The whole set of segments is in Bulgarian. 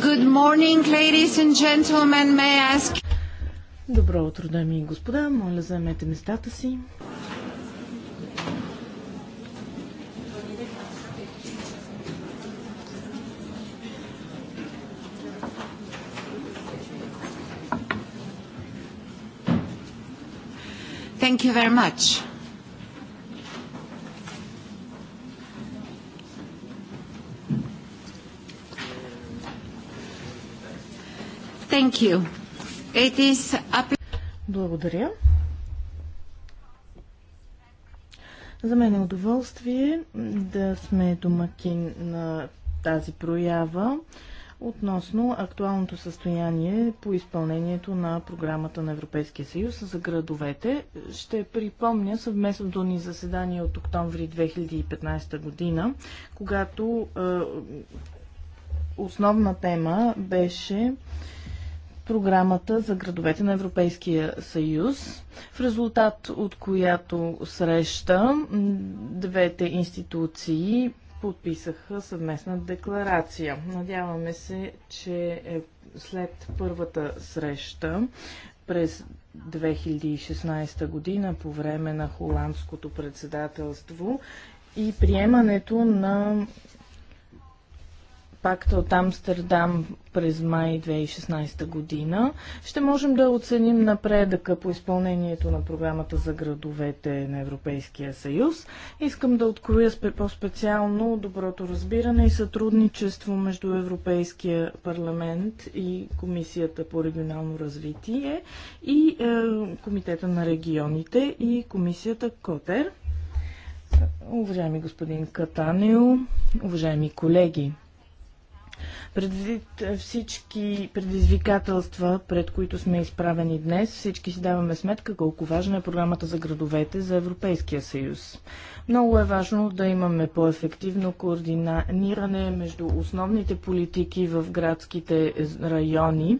Good morning, ladies and gentlemen. May I ask... Добро утро, дами и господа. Моля, заемете местата си. Thank you very much. Thank you. It is a... Благодаря. За мен е удоволствие да сме домакин на тази проява относно актуалното състояние по изпълнението на програмата на Европейския съюз за градовете. Ще припомня съвместното ни заседание от октомври 2015 година, когато е, основна тема беше е, програмата за градовете на Европейския съюз, в резултат от която среща двете институции подписаха съвместна декларация. Надяваме се, че е след първата среща през 2016 година по време на холандското председателство и приемането на пакта от Амстердам през май 2016 година, ще можем да оценим напредъка по изпълнението на програмата за градовете на Европейския съюз. Искам да откроя по-специално доброто разбиране и сътрудничество между Европейския парламент и Комисията по регионално развитие и е, Комитета на регионите и Комисията Котер. Уважаеми господин Катанио, уважаеми колеги, Предвид е, всички предизвикателства, пред които сме изправени днес, всички си даваме сметка колко важна е програмата за градовете за Европейския съюз. Много е важно да имаме по-ефективно координиране между основните политики в градските райони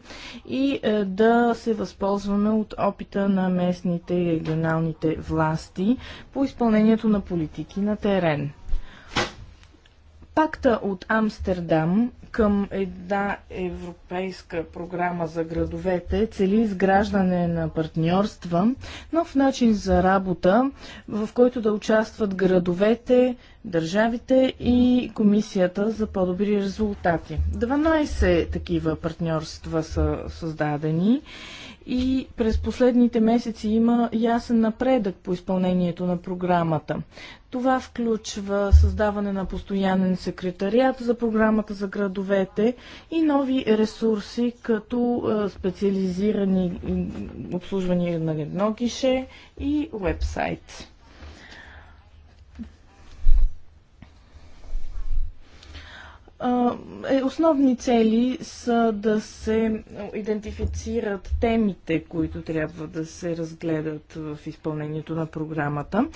и е, да се възползваме от опита на местните и регионалните власти по изпълнението на политики на терен пакта от Амстердам към една европейска програма за градовете цели изграждане на партньорства, нов начин за работа, в който да участват градовете, държавите и комисията за по-добри резултати. 12 такива партньорства са създадени и през последните месеци има ясен напредък по изпълнението на програмата. Това включва създаване на постоянен секретариат за програмата за градовете и нови ресурси, като специализирани обслужвания на едно гише и вебсайт. Е, основни цели са да се идентифицират темите, които трябва да се разгледат в изпълнението на програмата.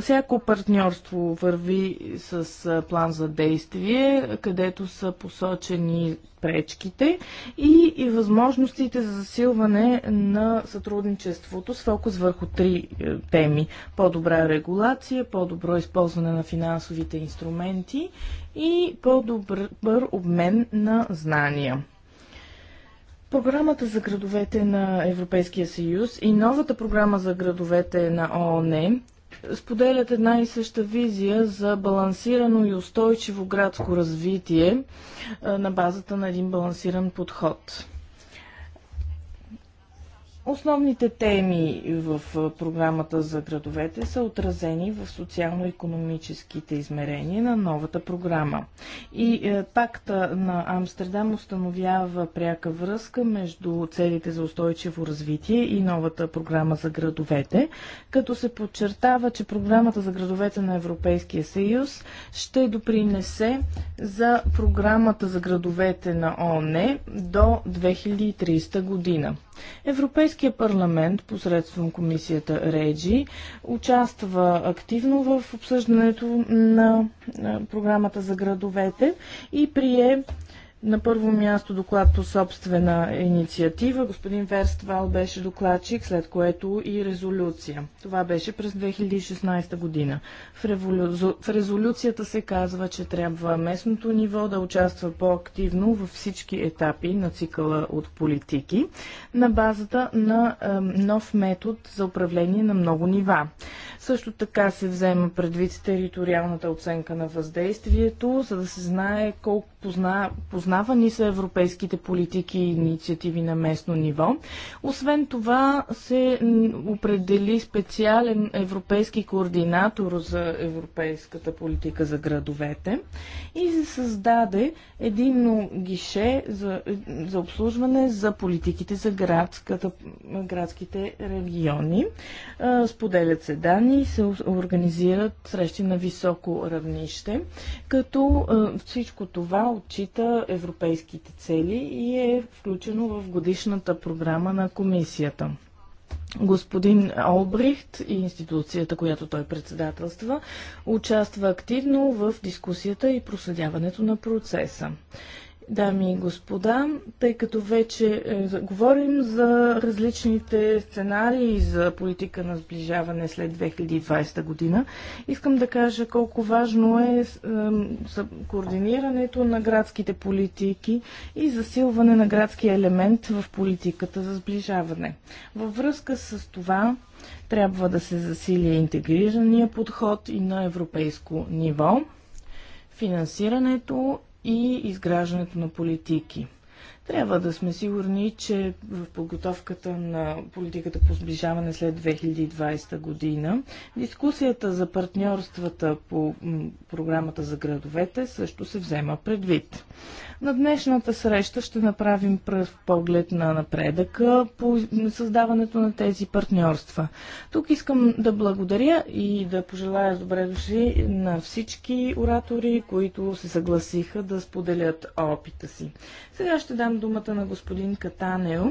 Всяко партньорство върви с план за действие, където са посочени пречките и, и възможностите за засилване на сътрудничеството с фокус върху три е, теми. По-добра регулация, по-добро използване на финансовите инструменти и по-добър обмен на знания. Програмата за градовете на Европейския съюз и новата програма за градовете на ООН споделят една и съща визия за балансирано и устойчиво градско развитие на базата на един балансиран подход. Основните теми в програмата за градовете са отразени в социално-економическите измерения на новата програма. И е, пакта на Амстердам установява пряка връзка между целите за устойчиво развитие и новата програма за градовете, като се подчертава, че програмата за градовете на Европейския съюз ще допринесе за програмата за градовете на ОНЕ до 2030 година. Европейски Българския парламент посредством комисията Реджи участва активно в обсъждането на програмата за градовете и прие на първо място доклад по собствена инициатива. Господин Верствал беше докладчик, след което и резолюция. Това беше през 2016 година. В, револю... в резолюцията се казва, че трябва местното ниво да участва по-активно във всички етапи на цикъла от политики на базата на е, нов метод за управление на много нива. Също така се взема предвид териториалната оценка на въздействието, за да се знае колко позна, познавани са европейските политики и инициативи на местно ниво. Освен това се определи специален европейски координатор за европейската политика за градовете и се създаде един гише за, за обслужване за политиките за градската, градските региони. Споделят се данни, и се организират срещи на високо равнище, като всичко това отчита европейските цели и е включено в годишната програма на комисията. Господин Олбрихт и институцията, която той председателства, участва активно в дискусията и проследяването на процеса. Дами и господа, тъй като вече е, говорим за различните сценарии за политика на сближаване след 2020 година, искам да кажа колко важно е, е координирането на градските политики и засилване на градския елемент в политиката за сближаване. Във връзка с това трябва да се засили интегрирания подход и на европейско ниво финансирането и изграждането на политики. Трябва да сме сигурни, че в подготовката на политиката по сближаване след 2020 година, дискусията за партньорствата по програмата за градовете също се взема предвид. На днешната среща ще направим пръв поглед на напредъка по създаването на тези партньорства. Тук искам да благодаря и да пожелая добре дошли на всички оратори, които се съгласиха да споделят опита си. Сега ще дам думата на господин Катанео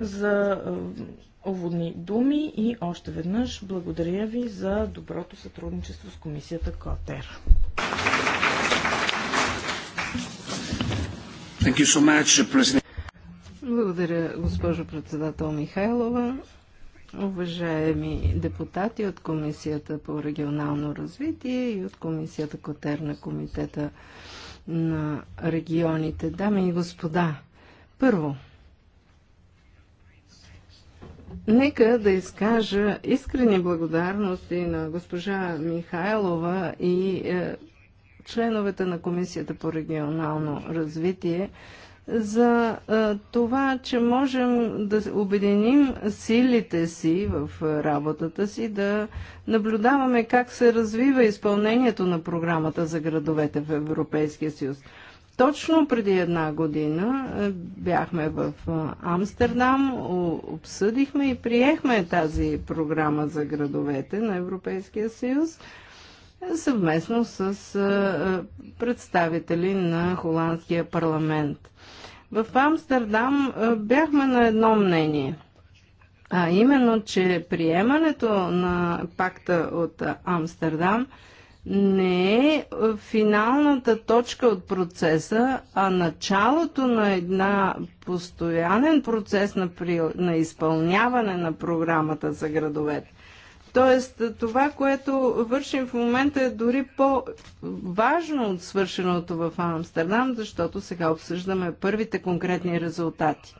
за е, уводни думи и още веднъж благодаря ви за доброто сътрудничество с комисията КОТЕР. So much, благодаря, госпожо председател Михайлова. Уважаеми депутати от Комисията по регионално развитие и от Комисията Котер на Комитета на регионите. Дами и господа, първо, Нека да изкажа искрени благодарности на госпожа Михайлова и е, членовете на Комисията по регионално развитие за е, това, че можем да обединим силите си в работата си, да наблюдаваме как се развива изпълнението на програмата за градовете в Европейския съюз. Точно преди една година е, бяхме в е, Амстердам, обсъдихме и приехме тази програма за градовете на Европейския съюз е, съвместно с представители на Холандския парламент. В Амстердам бяхме на едно мнение, а именно, че приемането на пакта от Амстердам – не е финалната точка от процеса, а началото на една постоянен процес на, при... на изпълняване на програмата за градовете. Тоест, това, което вършим в момента е дори по-важно от свършеното в Амстердам, защото сега обсъждаме първите конкретни резултати.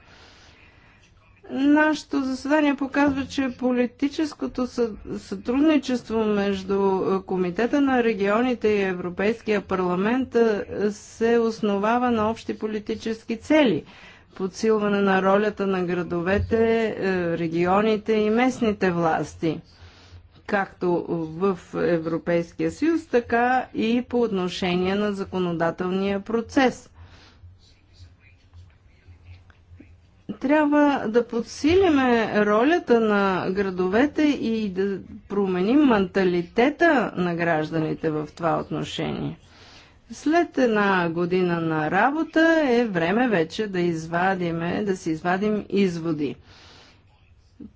Нашето заседание показва, че политическото сътрудничество между е, Комитета на регионите и Европейския парламент е, се основава на общи политически цели. Подсилване на ролята на градовете, е, регионите и местните власти, както в Европейския съюз, така и по отношение на законодателния процес – трябва да подсилиме ролята на градовете и да променим менталитета на гражданите в това отношение. След една година на работа е време вече да извадиме, да си извадим изводи.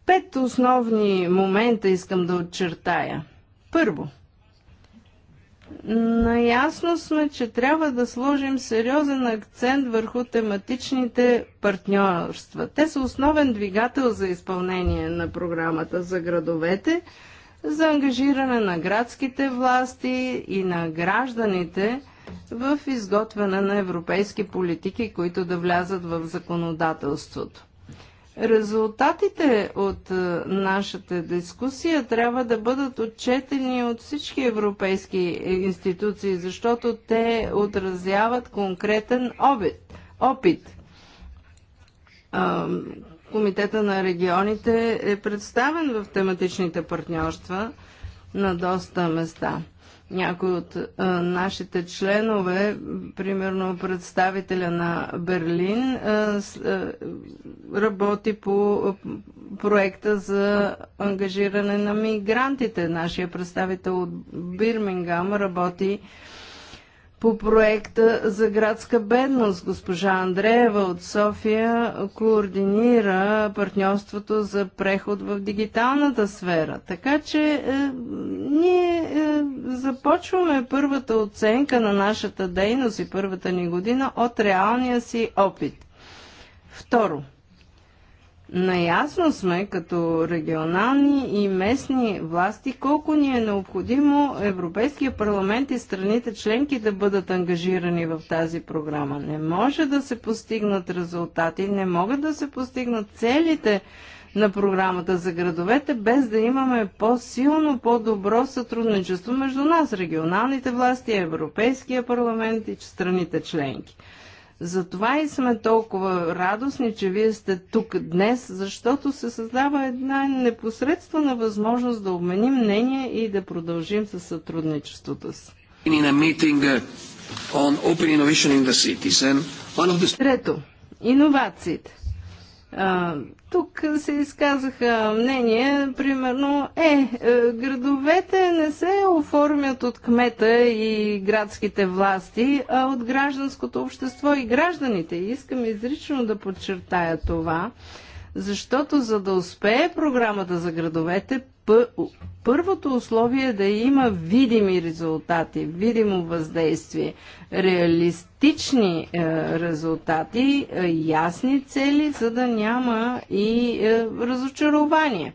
Пет основни момента искам да отчертая. Първо – Наясно сме, че трябва да сложим сериозен акцент върху тематичните партньорства. Те са основен двигател за изпълнение на програмата за градовете, за ангажиране на градските власти и на гражданите в изготвяне на европейски политики, които да влязат в законодателството. Резултатите от е, нашата дискусия трябва да бъдат отчетени от всички европейски институции, защото те отразяват конкретен обид, опит. Е, Комитета на регионите е представен в тематичните партньорства на доста места някои от а, нашите членове, примерно представителя на Берлин, а, с, а, работи по проекта за ангажиране на мигрантите. Нашия представител от Бирмингам работи а, по проекта за градска бедност. Госпожа Андреева от София координира партньорството за преход в дигиталната сфера. Така че е, ние е, започваме първата оценка на нашата дейност и първата ни година от реалния си опит. Второ – Наясно сме като регионални и местни власти колко ни е необходимо Европейския парламент и страните членки да бъдат ангажирани в тази програма. Не може да се постигнат резултати, не могат да се постигнат целите на програмата за градовете, без да имаме по-силно, по-добро сътрудничество между нас, регионалните власти, Европейския парламент и страните членки. Затова и сме толкова радостни, че вие сте тук днес, защото се създава една непосредствена възможност да обменим мнение и да продължим със сътрудничеството си. Трето, иновациите тук се изказаха мнение, примерно, е, е, градовете не се оформят от кмета и градските власти, а от гражданското общество и гражданите. Искам изрично да подчертая това, защото за да успее програмата за градовете, първото условие е да има видими резултати, видимо въздействие, реалистични е, резултати, е, ясни цели, за да няма и е, разочарование.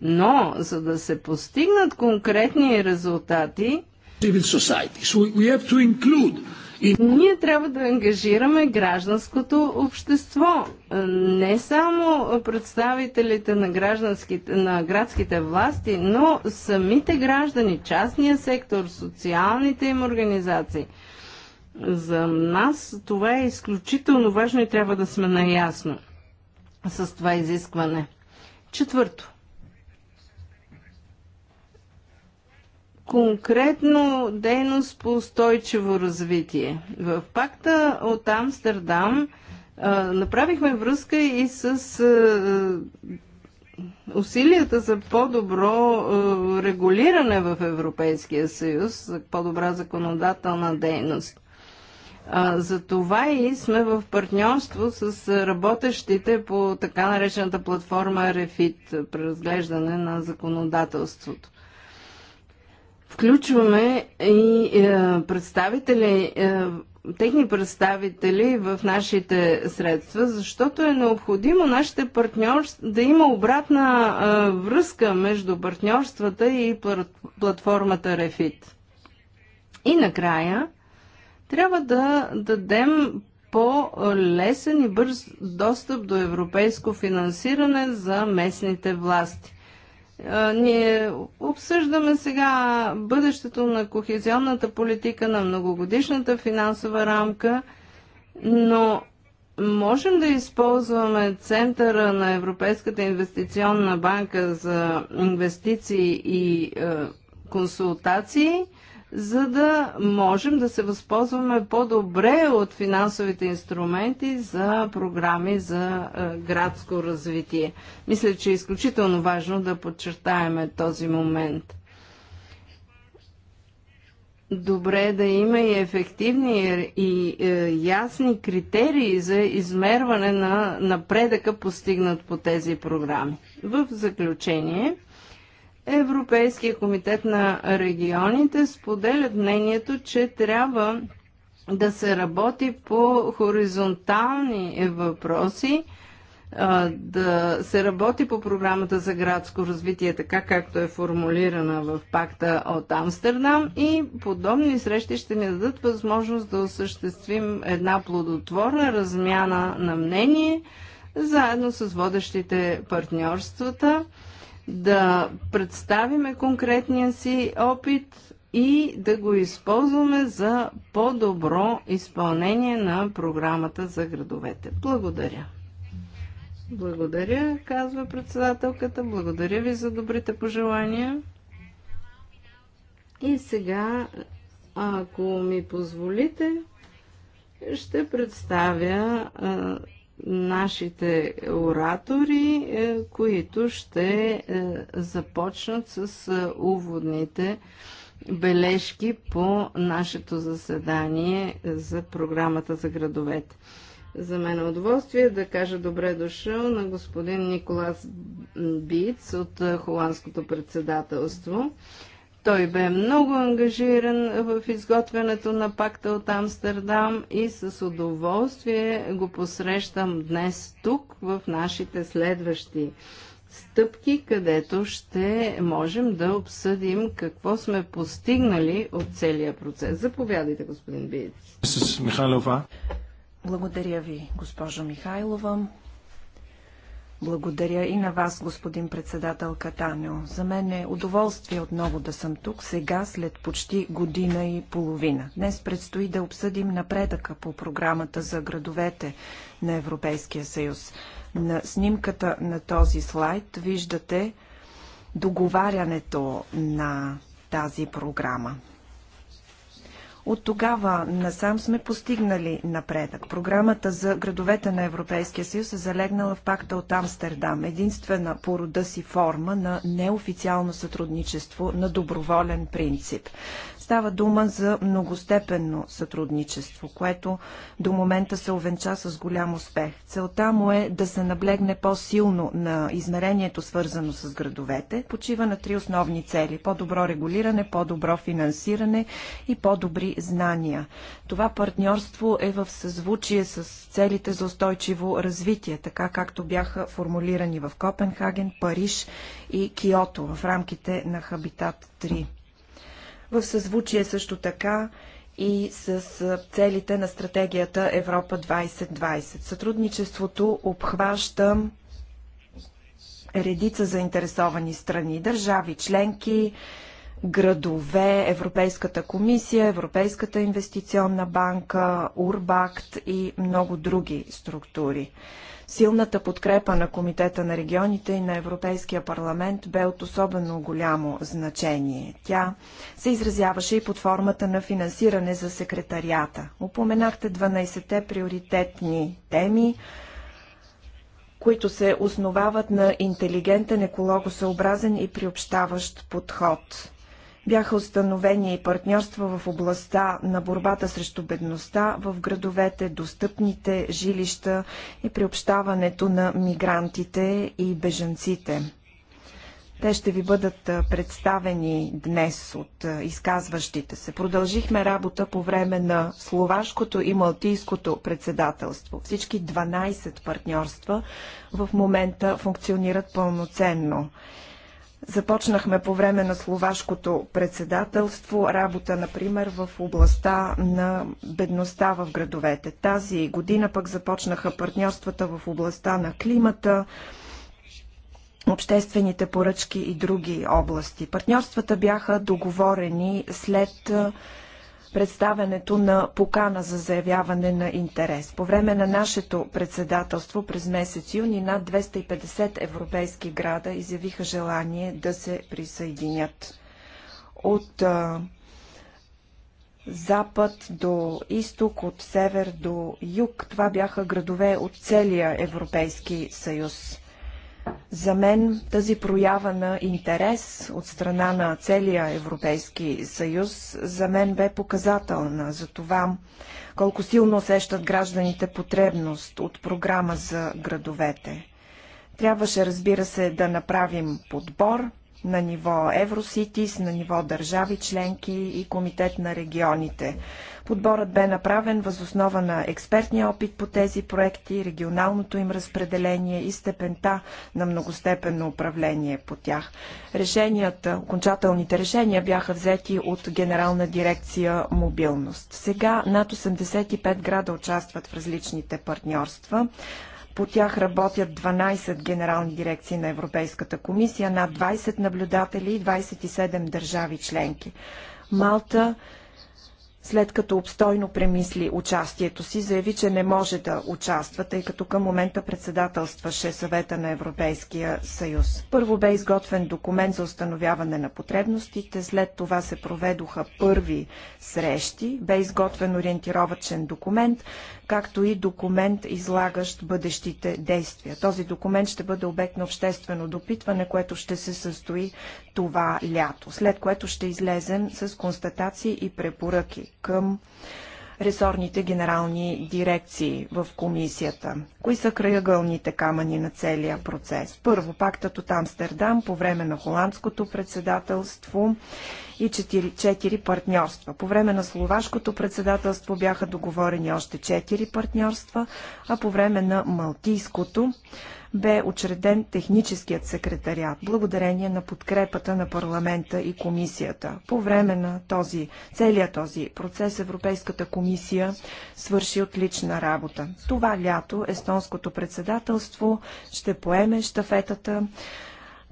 Но, за да се постигнат конкретни резултати, civil society. So we have to include и... Ние трябва да ангажираме гражданското общество. Не само представителите на, гражданските, на градските власти, но самите граждани, частния сектор, социалните им организации. За нас това е изключително важно и трябва да сме наясно с това изискване. Четвърто. конкретно дейност по устойчиво развитие. В пакта от Амстердам направихме връзка и с усилията за по-добро регулиране в Европейския съюз, за по-добра законодателна дейност. За това и сме в партньорство с работещите по така наречената платформа Рефит, преразглеждане на законодателството. Включваме и е, представители, е, техни представители в нашите средства, защото е необходимо нашите партньорства да има обратна е, връзка между партньорствата и платформата Refit. И накрая трябва да дадем по-лесен и бърз достъп до европейско финансиране за местните власти. Ние обсъждаме сега бъдещето на кохезионната политика, на многогодишната финансова рамка, но можем да използваме центъра на Европейската инвестиционна банка за инвестиции и консултации – за да можем да се възползваме по-добре от финансовите инструменти за програми за е, градско развитие. Мисля, че е изключително важно да подчертаеме този момент. Добре е да има и ефективни и е, ясни критерии за измерване на напредъка, постигнат по тези програми. В заключение, Европейския комитет на регионите споделят мнението, че трябва да се работи по хоризонтални въпроси, да се работи по програмата за градско развитие, така както е формулирана в пакта от Амстердам и подобни срещи ще ни дадат възможност да осъществим една плодотворна размяна на мнение заедно с водещите партньорствата да представиме конкретния си опит и да го използваме за по-добро изпълнение на програмата за градовете. Благодаря. Благодаря, казва председателката. Благодаря ви за добрите пожелания. И сега, ако ми позволите, ще представя нашите оратори, е, които ще е, започнат с е, уводните бележки по нашето заседание за програмата за градовете. За мен е удоволствие да кажа добре дошъл на господин Николас Биц от Холандското председателство. Той бе много ангажиран в изготвянето на пакта от Амстердам и с удоволствие го посрещам днес тук в нашите следващи стъпки, където ще можем да обсъдим какво сме постигнали от целия процес. Заповядайте, господин Биец. Благодаря ви, госпожо Михайлова. Благодаря и на вас, господин председател Катанео. За мен е удоволствие отново да съм тук, сега след почти година и половина. Днес предстои да обсъдим напредъка по програмата за градовете на Европейския съюз. На снимката на този слайд виждате договарянето на тази програма. От тогава насам сме постигнали напредък. Програмата за градовете на Европейския съюз е залегнала в пакта от Амстердам, единствена по рода си форма на неофициално сътрудничество на доброволен принцип. Става дума за многостепенно сътрудничество, което до момента се овенча с голям успех. Целта му е да се наблегне по-силно на измерението, свързано с градовете. Почива на три основни цели – по-добро регулиране, по-добро финансиране и по-добри знания. Това партньорство е в съзвучие с целите за устойчиво развитие, така както бяха формулирани в Копенхаген, Париж и Киото в рамките на Хабитат 3 в съзвучие също така и с целите на стратегията Европа 2020. Сътрудничеството обхваща редица заинтересовани страни, държави, членки, градове, Европейската комисия, Европейската инвестиционна банка, Урбакт и много други структури. Силната подкрепа на Комитета на регионите и на Европейския парламент бе от особено голямо значение. Тя се изразяваше и под формата на финансиране за секретарията. Упоменахте 12-те приоритетни теми, които се основават на интелигентен, екологосъобразен и приобщаващ подход. Бяха установени и партньорства в областта на борбата срещу бедността в градовете, достъпните жилища и приобщаването на мигрантите и бежанците. Те ще ви бъдат представени днес от изказващите се. Продължихме работа по време на словашкото и малтийското председателство. Всички 12 партньорства в момента функционират пълноценно. Започнахме по време на словашкото председателство работа, например, в областта на бедността в градовете. Тази година пък започнаха партньорствата в областта на климата, обществените поръчки и други области. Партньорствата бяха договорени след представянето на покана за заявяване на интерес. По време на нашето председателство през месец юни над 250 европейски града изявиха желание да се присъединят. От а, запад до изток, от север до юг, това бяха градове от целия Европейски съюз. За мен тази проява на интерес от страна на целия Европейски съюз за мен бе показателна за това колко силно усещат гражданите потребност от програма за градовете. Трябваше, разбира се, да направим подбор, на ниво Евроситис, на ниво държави членки и Комитет на регионите. Подборът бе направен възоснова на експертния опит по тези проекти, регионалното им разпределение и степента на многостепенно управление по тях. Решенията, окончателните решения бяха взети от Генерална дирекция Мобилност. Сега над 85 града участват в различните партньорства. По тях работят 12 генерални дирекции на Европейската комисия, над 20 наблюдатели и 27 държави членки. Малта след като обстойно премисли участието си, заяви, че не може да участва, тъй като към момента председателстваше съвета на Европейския съюз. Първо бе изготвен документ за установяване на потребностите, след това се проведоха първи срещи, бе изготвен ориентировачен документ, както и документ, излагащ бъдещите действия. Този документ ще бъде обект на обществено допитване, което ще се състои това лято, след което ще излезем с констатации и препоръки към ресорните генерални дирекции в комисията. Кои са краягълните камъни на целия процес? Първо, пактът от Амстердам по време на холандското председателство и четири, четири партньорства. По време на словашкото председателство бяха договорени още четири партньорства, а по време на малтийското бе учреден техническият секретариат, благодарение на подкрепата на парламента и комисията. По време на този, целият този процес Европейската комисия свърши отлична работа. Това лято естонското председателство ще поеме штафетата.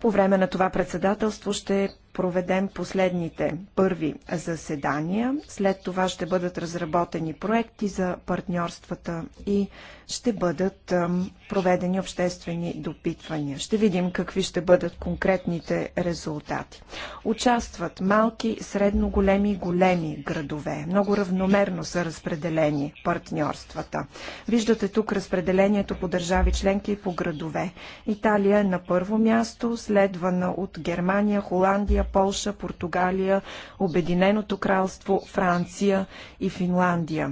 по време на това председателство ще проведем последните първи заседания. След това ще бъдат разработени проекти за партньорствата и ще бъдат проведени обществени допитвания. Ще видим какви ще бъдат конкретните резултати. Участват малки, средно големи и големи градове. Много равномерно са разпределени партньорствата. Виждате тук разпределението по държави членки и по градове. Италия е на първо място, следвана от Германия, Холандия, Полша, Португалия, Обединеното кралство, Франция и Финландия.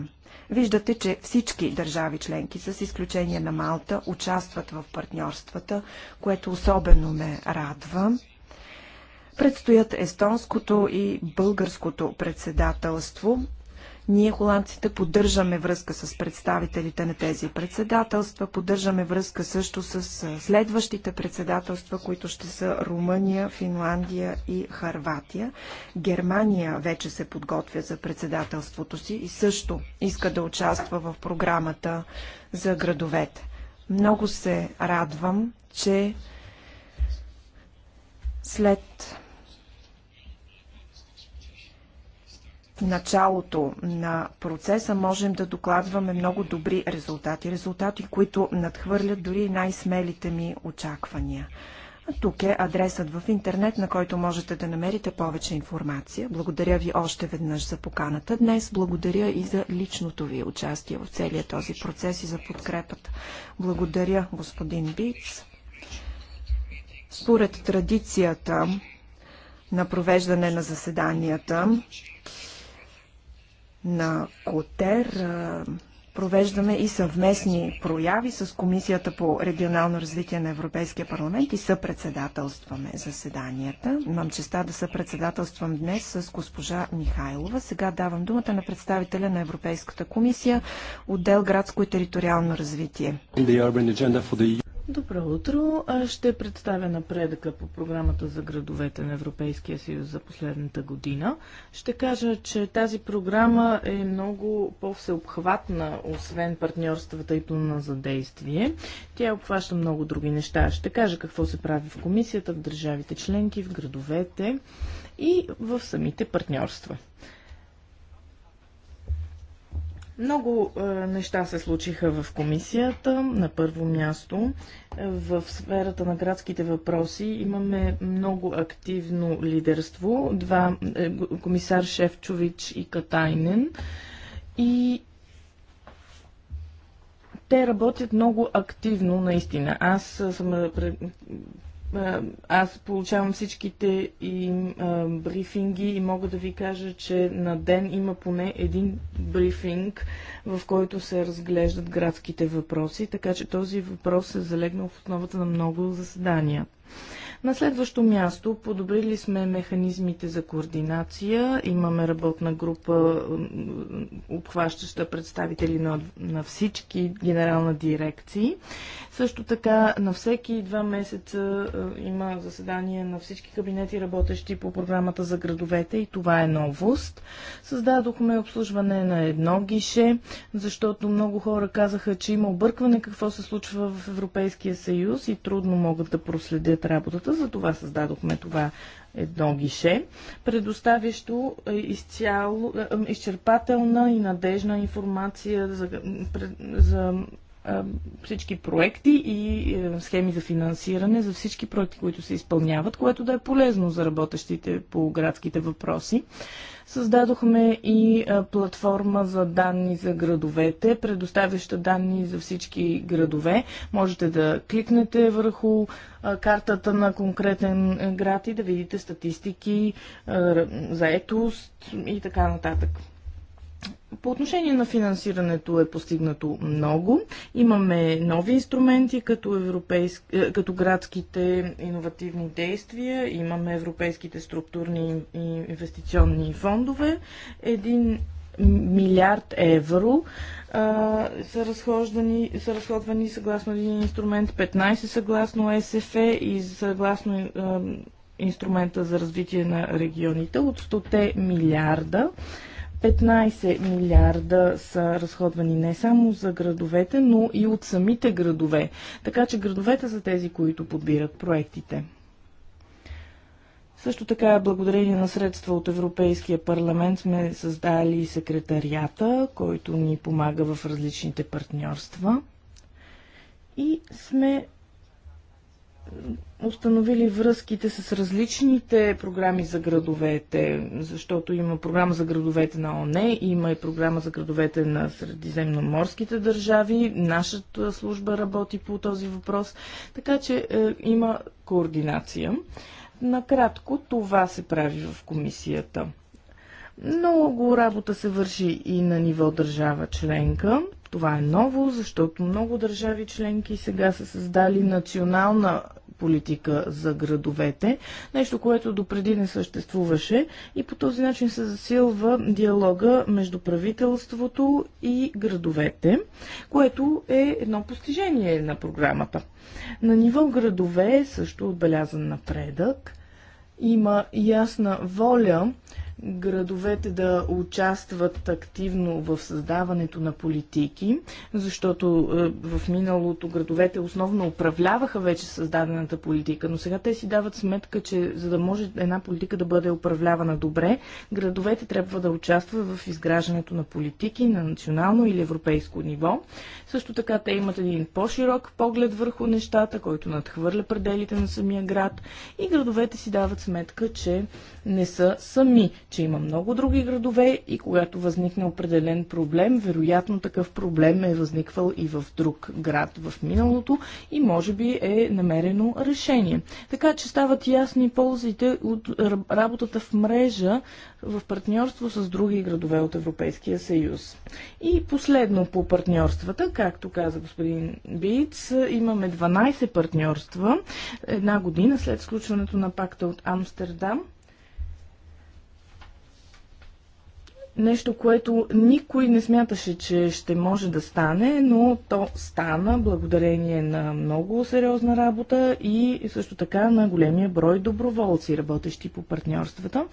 Виждате, че всички държави членки, с изключение на Малта, участват в партньорствата, което особено ме радва. Предстоят естонското и българското председателство. Ние, холандците, поддържаме връзка с представителите на тези председателства, поддържаме връзка също с следващите председателства, които ще са Румъния, Финландия и Харватия. Германия вече се подготвя за председателството си и също иска да участва в програмата за градовете. Много се радвам, че след началото на процеса можем да докладваме много добри резултати. Резултати, които надхвърлят дори най-смелите ми очаквания. А тук е адресът в интернет, на който можете да намерите повече информация. Благодаря ви още веднъж за поканата днес. Благодаря и за личното ви участие в целия този процес и за подкрепата. Благодаря, господин Биц. Според традицията на провеждане на заседанията, на Котер провеждаме и съвместни прояви с Комисията по регионално развитие на Европейския парламент и съпредседателстваме заседанията. Имам честа да съпредседателствам днес с госпожа Михайлова. Сега давам думата на представителя на Европейската комисия, отдел градско и териториално развитие. Добро утро. Ще представя напредъка по програмата за градовете на Европейския съюз за последната година. Ще кажа, че тази програма е много по-всеобхватна, освен партньорствата и плана за действие. Тя обхваща много други неща. Ще кажа какво се прави в комисията, в държавите членки, в градовете и в самите партньорства. Много е, неща се случиха в комисията. На първо място, е, в сферата на градските въпроси имаме много активно лидерство. Два е, комисар Шефчович и Катайнен. И те работят много активно, наистина. Аз съм е, аз получавам всичките им брифинги и мога да ви кажа, че на ден има поне един брифинг, в който се разглеждат градските въпроси, така че този въпрос е залегнал в основата на много заседания. На следващо място подобрили сме механизмите за координация. Имаме работна група, обхващаща представители на, на всички генерална дирекции. Също така на всеки два месеца е, има заседание на всички кабинети, работещи по програмата за градовете и това е новост. Създадохме обслужване на едно гише, защото много хора казаха, че има объркване какво се случва в Европейския съюз и трудно могат да проследят работата затова създадохме това едно гише, предоставящо изчерпателна и надежна информация за, за всички проекти и е, схеми за финансиране за всички проекти, които се изпълняват, което да е полезно за работещите по градските въпроси. Създадохме и платформа за данни за градовете, предоставяща данни за всички градове. Можете да кликнете върху картата на конкретен град и да видите статистики, заетост и така нататък. По отношение на финансирането е постигнато много. Имаме нови инструменти, като, европейск... Е, като градските иновативни действия, имаме европейските структурни и инвестиционни фондове. Един милиард евро а, са, разхождани, са разходвани съгласно един инструмент, 15 съгласно СФЕ и съгласно а, инструмента за развитие на регионите от 100 милиарда. А, 15 милиарда са разходвани не само за градовете, но и от самите градове. Така че градовете са тези, които подбират проектите. Също така, благодарение на средства от Европейския парламент сме създали секретарията, който ни помага в различните партньорства. И сме установили връзките с различните програми за градовете, защото има програма за градовете на ОНЕ, има и програма за градовете на средиземноморските държави. Нашата служба работи по този въпрос, така че е, има координация. Накратко това се прави в комисията. Много работа се върши и на ниво държава членка. Това е ново, защото много държави членки сега са създали национална политика за градовете, нещо, което допреди не съществуваше и по този начин се засилва диалога между правителството и градовете, което е едно постижение на програмата. На ниво градове също отбелязан напредък. Има ясна воля градовете да участват активно в създаването на политики, защото е, в миналото градовете основно управляваха вече създадената политика, но сега те си дават сметка, че за да може една политика да бъде управлявана добре, градовете трябва да участват в изграждането на политики на национално или европейско ниво. Също така те имат един по-широк поглед върху нещата, който надхвърля пределите на самия град и градовете си дават сметка, че не са сами, че има много други градове и когато възникне определен проблем, вероятно такъв проблем е възниквал и в друг град в миналото и може би е намерено решение. Така че стават ясни ползите от работата в мрежа в партньорство с други градове от Европейския съюз. И последно по партньорствата, както каза господин Биц, имаме 12 партньорства една година след сключването на пакта от Амстердам нещо, което никой не смяташе, че ще може да стане, но то стана благодарение на много сериозна работа и също така на големия брой доброволци, работещи по партньорствата.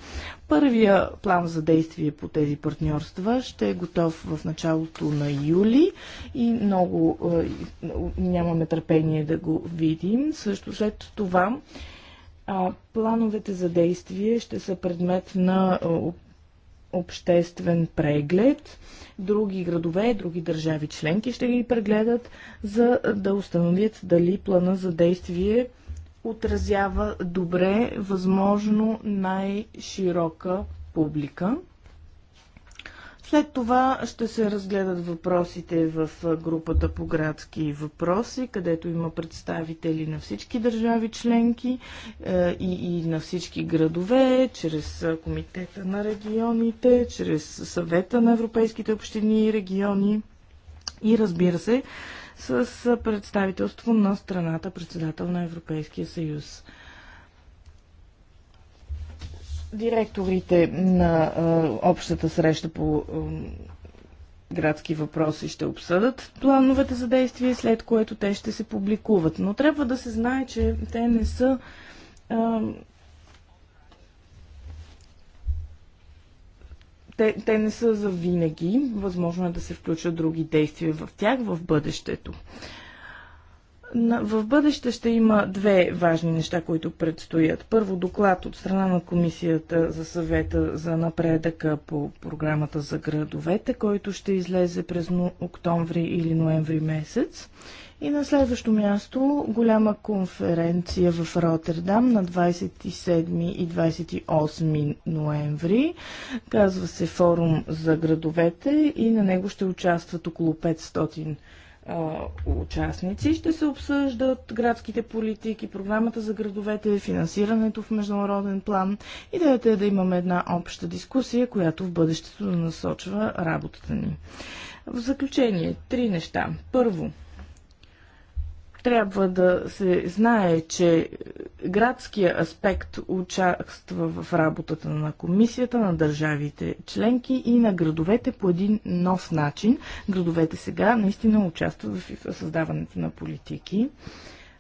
Първия план за действие по тези партньорства ще е готов в началото на юли и много е, нямаме търпение да го видим. Също след това а, плановете за действие ще са предмет на е, обществен преглед. Други градове, други държави членки ще ги прегледат, за да установят дали плана за действие отразява добре, възможно най-широка публика. След това ще се разгледат въпросите в групата по градски въпроси, където има представители на всички държави членки е, и, и на всички градове, чрез Комитета на регионите, чрез Съвета на европейските общини и региони и разбира се, с представителство на страната председател на Европейския съюз. Директорите на общата среща по градски въпроси ще обсъдат плановете за действие, след което те ще се публикуват. Но трябва да се знае, че те не са те, те не са за винаги. Възможно е да се включат други действия в тях в бъдещето. В бъдеще ще има две важни неща, които предстоят. Първо доклад от страна на Комисията за съвета за напредъка по програмата за градовете, който ще излезе през октомври или ноември месец. И на следващо място голяма конференция в Роттердам на 27 и 28 ноември. Казва се форум за градовете и на него ще участват около 500 участници. Ще се обсъждат градските политики, програмата за градовете, финансирането в международен план. Идеята е да имаме една обща дискусия, която в бъдещето да насочва работата ни. В заключение, три неща. Първо, трябва да се знае, че градския аспект участва в работата на комисията, на държавите членки и на градовете по един нов начин. Градовете сега наистина участват в създаването на политики.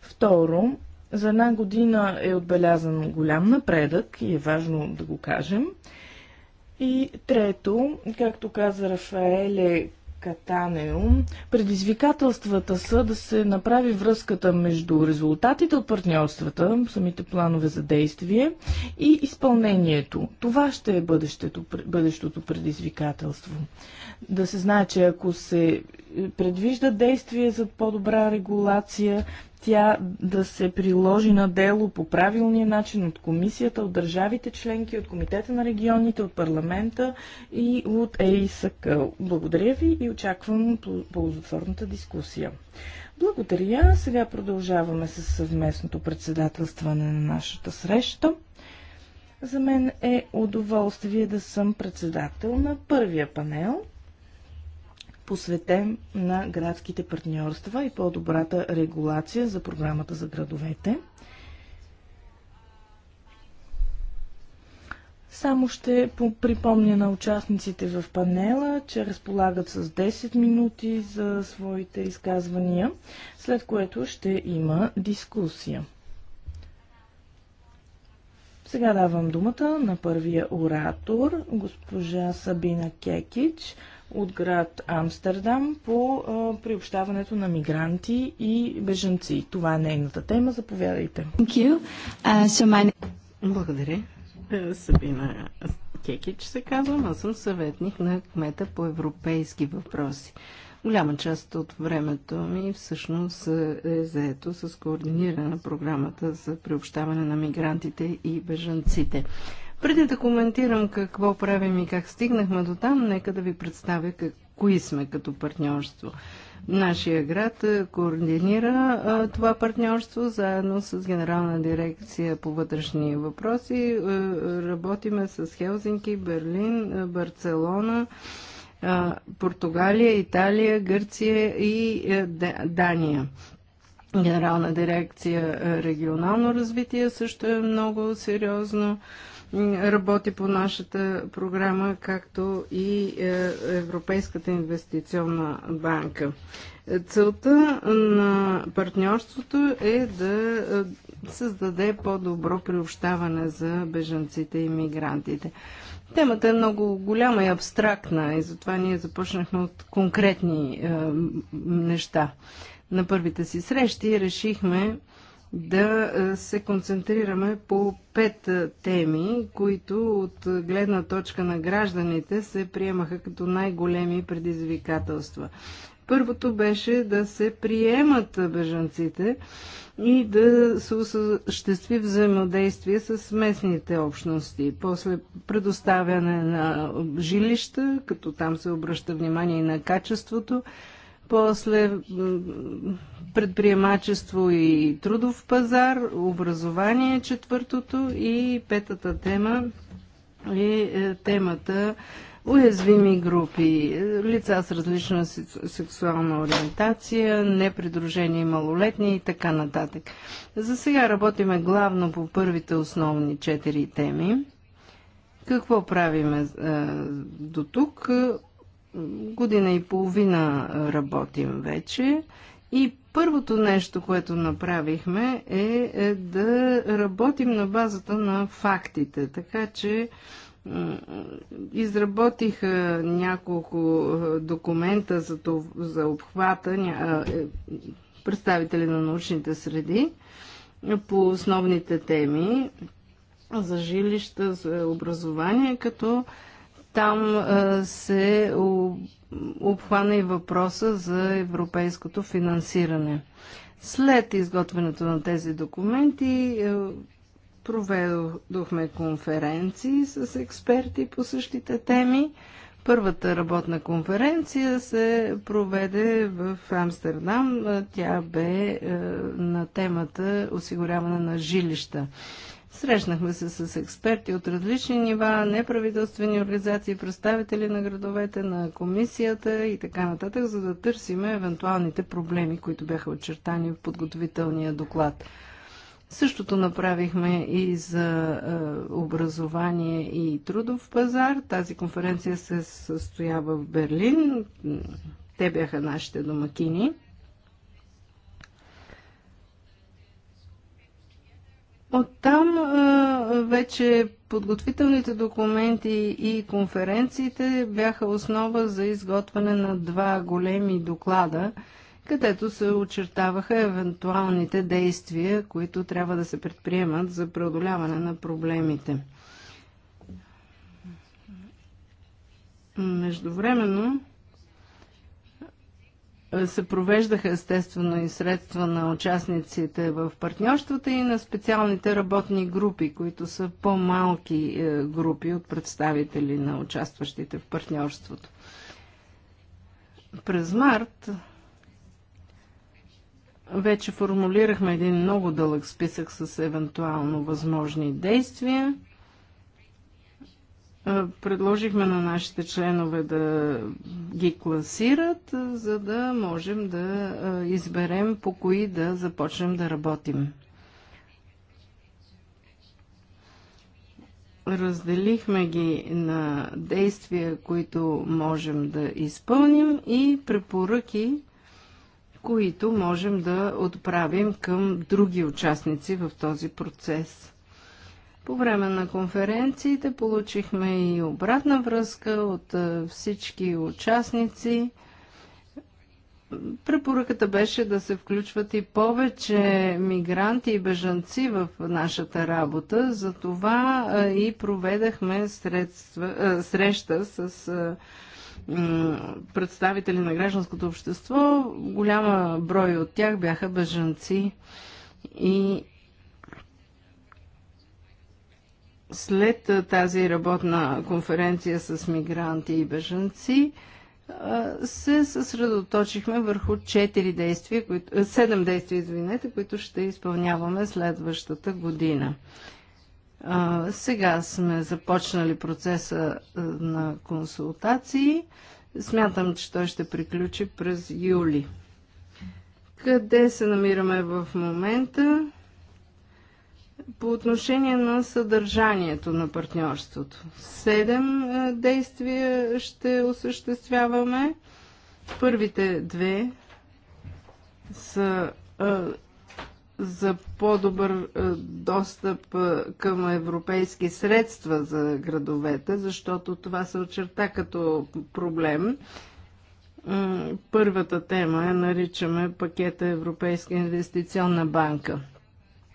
Второ, за една година е отбелязан голям напредък и е важно да го кажем. И трето, както каза Рафаеле, Катанеум. Предизвикателствата са да се направи връзката между резултатите от партньорствата, самите планове за действие и изпълнението. Това ще е бъдещето, бъдещото предизвикателство. Да се знае, че ако се предвижда действие за по-добра регулация, тя да се приложи на дело по правилния начин от комисията, от държавите членки, от комитета на регионите, от парламента и от ЕИСК. Благодаря ви и очаквам ползотворната дискусия. Благодаря. Сега продължаваме с съвместното председателстване на нашата среща. За мен е удоволствие да съм председател на първия панел посветен на градските партньорства и по-добрата регулация за програмата за градовете. Само ще припомня на участниците в панела, че разполагат с 10 минути за своите изказвания, след което ще има дискусия. Сега давам думата на първия оратор, госпожа Сабина Кекич, от град Амстердам по а, приобщаването на мигранти и бежанци. Това е нейната тема. Заповядайте. Uh, so my... Благодаря. Е, Сабина Кекич се казвам. Аз съм съветник на кмета по европейски въпроси. Голяма част от времето ми всъщност е заето с координиране на програмата за приобщаване на мигрантите и бежанците. Преди да коментирам какво правим и как стигнахме до там, нека да ви представя как, кои сме като партньорство. Нашия град координира а, това партньорство заедно с Генерална дирекция по вътрешни въпроси. А, е, е, работиме с Хелзинки, Берлин, а, е, Барселона, Португалия, Италия, Гърция и Дания. Генерална дирекция регионално развитие също е много сериозно работи по нашата програма, както и е, Европейската инвестиционна банка. Целта на партньорството е да е, създаде по-добро приобщаване за бежанците и мигрантите. Темата е много голяма и абстрактна и затова ние започнахме от конкретни е, неща. На първите си срещи решихме да е, се концентрираме по пет е, теми, които от гледна точка на гражданите се приемаха като най-големи предизвикателства. Първото беше да се приемат бежанците и да се осъществи взаимодействие с местните общности. После предоставяне на жилища, като там се обръща внимание и на качеството, после предприемачество и трудов пазар, образование четвъртото и петата тема е темата уязвими групи, лица с различна сексуална ориентация, непридружени малолетни и така нататък. За сега работиме главно по първите основни четири теми. Какво правиме е, до тук? година и половина работим вече и първото нещо, което направихме е, е да работим на базата на фактите, така че изработих няколко документа за, това, за обхвата, ня... Е, представители на научните среди по основните теми за жилища, за образование, като там се обхвана и въпроса за европейското финансиране. След изготвянето на тези документи проведохме конференции с експерти по същите теми. Първата работна конференция се проведе в Амстердам. Тя бе на темата осигуряване на жилища Срещнахме се с експерти от различни нива, неправителствени организации, представители на градовете, на комисията и така нататък, за да търсиме евентуалните проблеми, които бяха очертани в подготовителния доклад. Същото направихме и за е, образование и трудов пазар. Тази конференция се състоява в Берлин. Те бяха нашите домакини. Оттам вече подготвителните документи и конференциите бяха основа за изготвяне на два големи доклада, където се очертаваха евентуалните действия, които трябва да се предприемат за преодоляване на проблемите. Междувременно, се провеждаха естествено и средства на участниците в партньорствата и на специалните работни групи, които са по-малки е, групи от представители на участващите в партньорството. През март вече формулирахме един много дълъг списък с евентуално възможни действия – Предложихме на нашите членове да ги класират, за да можем да изберем по кои да започнем да работим. разделихме ги на действия, които можем да изпълним и препоръки, които можем да отправим към други участници в този процес. По време на конференциите получихме и обратна връзка от е, всички участници. Препоръката беше да се включват и повече мигранти и бежанци в нашата работа, затова е, и проведахме средства, е, среща с представители на гражданското общество. Голяма брой от тях бяха бежанци и след тази работна конференция с мигранти и бежанци се съсредоточихме върху четири действия, които, седем действия, извинете, които ще изпълняваме следващата година. Сега сме започнали процеса на консултации. Смятам, че той ще приключи през юли. Къде се намираме в момента? по отношение на съдържанието на партньорството. Седем е, действия ще осъществяваме. Първите две са е, за по-добър е, достъп към европейски средства за градовете, защото това се очерта като проблем. Първата тема е наричаме пакета Европейска инвестиционна банка.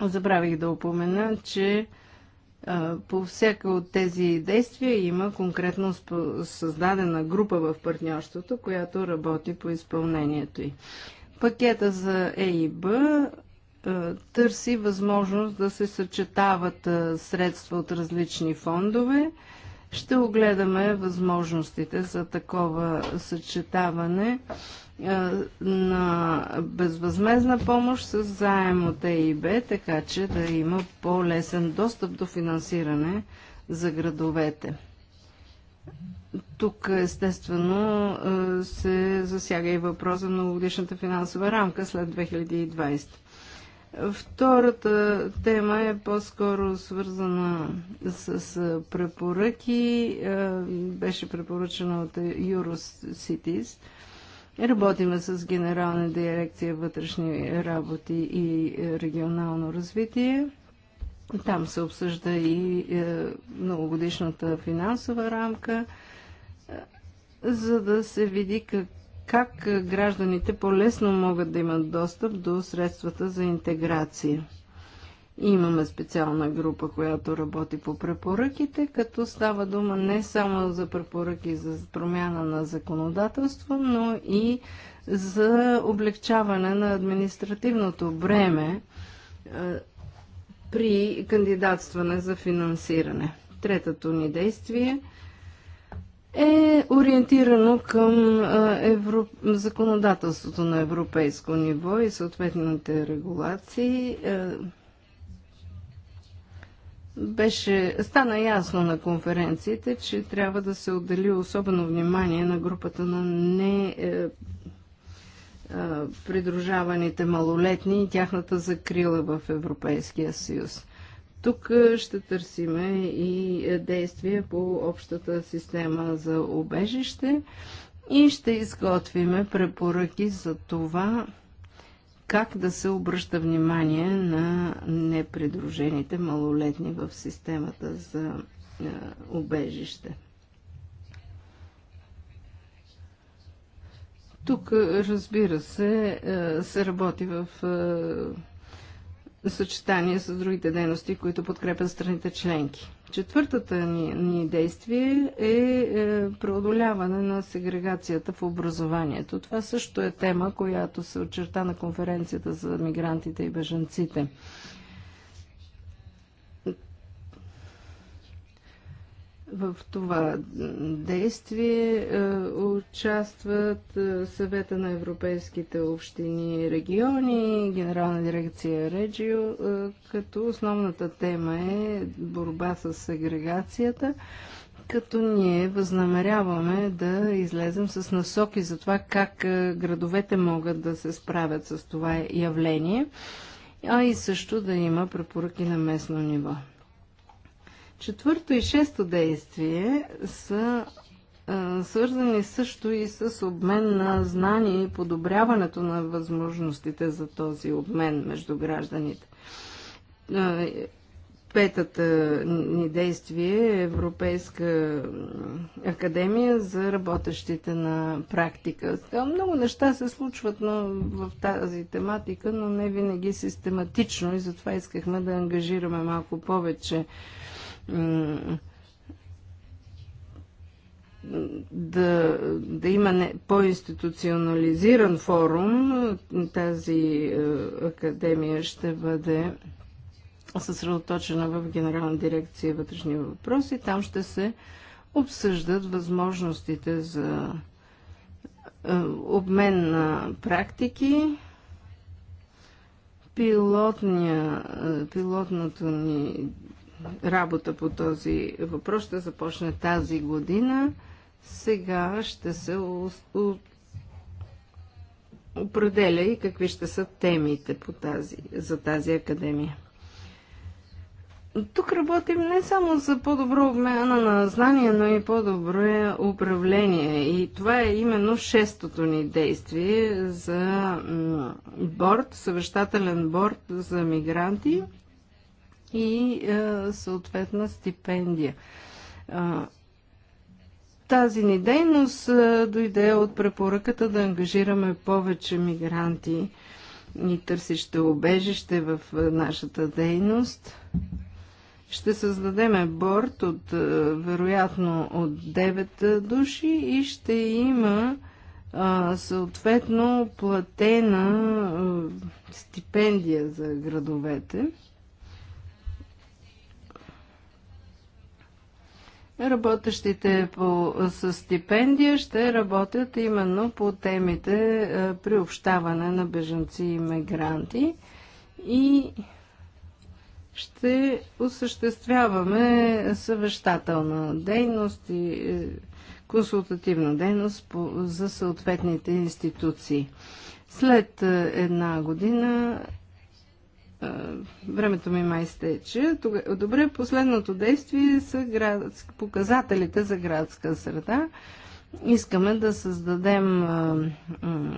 Забравих да упомена, че по всяка от тези действия има конкретно създадена група в партньорството, която работи по изпълнението й. Пакета за ЕИБ търси възможност да се съчетават средства от различни фондове. Ще огледаме възможностите за такова съчетаване е, на безвъзмезна помощ с заем от ЕИБ, така че да има по-лесен достъп до финансиране за градовете. Тук естествено е, се засяга и въпроса на годишната финансова рамка след 2020. Втората тема е по-скоро свързана с препоръки. Е, беше препоръчена от Eurocities – Работиме с Генерална дирекция вътрешни работи и регионално развитие. Там се обсъжда и е, многогодишната финансова рамка, е, за да се види как, как гражданите по-лесно могат да имат достъп до средствата за интеграция. Имаме специална група, която работи по препоръките, като става дума не само за препоръки за промяна на законодателство, но и за облегчаване на административното бреме е, при кандидатстване за финансиране. Третото ни действие е ориентирано към е, евро... законодателството на европейско ниво и съответните регулации. Е, беше, стана ясно на конференциите, че трябва да се отдели особено внимание на групата на не е, е придружаваните малолетни и тяхната закрила в Европейския съюз. Тук е, ще търсиме и е, действия по общата система за обежище и ще изготвиме препоръки за това как да се обръща внимание на непридружените малолетни в системата за е, убежище. Тук, е, разбира се, е, се работи в съчетание с другите дейности, които подкрепят страните членки. Четвъртата ни, ни действие е, е преодоляване на сегрегацията в образованието. Това също е тема, която се очерта на конференцията за мигрантите и бежанците. В това действие е, участват е, съвета на европейските общини и региони, Генерална дирекция Реджио, е, като основната тема е борба с сегрегацията, като ние възнамеряваме да излезем с насоки за това как градовете могат да се справят с това явление, а и също да има препоръки на местно ниво. Четвърто и шесто действие са а, свързани също и с обмен на знания и подобряването на възможностите за този обмен между гражданите. А, петата ни действие е Европейска академия за работещите на практика. Много неща се случват но, в тази тематика, но не винаги систематично и затова искахме да ангажираме малко повече да, да има по-институционализиран форум. Тази е, академия ще бъде съсредоточена в Генерална дирекция вътрешни въпроси. Там ще се обсъждат възможностите за е, обмен на практики. Пилотния, е, пилотното ни работа по този въпрос ще започне тази година. Сега ще се определя и какви ще са темите по тази, за тази академия. Тук работим не само за по-добро обмяна на знания, но и по-добро е управление. И това е именно шестото ни действие за борт, съвещателен борт за мигранти – и е, съответна стипендия. Тази ни дейност е, дойде от препоръката да ангажираме повече мигранти и търсище обежище в е, нашата дейност. Ще създадеме борт от вероятно от 9 души и ще има съответно платена стипендия за градовете. Работещите по, с стипендия ще работят именно по темите е, приобщаване на бежанци и мигранти и ще осъществяваме съвещателна дейност и е, консултативна дейност по, за съответните институции. След е, една година времето ми май стече. Тога... Добре, последното действие са град... показателите за градска среда. Искаме да създадем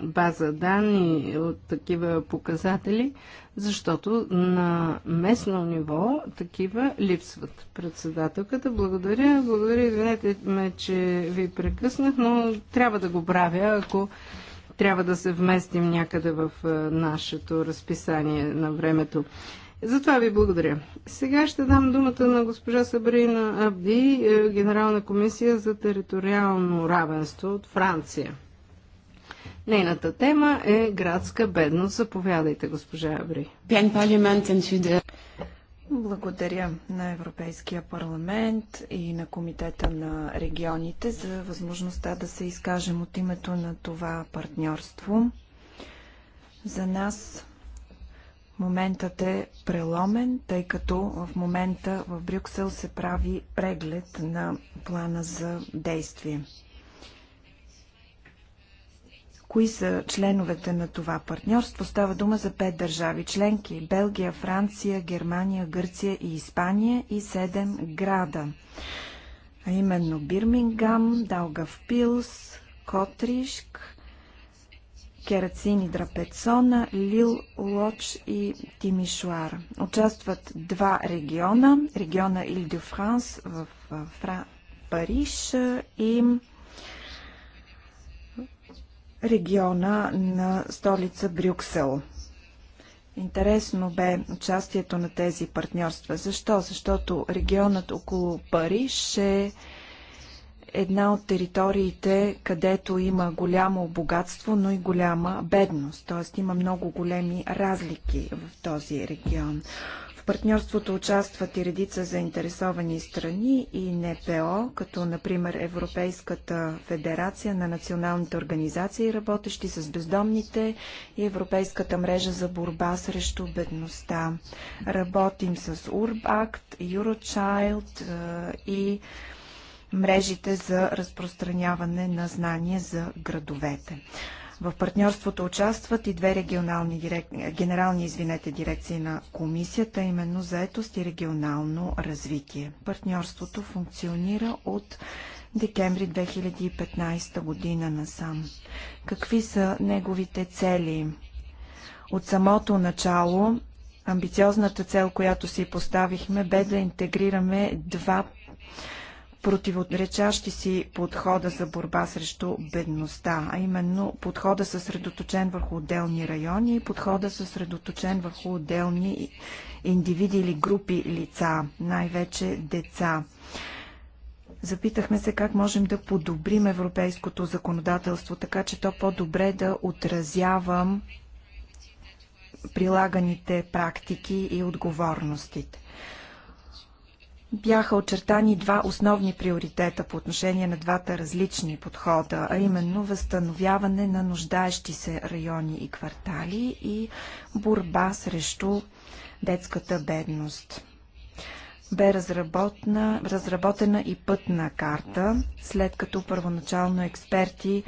база данни от такива показатели, защото на местно ниво такива липсват. Председателката, благодаря. Благодаря, извинете ме, че ви прекъснах, но трябва да го правя, ако трябва да се вместим някъде в е, нашето разписание на времето. Затова ви благодаря. Сега ще дам думата на госпожа Сабрина Абди, е, Генерална комисия за териториално равенство от Франция. Нейната тема е градска бедност. Заповядайте, госпожа Абри. Благодаря на Европейския парламент и на Комитета на регионите за възможността да се изкажем от името на това партньорство. За нас моментът е преломен, тъй като в момента в Брюксел се прави преглед на плана за действие. Кои са членовете на това партньорство? Става дума за пет държави членки – Белгия, Франция, Германия, Гърция и Испания и седем града. А именно Бирмингам, Далгав Пилс, Котришк, Керацини Драпецона, Лил, Лоч и Тимишуар. Участват два региона, региона Ил-де-Франс в Фра... Париж и региона на столица Брюксел. Интересно бе участието на тези партньорства. Защо? Защото регионът около Париж е една от териториите, където има голямо богатство, но и голяма бедност. Т.е. има много големи разлики в този регион партньорството участват и редица заинтересовани страни и НПО, като например Европейската федерация на националните организации, работещи с бездомните и Европейската мрежа за борба срещу бедността. Работим с URBACT, Eurochild е, и мрежите за разпространяване на знания за градовете. В партньорството участват и две регионални дирек... генерални извинете, дирекции на комисията, именно заетост и регионално развитие. Партньорството функционира от декември 2015 година насам. Какви са неговите цели? От самото начало амбициозната цел, която си поставихме, бе да интегрираме два противоречащи си подхода за борба срещу бедността, а именно подхода съсредоточен върху отделни райони и подхода съсредоточен върху отделни индивиди или групи лица, най-вече деца. Запитахме се как можем да подобрим европейското законодателство, така че то по-добре да отразява прилаганите практики и отговорностите бяха очертани два основни приоритета по отношение на двата различни подхода, а именно възстановяване на нуждаещи се райони и квартали и борба срещу детската бедност. Бе разработена и пътна карта, след като първоначално експерти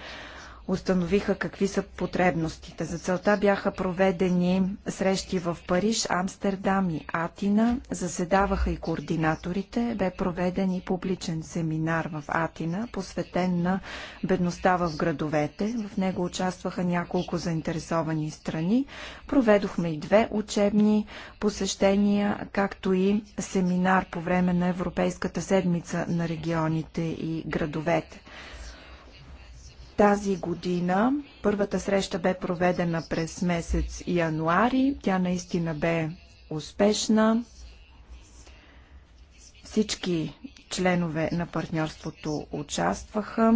установиха какви са потребностите. За целта бяха проведени срещи в Париж, Амстердам и Атина. Заседаваха и координаторите. Бе проведен и публичен семинар в Атина, посветен на бедността в градовете. В него участваха няколко заинтересовани страни. Проведохме и две учебни посещения, както и семинар по време на Европейската седмица на регионите и градовете тази година. Първата среща бе проведена през месец януари. Тя наистина бе успешна. Всички членове на партньорството участваха.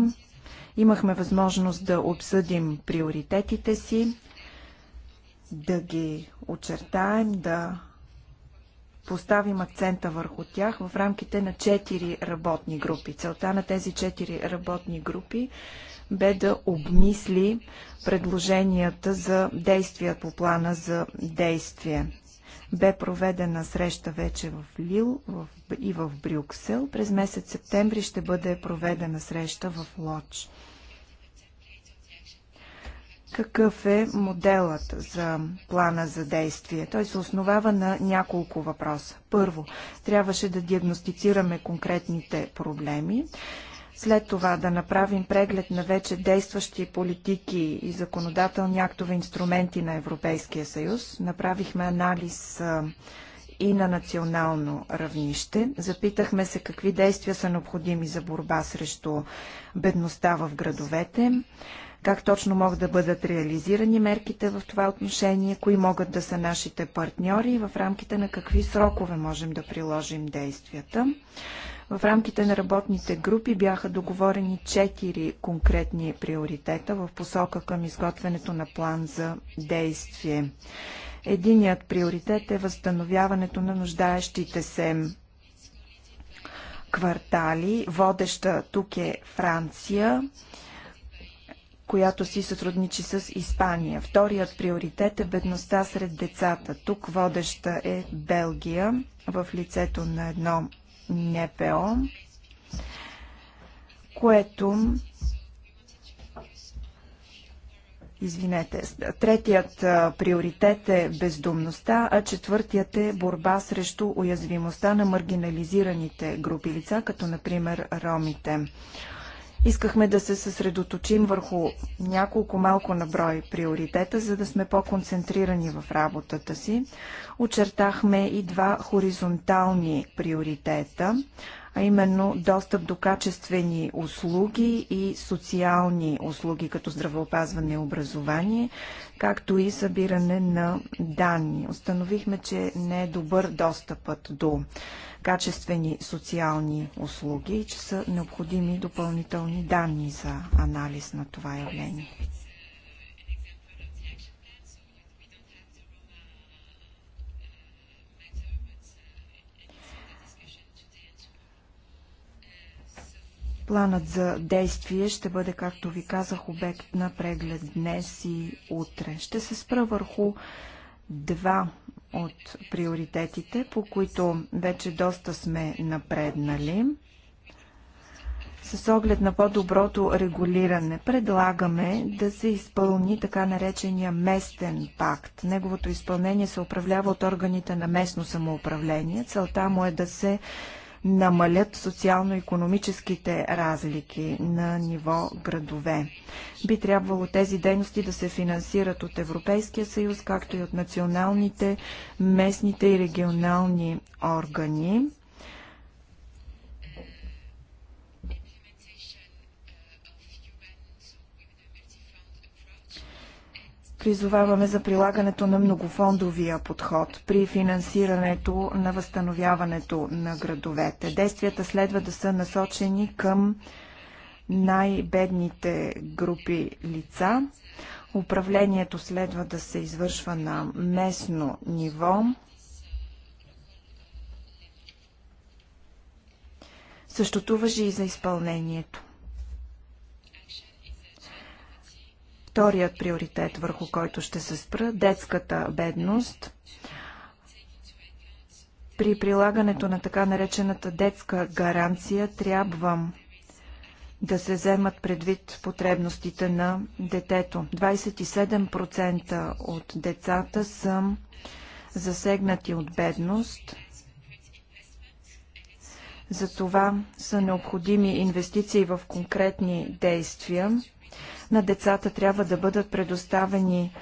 Имахме възможност да обсъдим приоритетите си, да ги очертаем, да поставим акцента върху тях в рамките на четири работни групи. Целта на тези четири работни групи бе да обмисли предложенията за действия по плана за действие. Бе проведена среща вече в Лил в, и в Брюксел. През месец септември ще бъде проведена среща в Лодж. Какъв е моделът за плана за действие? Той се основава на няколко въпроса. Първо, трябваше да диагностицираме конкретните проблеми след това да направим преглед на вече действащи политики и законодателни актове инструменти на Европейския съюз. Направихме анализ и на национално равнище. Запитахме се какви действия са необходими за борба срещу бедността в градовете, как точно могат да бъдат реализирани мерките в това отношение, кои могат да са нашите партньори и в рамките на какви срокове можем да приложим действията. В рамките на работните групи бяха договорени четири конкретни приоритета в посока към изготвянето на план за действие. Единият приоритет е възстановяването на нуждаещите се квартали. Водеща тук е Франция която си сътрудничи с Испания. Вторият приоритет е бедността сред децата. Тук водеща е Белгия в лицето на едно НПО, което Извинете, третият приоритет е бездумността, а четвъртият е борба срещу уязвимостта на маргинализираните групи лица, като например ромите. Искахме да се съсредоточим върху няколко малко наброи приоритета, за да сме по-концентрирани в работата си. Очертахме и два хоризонтални приоритета, а именно достъп до качествени услуги и социални услуги, като здравеопазване и образование, както и събиране на данни. Установихме, че не е добър достъпът до качествени социални услуги и че са необходими допълнителни данни за анализ на това явление. Планът за действие ще бъде, както ви казах, обект на преглед днес и утре. Ще се спра върху два от приоритетите, по които вече доста сме напреднали. С оглед на по-доброто регулиране предлагаме да се изпълни така наречения местен пакт. Неговото изпълнение се управлява от органите на местно самоуправление. Целта му е да се намалят социално-економическите разлики на ниво градове. Би трябвало тези дейности да се финансират от Европейския съюз, както и от националните, местните и регионални органи. Призоваваме за прилагането на многофондовия подход при финансирането на възстановяването на градовете. Действията следва да са насочени към най-бедните групи лица. Управлението следва да се извършва на местно ниво. Същото въжи и за изпълнението. Вторият приоритет, върху който ще се спра, детската бедност. При прилагането на така наречената детска гаранция трябва да се вземат предвид потребностите на детето. 27% от децата са засегнати от бедност. Затова са необходими инвестиции в конкретни действия. На децата трябва да бъдат предоставени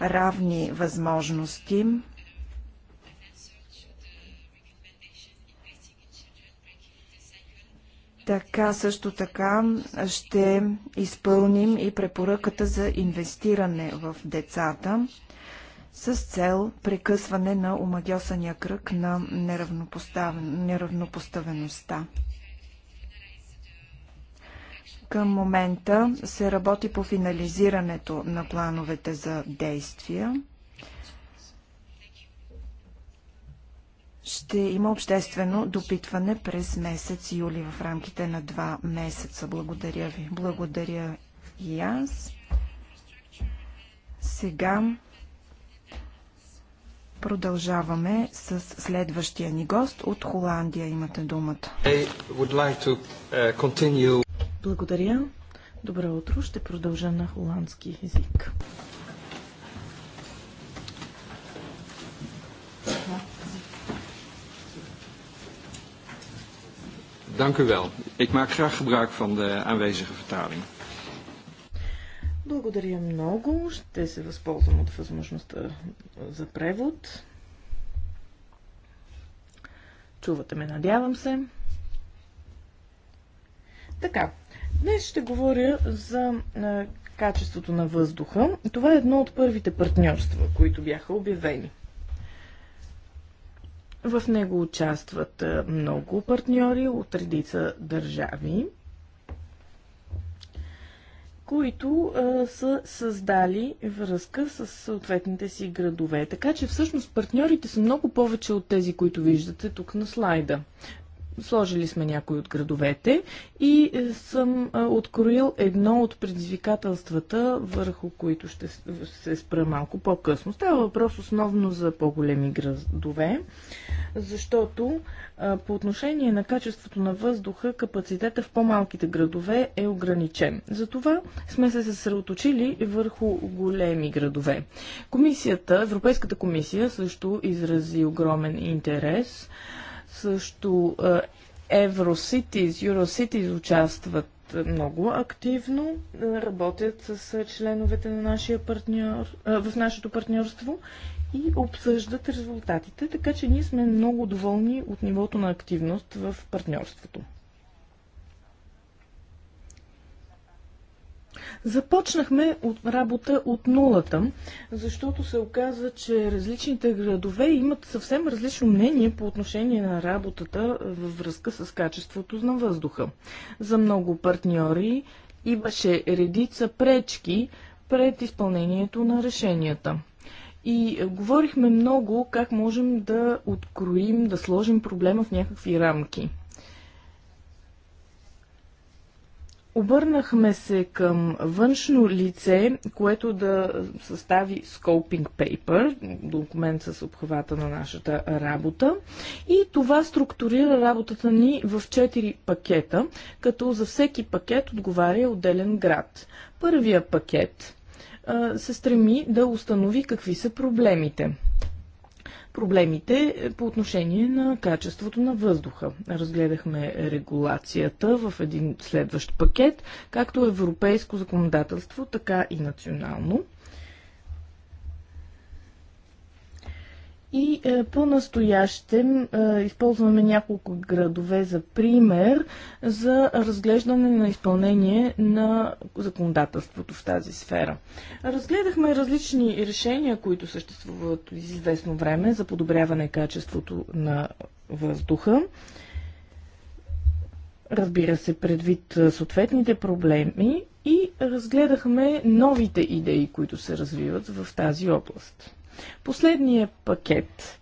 равни възможности. Така също така ще изпълним и препоръката за инвестиране в децата с цел прекъсване на омагьосания кръг на неравнопоставеността. Към момента се работи по финализирането на плановете за действия. ще има обществено допитване през месец юли в рамките на два месеца. Благодаря ви. Благодаря и аз. Сега продължаваме с следващия ни гост от Холандия. Имате думата. Uh, благодаря. Добро утро. Ще продължа на холандски език. Dank u wel. Ik maak graag gebruik van de aanwezige vertaling. Благодаря много. Ще се възползвам от възможността за превод. Чувате ме, надявам се. Така, Днес ще говоря за е, качеството на въздуха. Това е едно от първите партньорства, които бяха обявени. В него участват е, много партньори от редица държави, които а, е, са създали връзка с съответните си градове. Така че всъщност партньорите са много повече от тези, които виждате тук на слайда. Сложили сме някои от градовете и е, съм е, откроил едно от предизвикателствата, върху които ще се спра малко по-късно. Става въпрос основно за по-големи градове, защото е, по отношение на качеството на въздуха, капацитета в по-малките градове е ограничен. Затова сме се съсредоточили върху големи градове. Комисията, Европейската комисия също изрази огромен интерес. Също Евроситис, Eurocities участват много активно, е, работят с е, членовете на нашия партньор, е, в нашето партньорство и обсъждат резултатите, така че ние сме много доволни от нивото на активност в партньорството. Започнахме от работа от нулата, защото се оказа, че различните градове имат съвсем различно мнение по отношение на работата във връзка с качеството на въздуха. За много партньори имаше редица пречки пред изпълнението на решенията. И говорихме много как можем да откроим, да сложим проблема в някакви рамки. Обърнахме се към външно лице, което да състави scoping paper, документ с обхвата на нашата работа. И това структурира работата ни в 4 пакета, като за всеки пакет отговаря отделен град. Първия пакет се стреми да установи какви са проблемите проблемите по отношение на качеството на въздуха. Разгледахме регулацията в един следващ пакет, както европейско законодателство, така и национално. И е, по-настоящем е, използваме няколко градове за пример за разглеждане на изпълнение на законодателството в тази сфера. Разгледахме различни решения, които съществуват из известно време за подобряване качеството на въздуха. Разбира се, предвид е, съответните проблеми и разгледахме новите идеи, които се развиват в тази област. Последния пакет.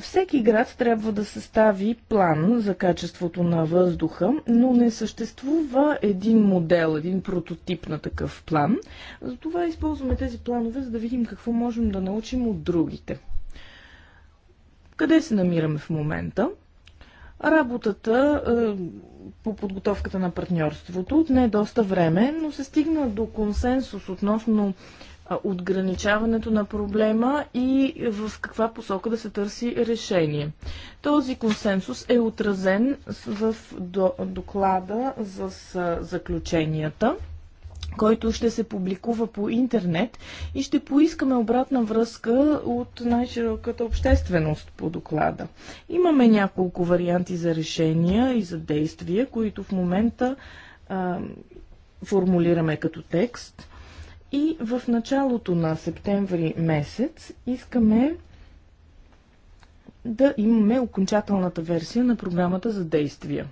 Всеки град трябва да състави план за качеството на въздуха, но не съществува един модел, един прототип на такъв план. Затова използваме тези планове, за да видим какво можем да научим от другите. Къде се намираме в момента? Работата е, по подготовката на партньорството отне е доста време, но се стигна до консенсус относно отграничаването на проблема и в каква посока да се търси решение. Този консенсус е отразен в доклада за заключенията който ще се публикува по интернет и ще поискаме обратна връзка от най-широката общественост по доклада. Имаме няколко варианти за решения и за действия, които в момента а, формулираме като текст. И в началото на септември месец искаме да имаме окончателната версия на програмата за действия.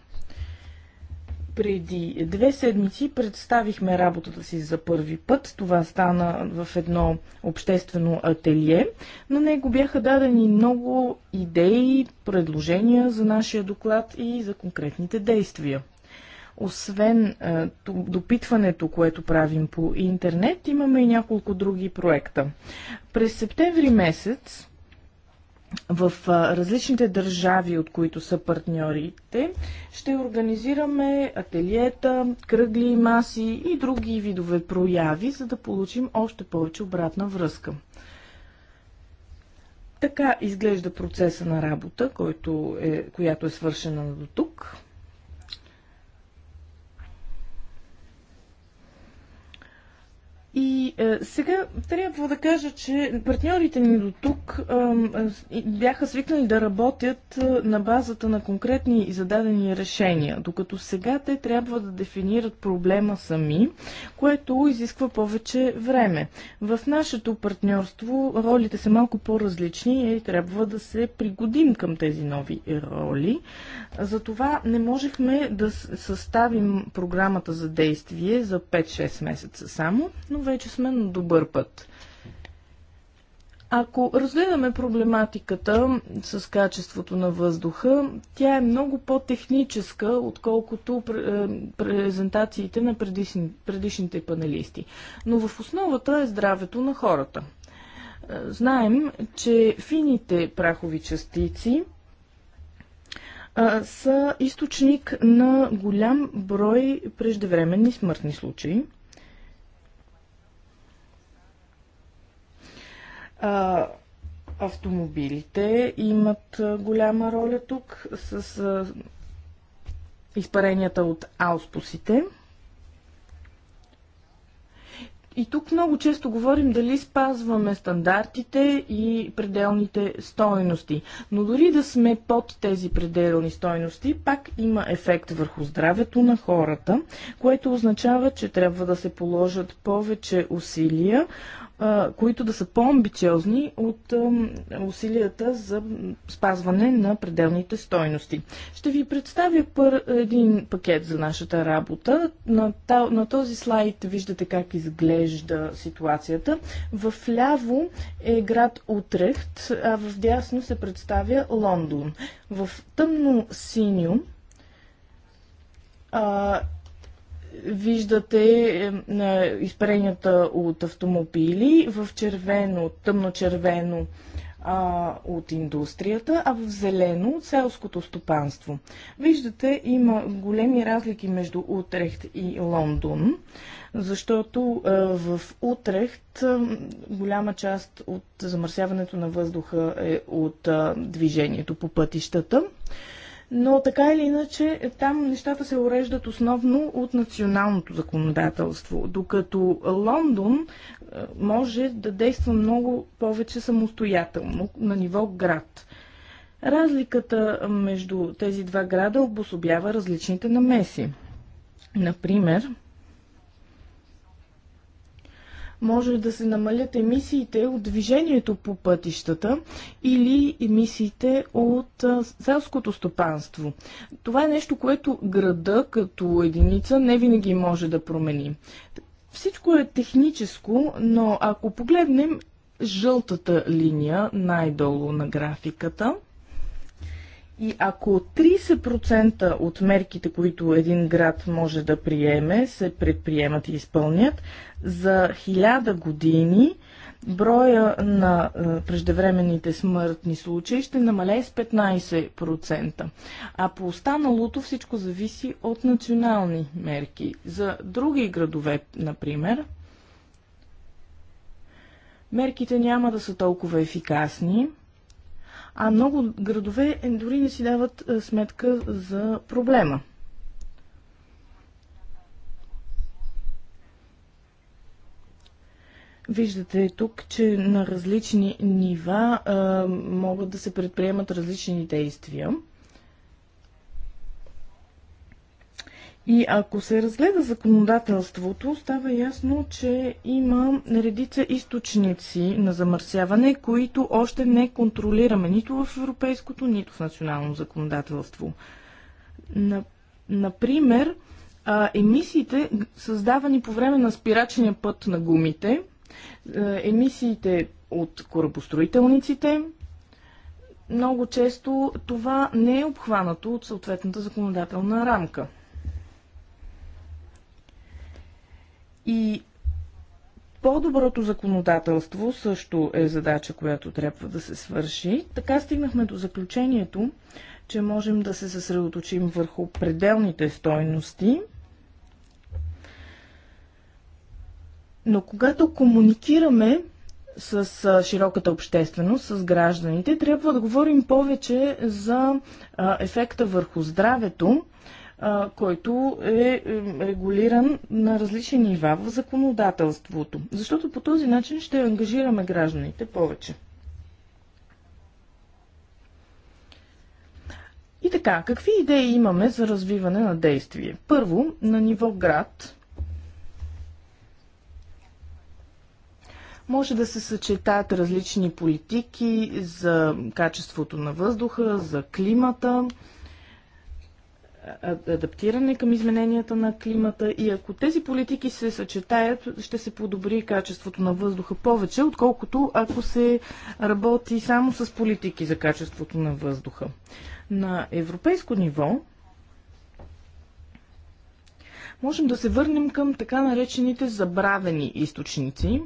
Преди две седмици представихме работата си за първи път. Това стана в едно обществено ателие. На него бяха дадени много идеи, предложения за нашия доклад и за конкретните действия. Освен е, допитването, което правим по интернет, имаме и няколко други проекта. През септември месец в е, различните държави, от които са партньорите, ще организираме ателиета, кръгли маси и други видове прояви, за да получим още повече обратна връзка. Така изглежда процеса на работа, който е, която е свършена до тук. И е, сега трябва да кажа, че партньорите ни до тук е, бяха свикнали да работят е, на базата на конкретни и зададени решения, докато сега те трябва да дефинират проблема сами, което изисква повече време. В нашето партньорство ролите са малко по-различни и трябва да се пригодим към тези нови роли. Затова не можехме да съставим програмата за действие за 5-6 месеца само, но вече сме на добър път. Ако разгледаме проблематиката с качеството на въздуха, тя е много по-техническа, отколкото е, презентациите на предишните панелисти. Но в основата е здравето на хората. Е, знаем, че фините прахови частици е, са източник на голям брой преждевременни смъртни случаи. А, автомобилите имат голяма роля тук с а, изпаренията от ауспусите. И тук много често говорим дали спазваме стандартите и пределните стойности. Но дори да сме под тези пределни стойности, пак има ефект върху здравето на хората, което означава, че трябва да се положат повече усилия които да са по-амбициозни от усилията за спазване на пределните стойности. Ще ви представя един пакет за нашата работа. На този слайд виждате как изглежда ситуацията. В ляво е град Утрехт, а в дясно се представя Лондон. В тъмно синьо виждате изпаренията от автомобили в червено, тъмно-червено а, от индустрията, а в зелено от селското стопанство. Виждате, има големи разлики между Утрехт и Лондон, защото а, е, в Утрехт а, голяма част от замърсяването на въздуха е от а, е, движението по пътищата но така или иначе там нещата се уреждат основно от националното законодателство, докато Лондон е, може да действа много повече самостоятелно на ниво град. Разликата между тези два града обособява различните намеси. Например, може да се намалят емисиите от движението по пътищата или емисиите от селското стопанство. Това е нещо, което града като единица не винаги може да промени. Всичко е техническо, но ако погледнем жълтата линия най-долу на графиката, и ако 30% от мерките, които един град може да приеме, се предприемат и изпълнят, за 1000 години броя на е, преждевременните смъртни случаи ще намалее с 15%. А по останалото всичко зависи от национални мерки. За други градове, например, мерките няма да са толкова ефикасни – а много градове е, дори не си дават е, сметка за проблема. Виждате тук, че на различни нива а, е, могат да се предприемат различни действия. И ако се разгледа законодателството, става ясно, че има редица източници на замърсяване, които още не контролираме нито в европейското, нито в национално законодателство. Например, емисиите, създавани по време на спирачния път на гумите, е, емисиите от корабостроителниците, много често това не е обхванато от съответната законодателна рамка. И по-доброто законодателство също е задача, която трябва да се свърши. Така стигнахме до заключението, че можем да се съсредоточим върху пределните стойности. Но когато комуникираме с широката общественост, с гражданите, трябва да говорим повече за ефекта върху здравето който е, е регулиран на различни нива в законодателството. Защото по този начин ще ангажираме гражданите повече. И така, какви идеи имаме за развиване на действие? Първо, на ниво град може да се съчетаят различни политики за качеството на въздуха, за климата, адаптиране към измененията на климата и ако тези политики се съчетаят, ще се подобри качеството на въздуха повече, отколкото ако се работи само с политики за качеството на въздуха. На европейско ниво можем да се върнем към така наречените забравени източници,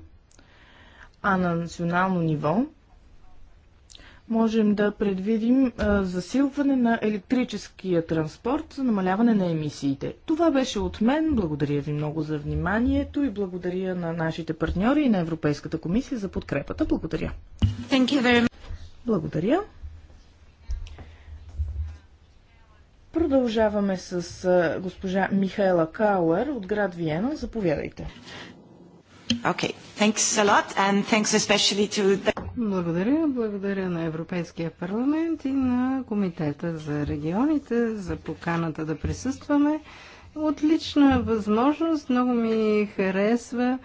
а на национално ниво – можем да предвидим засилване на електрическия транспорт за намаляване на емисиите. Това беше от мен. Благодаря ви много за вниманието и благодаря на нашите партньори и на Европейската комисия за подкрепата. Благодаря. Благодаря. Продължаваме с госпожа Михайла Кауер от град Виена. Заповядайте. Okay. Thanks a lot and thanks especially to the... Благодаря. Благодаря на Европейския парламент и на Комитета за регионите за поканата да присъстваме. Отлична възможност. Много ми харесва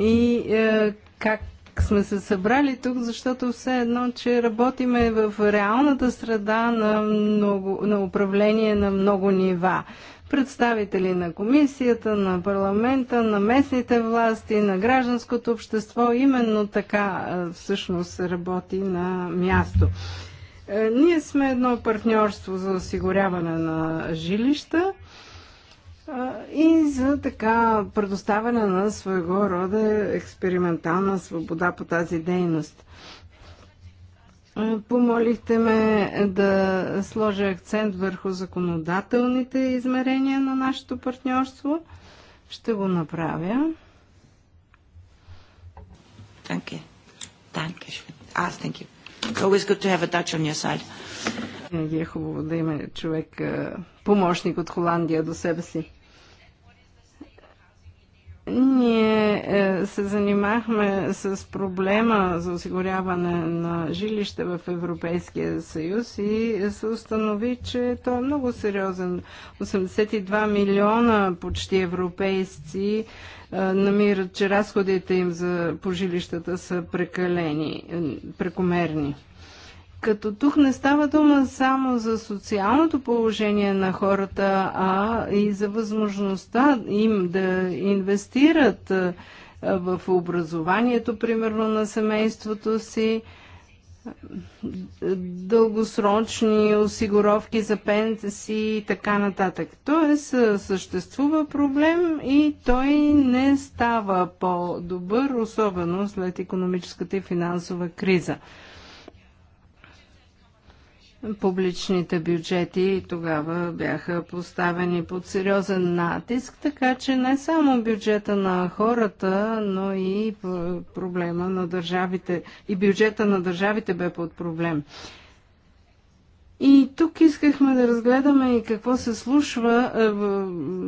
и е, как сме се събрали тук, защото все едно, че работиме в реалната среда на, много, на управление на много нива представители на комисията, на парламента, на местните власти, на гражданското общество. Именно така всъщност работи на място. Е, ние сме едно партньорство за осигуряване на жилища и за така предоставяне на своего рода експериментална свобода по тази дейност. Е, помолихте ме да сложа акцент върху законодателните измерения на нашето партньорство. Ще го направя. Thank Ah, thank you. It's always good to have a Dutch on your side. Винаги е, е хубаво да има човек, е, помощник от Холандия до себе си. Ние е, се занимахме с проблема за осигуряване на жилище в Европейския съюз и се установи, че то е много сериозен. 82 милиона почти европейци е, намират, че разходите им за, пожилищата са прекалени, е, прекомерни. Като тук не става дума само за социалното положение на хората, а и за възможността им да инвестират в образованието, примерно, на семейството си, дългосрочни осигуровки за пенсии и така нататък. Тоест, съществува проблем и той не става по-добър, особено след економическата и финансова криза публичните бюджети тогава бяха поставени под сериозен натиск, така че не само бюджета на хората, но и проблема на държавите и бюджета на държавите бе под проблем. И тук искахме да разгледаме и какво се случва е,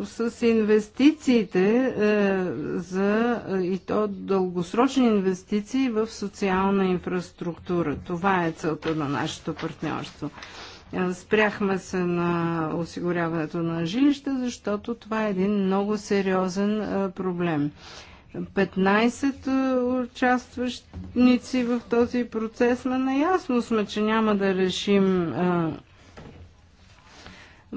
с инвестициите е, за, и то дългосрочни инвестиции в социална инфраструктура. Това е целта на нашето партньорство. Е, спряхме се на осигуряването на жилища, защото това е един много сериозен проблем. 15 участващници в този процес, но наясно сме, че няма да решим а,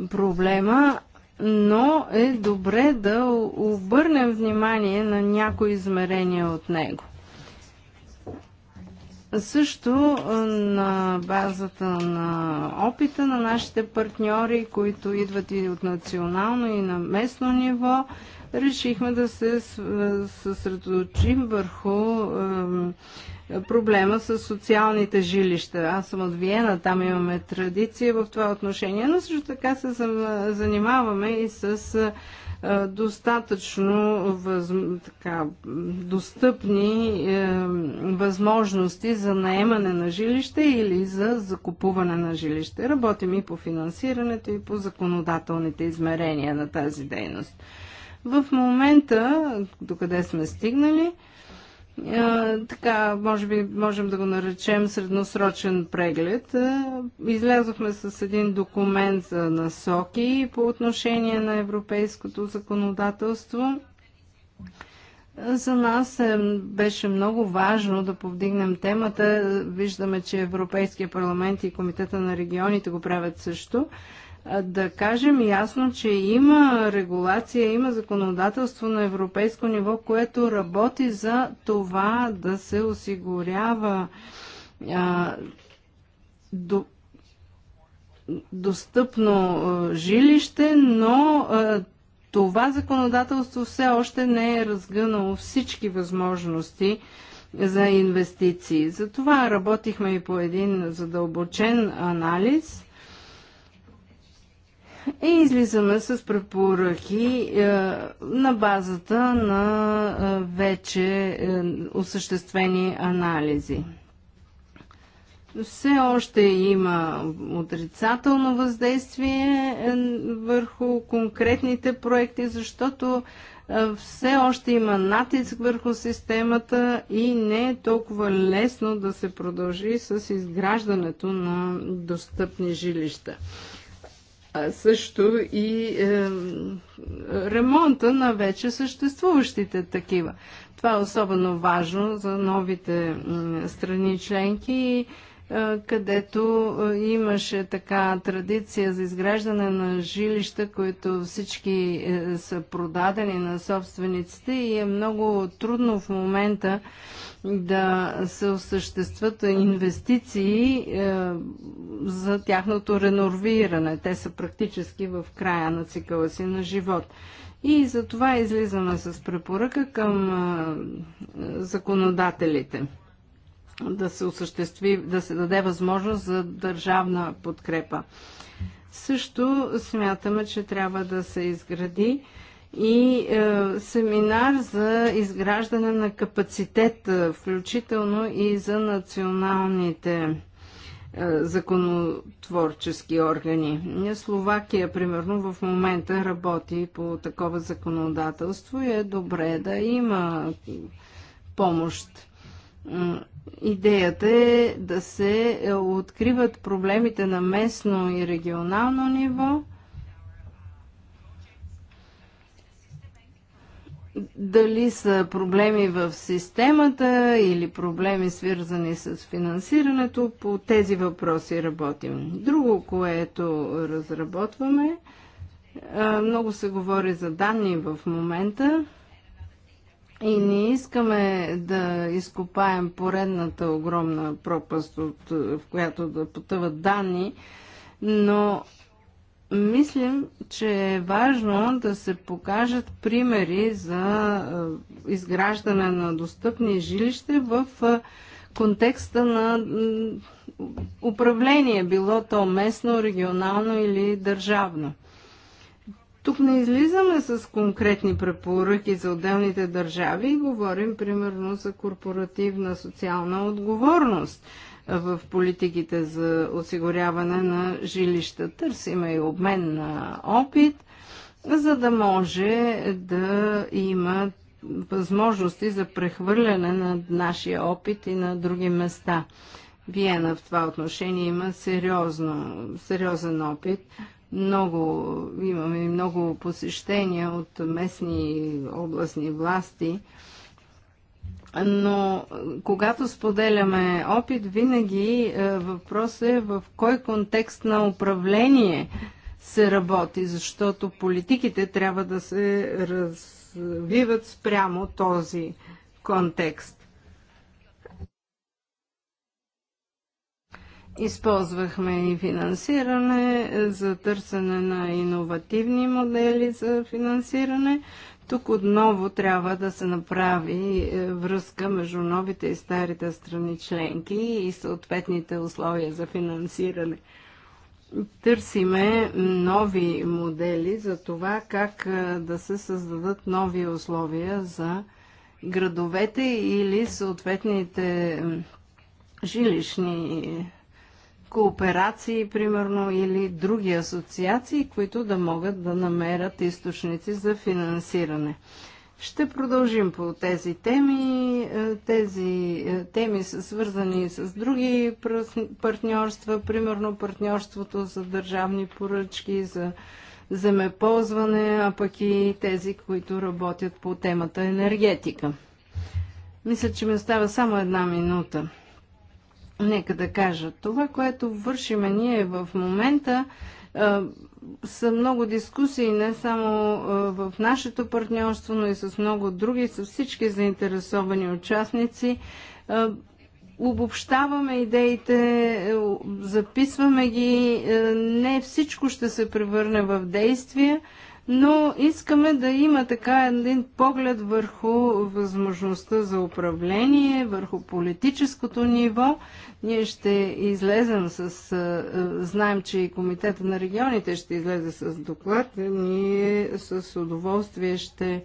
проблема, но е добре да обърнем внимание на някои измерения от него. Също на базата на опита на нашите партньори, които идват и от национално и на местно ниво, решихме да се съсредоточим върху проблема с социалните жилища. Аз съм от Виена, там имаме традиция в това отношение, но също така се занимаваме и с е, достатъчно въз, така, достъпни е, възможности за наемане на жилище или за закупуване на жилище. Работим и по финансирането, и по законодателните измерения на тази дейност. В момента, докъде сме стигнали, така, може би можем да го наречем средносрочен преглед. Излязохме с един документ за насоки по отношение на европейското законодателство. За нас е, беше много важно да повдигнем темата. Виждаме, че Европейския парламент и Комитета на регионите го правят също да кажем ясно, че има регулация, има законодателство на европейско ниво, което работи за това да се осигурява а, до, достъпно а, жилище, но а, това законодателство все още не е разгънало всички възможности за инвестиции. Затова работихме и по един задълбочен анализ – и излизаме с препоръки е, на базата на е, вече е, осъществени анализи. Все още има отрицателно въздействие е, върху конкретните проекти, защото е, все още има натиск върху системата и не е толкова лесно да се продължи с изграждането на достъпни жилища а също и е, ремонта на вече съществуващите такива. Това е особено важно за новите страни членки и където имаше така традиция за изграждане на жилища, които всички е, са продадени на собствениците и е много трудно в момента да се осъществят инвестиции е, за тяхното реновиране. Те са практически в края на цикъла си на живот. И за това излизаме с препоръка към е, законодателите – да се осъществи, да се даде възможност за държавна подкрепа. Също смятаме, че трябва да се изгради и е, семинар за изграждане на капацитет, е, включително и за националните е, законотворчески органи. Словакия, примерно, в момента работи по такова законодателство и е добре да има помощ Идеята е да се е, откриват проблемите на местно и регионално ниво, дали са проблеми в системата или проблеми свързани с финансирането, по тези въпроси работим. Друго, което разработваме, много се говори за данни в момента. И не искаме да изкопаем поредната огромна пропаст, от, в която да потъват данни, но мислим, че е важно да се покажат примери за е, изграждане на достъпни жилища в е, контекста на управление, било то местно, регионално или държавно. Тук не излизаме с конкретни препоръки за отделните държави и говорим примерно за корпоративна социална отговорност в политиките за осигуряване на жилища. Търсиме и обмен на опит, за да може да има възможности за прехвърляне на нашия опит и на други места. Виена в това отношение има сериозно, сериозен опит много, имаме много посещения от местни областни власти, но когато споделяме опит, винаги е, въпрос е в кой контекст на управление се работи, защото политиките трябва да се развиват спрямо този контекст. Използвахме и финансиране за търсене на иновативни модели за финансиране. Тук отново трябва да се направи е, връзка между новите и старите страни членки и съответните условия за финансиране. Търсиме нови модели за това как е, да се създадат нови условия за градовете или съответните жилищни кооперации, примерно, или други асоциации, които да могат да намерят източници за финансиране. Ще продължим по тези теми. Е, тези е, теми са свързани с други партньорства, примерно партньорството за държавни поръчки, за земеползване, а пък и тези, които работят по темата енергетика. Мисля, че ми остава само една минута нека да кажа, това, което вършиме ние в момента, са много дискусии не само в нашето партньорство, но и с много други, с всички заинтересовани участници. Обобщаваме идеите, записваме ги, не всичко ще се превърне в действия но искаме да има така един поглед върху възможността за управление, върху политическото ниво. Ние ще излезем с... Знаем, че и Комитета на регионите ще излезе с доклад. Ние с удоволствие ще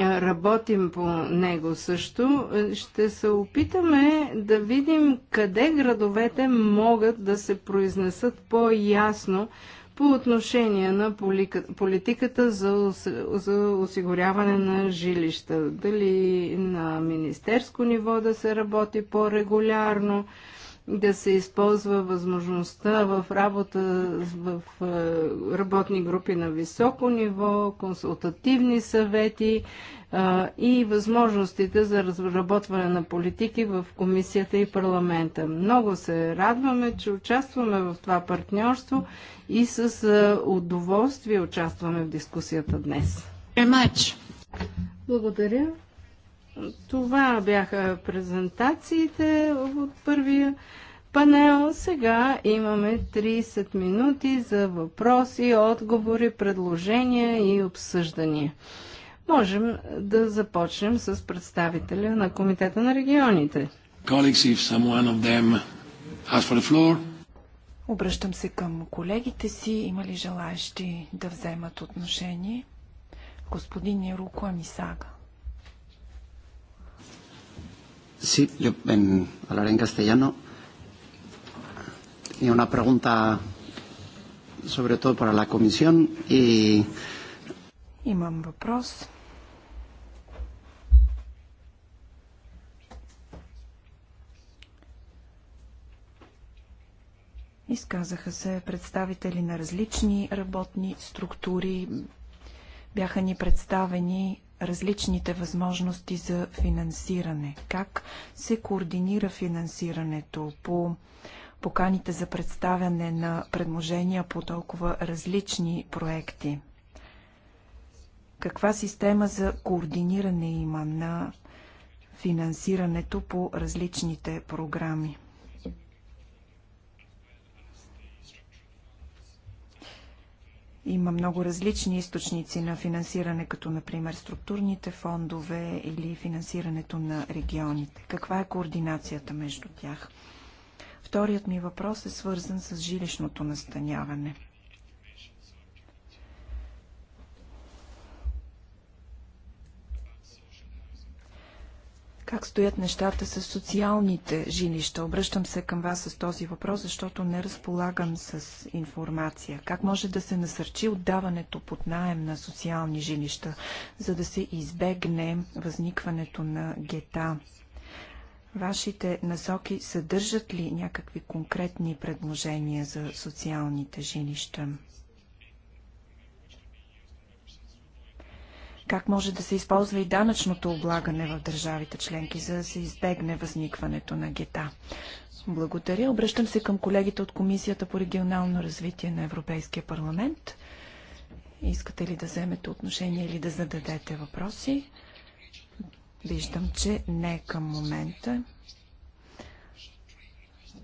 работим по него също. Ще се опитаме да видим къде градовете могат да се произнесат по-ясно по отношение на политиката за, за осигуряване на жилища. Дали на министерско ниво да се работи по-регулярно, да се използва възможността в работа в е, работни групи на високо ниво, консултативни съвети, и възможностите за разработване на политики в комисията и парламента. Много се радваме, че участваме в това партньорство и с удоволствие участваме в дискусията днес. Благодаря. Това бяха презентациите от първия панел. Сега имаме 30 минути за въпроси, отговори, предложения и обсъждания. Можем да започнем с представителя на Комитета на регионите. Обръщам се към колегите си. Има ли желаящи да вземат отношение? Господин Яруко Амисага. Sí, yo en, hablaré en castellano. Tenía una pregunta sobre todo para la comisión y... Имам въпрос Изказаха се представители на различни работни структури. Бяха ни представени различните възможности за финансиране. Как се координира финансирането по поканите за представяне на предложения по толкова различни проекти? Каква система за координиране има на финансирането по различните програми? Има много различни източници на финансиране, като например структурните фондове или финансирането на регионите. Каква е координацията между тях? Вторият ми въпрос е свързан с жилищното настаняване – Как стоят нещата с социалните жилища? Обръщам се към вас с този въпрос, защото не разполагам с информация. Как може да се насърчи отдаването под найем на социални жилища, за да се избегне възникването на гета? Вашите насоки съдържат ли някакви конкретни предложения за социалните жилища? как може да се използва и данъчното облагане в държавите членки, за да се избегне възникването на гета. Благодаря. Обръщам се към колегите от Комисията по регионално развитие на Европейския парламент. Искате ли да вземете отношение или да зададете въпроси? Виждам, че не към момента.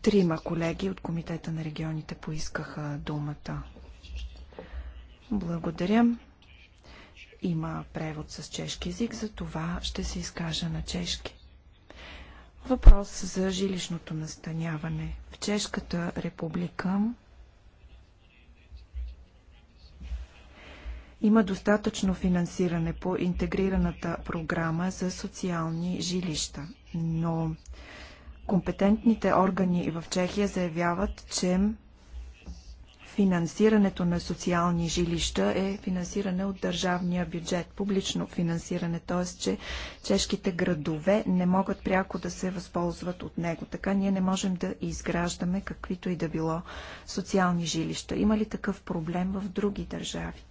Трима колеги от Комитета на регионите поискаха думата. Благодаря има превод с чешки язик, за това ще се изкажа на чешки. Въпрос за жилищното настаняване. В Чешката република има достатъчно финансиране по интегрираната програма за социални жилища, но компетентните органи в Чехия заявяват, че финансирането на социални жилища е финансиране от държавния бюджет, публично финансиране, т.е. че чешките градове не могат пряко да се възползват от него. Така ние не можем да изграждаме каквито и да било социални жилища. Има ли такъв проблем в други държави?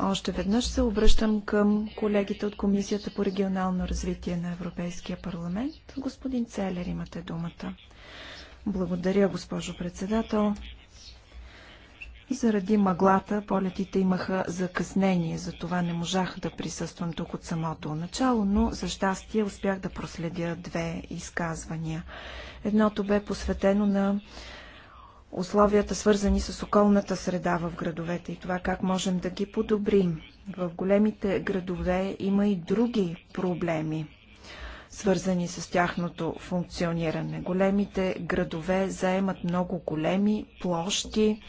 Още веднъж се обръщам към колегите от Комисията по регионално развитие на Европейския парламент. Господин Целер, имате думата. Благодаря, госпожо председател. Заради мъглата полетите имаха закъснение, затова не можах да присъствам тук от самото начало, но за щастие успях да проследя две изказвания. Едното бе посветено на условията, свързани с околната среда в градовете и това как можем да ги подобрим. В големите градове има и други проблеми свързани с тяхното функциониране. Големите градове заемат много големи площи.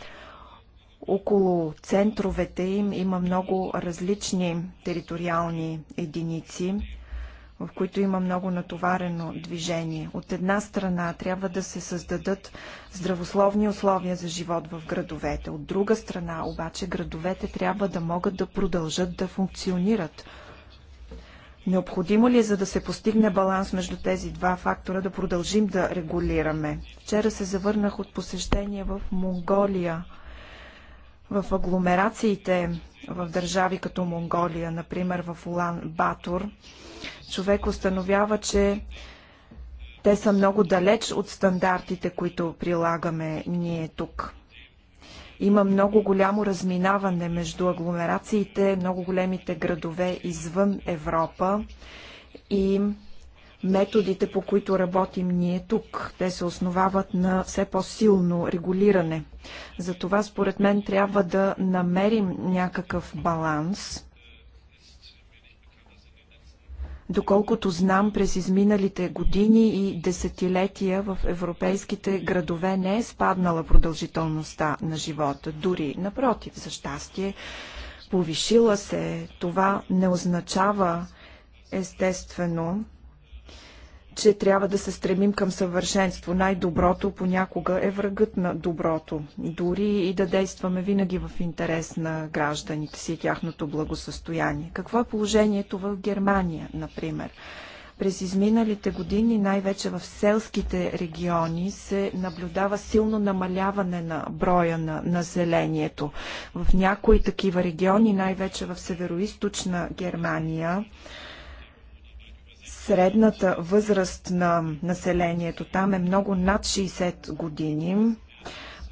Около центровете им има много различни териториални единици, в които има много натоварено движение. От една страна трябва да се създадат здравословни условия за живот в градовете. От друга страна обаче градовете трябва да могат да продължат да функционират – Необходимо ли е, за да се постигне баланс между тези два фактора, да продължим да регулираме? Вчера се завърнах от посещение в Монголия. В агломерациите в държави като Монголия, например в Улан Батор, човек установява, че те са много далеч от стандартите, които прилагаме ние тук. Има много голямо разминаване между агломерациите, много големите градове извън Европа и методите, по които работим ние тук. Те се основават на все по-силно регулиране. Затова, според мен, трябва да намерим някакъв баланс Доколкото знам, през изминалите години и десетилетия в европейските градове не е спаднала продължителността на живота. Дори, напротив, за щастие, повишила се. Това не означава естествено, че трябва да се стремим към съвършенство. Най-доброто понякога е врагът на доброто. Дори и да действаме винаги в интерес на гражданите си и тяхното благосъстояние. Какво е положението в Германия, например? През изминалите години, най-вече в селските региони, се наблюдава силно намаляване на броя на населението. В някои такива региони, най-вече в северо Германия, Средната възраст на населението там е много над 60 години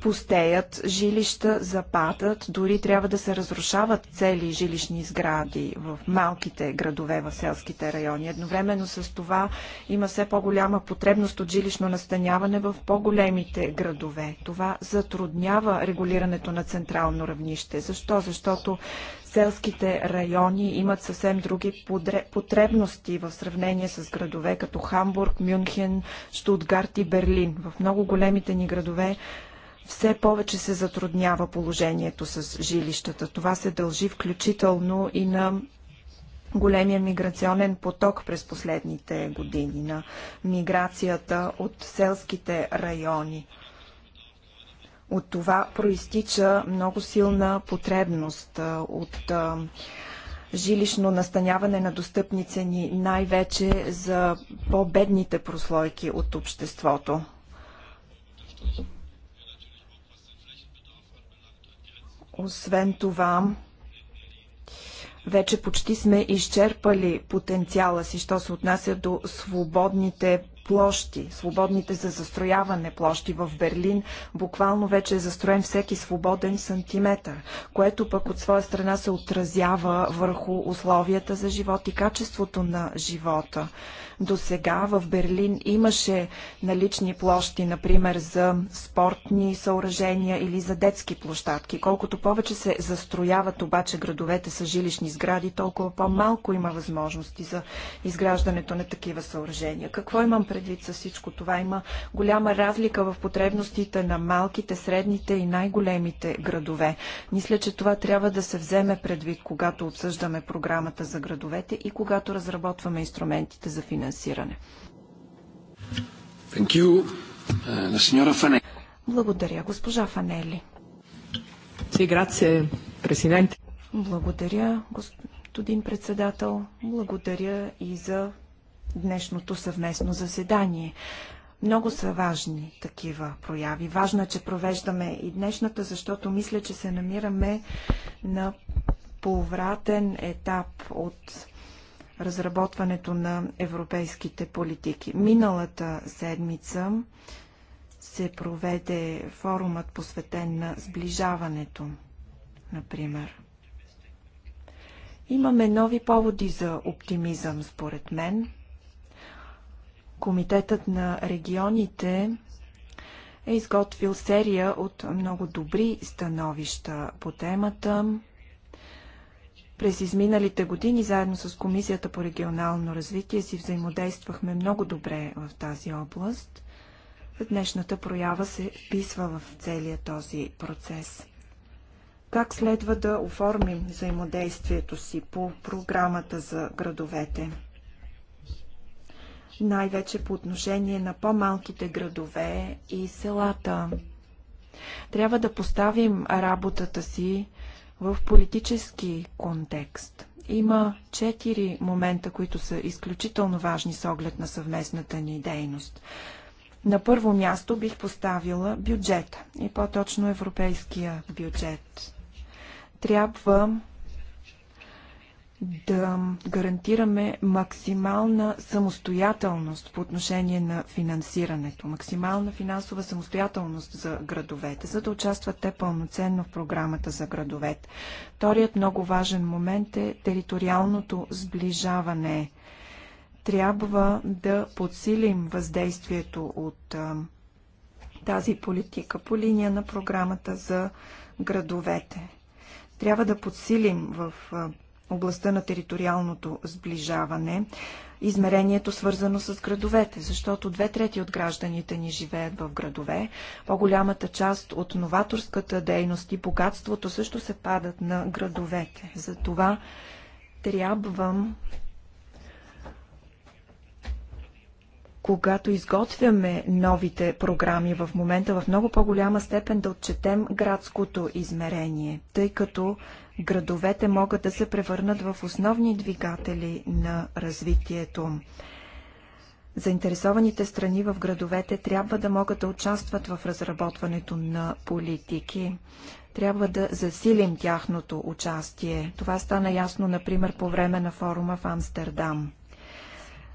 пустеят жилища, западат, дори трябва да се разрушават цели жилищни сгради в малките градове, в селските райони. Едновременно с това има все по-голяма потребност от жилищно настаняване в по-големите градове. Това затруднява регулирането на централно равнище. Защо? Защото селските райони имат съвсем други потребности в сравнение с градове като Хамбург, Мюнхен, Штутгарт и Берлин. В много големите ни градове все повече се затруднява положението с жилищата. Това се дължи включително и на големия миграционен поток през последните години, на миграцията от селските райони. От това проистича много силна потребност от жилищно настаняване на достъпни цени, най-вече за по-бедните прослойки от обществото. Освен това, вече почти сме изчерпали потенциала си, що се отнася до свободните площи, свободните за застрояване площи в Берлин, буквално вече е застроен всеки свободен сантиметр, което пък от своя страна се отразява върху условията за живот и качеството на живота. До сега в Берлин имаше налични площи, например за спортни съоръжения или за детски площадки. Колкото повече се застрояват обаче градовете с жилищни сгради, толкова по-малко има възможности за изграждането на такива съоръжения. Какво имам предвид с всичко това? Има голяма разлика в потребностите на малките, средните и най-големите градове. Мисля, че това трябва да се вземе предвид, когато обсъждаме програмата за градовете и когато разработваме инструментите за финансиране финансиране. Uh, Благодаря, госпожа Фанели. Благодаря, господин председател. Благодаря и за днешното съвместно заседание. Много са важни такива прояви. Важно е, че провеждаме и днешната, защото мисля, че се намираме на повратен етап от разработването на европейските политики. Миналата седмица се проведе форумът посветен на сближаването, например. Имаме нови поводи за оптимизъм, според мен. Комитетът на регионите е изготвил серия от много добри становища по темата. През изминалите години заедно с Комисията по регионално развитие си взаимодействахме много добре в тази област. Днешната проява се вписва в целия този процес. Как следва да оформим взаимодействието си по програмата за градовете? Най-вече по отношение на по-малките градове и селата. Трябва да поставим работата си в политически контекст. Има четири момента, които са изключително важни с оглед на съвместната ни дейност. На първо място бих поставила бюджета и по-точно европейския бюджет. Трябва да гарантираме максимална самостоятелност по отношение на финансирането, максимална финансова самостоятелност за градовете, за да участват те пълноценно в програмата за градовете. Вторият много важен момент е териториалното сближаване. Трябва да подсилим въздействието от а, тази политика по линия на програмата за градовете трябва да подсилим в областта на териториалното сближаване, измерението свързано с градовете, защото две трети от гражданите ни живеят в градове. По-голямата част от новаторската дейност и богатството също се падат на градовете. Затова трябва когато изготвяме новите програми в момента, в много по-голяма степен да отчетем градското измерение, тъй като градовете могат да се превърнат в основни двигатели на развитието. Заинтересованите страни в градовете трябва да могат да участват в разработването на политики. Трябва да засилим тяхното участие. Това стана ясно, например, по време на форума в Амстердам.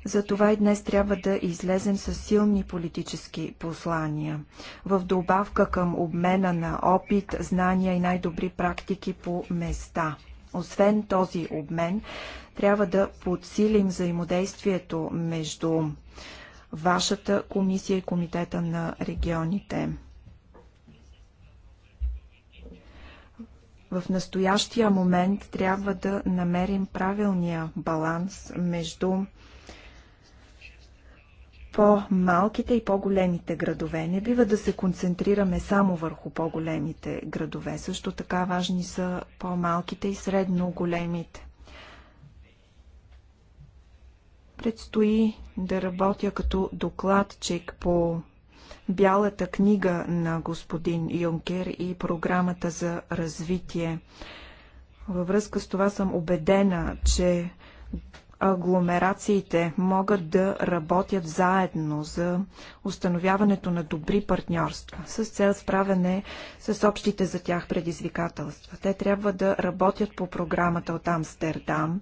Затова и днес трябва да излезем с силни политически послания. В добавка към обмена на опит, знания и най-добри практики по места. Освен този обмен, трябва да подсилим взаимодействието между вашата комисия и комитета на регионите. В настоящия момент трябва да намерим правилния баланс между по-малките и по-големите градове. Не бива да се концентрираме само върху по-големите градове. Също така важни са по-малките и средно големите. Предстои да работя като докладчик по Бялата книга на господин Юнкер и програмата за развитие. Във връзка с това съм убедена, че агломерациите могат да работят заедно за установяването на добри партньорства с цел справяне с общите за тях предизвикателства. Те трябва да работят по програмата от Амстердам,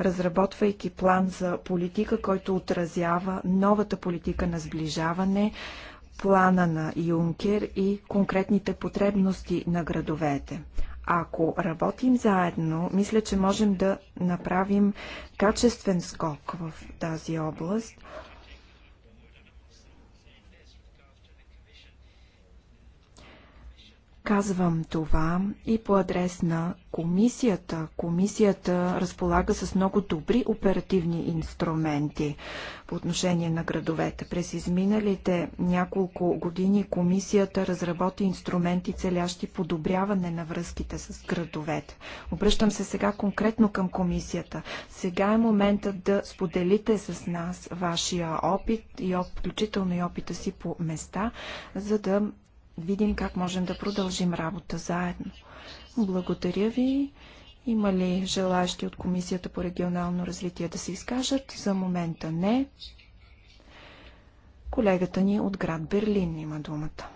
разработвайки план за политика, който отразява новата политика на сближаване, плана на Юнкер и конкретните потребности на градовете. Ако работим заедно, мисля, че можем да направим качествен скок в тази област. Казвам това и по адрес на комисията. Комисията разполага с много добри оперативни инструменти по отношение на градовете. През изминалите няколко години комисията разработи инструменти, целящи подобряване на връзките с градовете. Обръщам се сега конкретно към комисията. Сега е моментът да споделите с нас вашия опит и включително и опита си по места, за да видим как можем да продължим работа заедно. Благодаря ви. Има ли желащи от Комисията по регионално развитие да се изкажат? За момента не. Колегата ни от град Берлин има думата.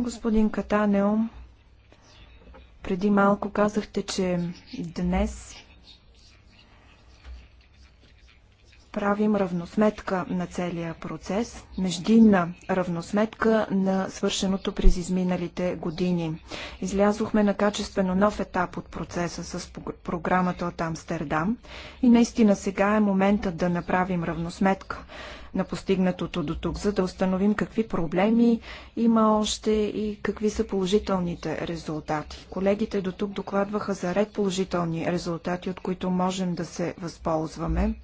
Господин Катанео, преди малко казахте, че днес правим равносметка на целия процес, междинна равносметка на свършеното през изминалите години. Излязохме на качествено нов етап от процеса с програмата от Амстердам и наистина сега е момента да направим равносметка на постигнатото до тук, за да установим какви проблеми има още и какви са положителните резултати. Колегите до тук докладваха за ред положителни резултати, от които можем да се възползваме.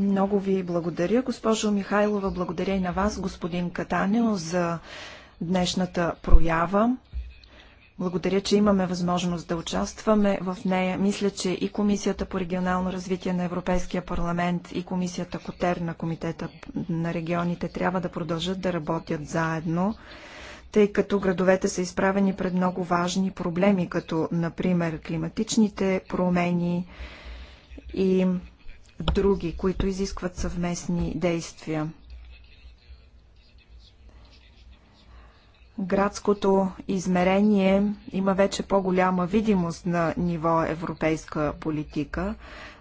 Много ви благодаря, госпожо Михайлова. Благодаря и на вас, господин Катанео, за днешната проява. Благодаря, че имаме възможност да участваме в нея. Мисля, че и Комисията по регионално развитие на Европейския парламент и Комисията Котер на Комитета на регионите трябва да продължат да работят заедно, тъй като градовете са изправени пред много важни проблеми, като например климатичните промени и други, които изискват съвместни действия. Градското измерение има вече по-голяма видимост на ниво европейска политика.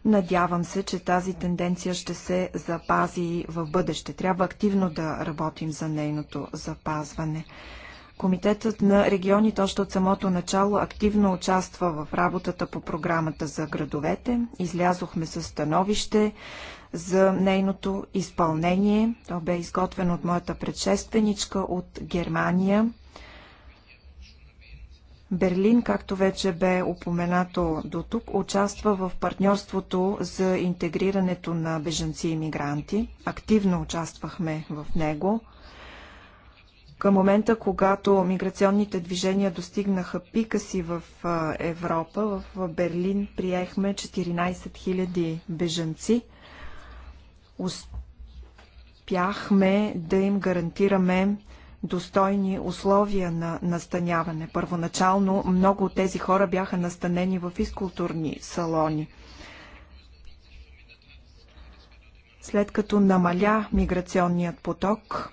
Надявам се, че тази тенденция ще се запази в бъдеще. Трябва активно да работим за нейното запазване. Комитетът на регионите още от самото начало активно участва в работата по програмата за градовете. Излязохме със становище за нейното изпълнение. То бе изготвено от моята предшественичка от Германия. Берлин, както вече бе упоменато до тук, участва в партньорството за интегрирането на беженци и мигранти. Активно участвахме в него – към момента, когато миграционните движения достигнаха пика си в Европа, в Берлин приехме 14 000 бежанци. Успяхме да им гарантираме достойни условия на настаняване. Първоначално много от тези хора бяха настанени в изкултурни салони. След като намаля миграционният поток,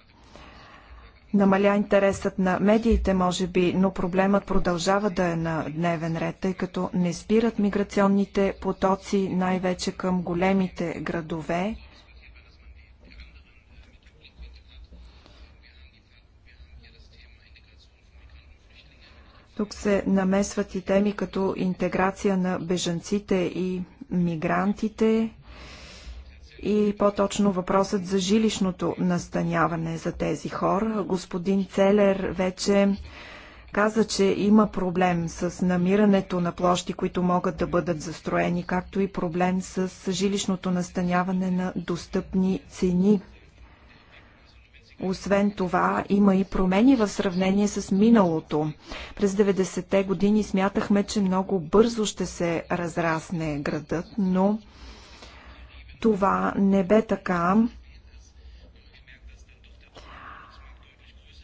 намаля интересът на медиите, може би, но проблемът продължава да е на дневен ред, тъй като не спират миграционните потоци най-вече към големите градове. Тук се намесват и теми като интеграция на бежанците и мигрантите, и по-точно въпросът за жилищното настаняване за тези хора. Господин Целер вече каза, че има проблем с намирането на площи, които могат да бъдат застроени, както и проблем с жилищното настаняване на достъпни цени. Освен това, има и промени в сравнение с миналото. През 90-те години смятахме, че много бързо ще се разрасне градът, но това не бе така.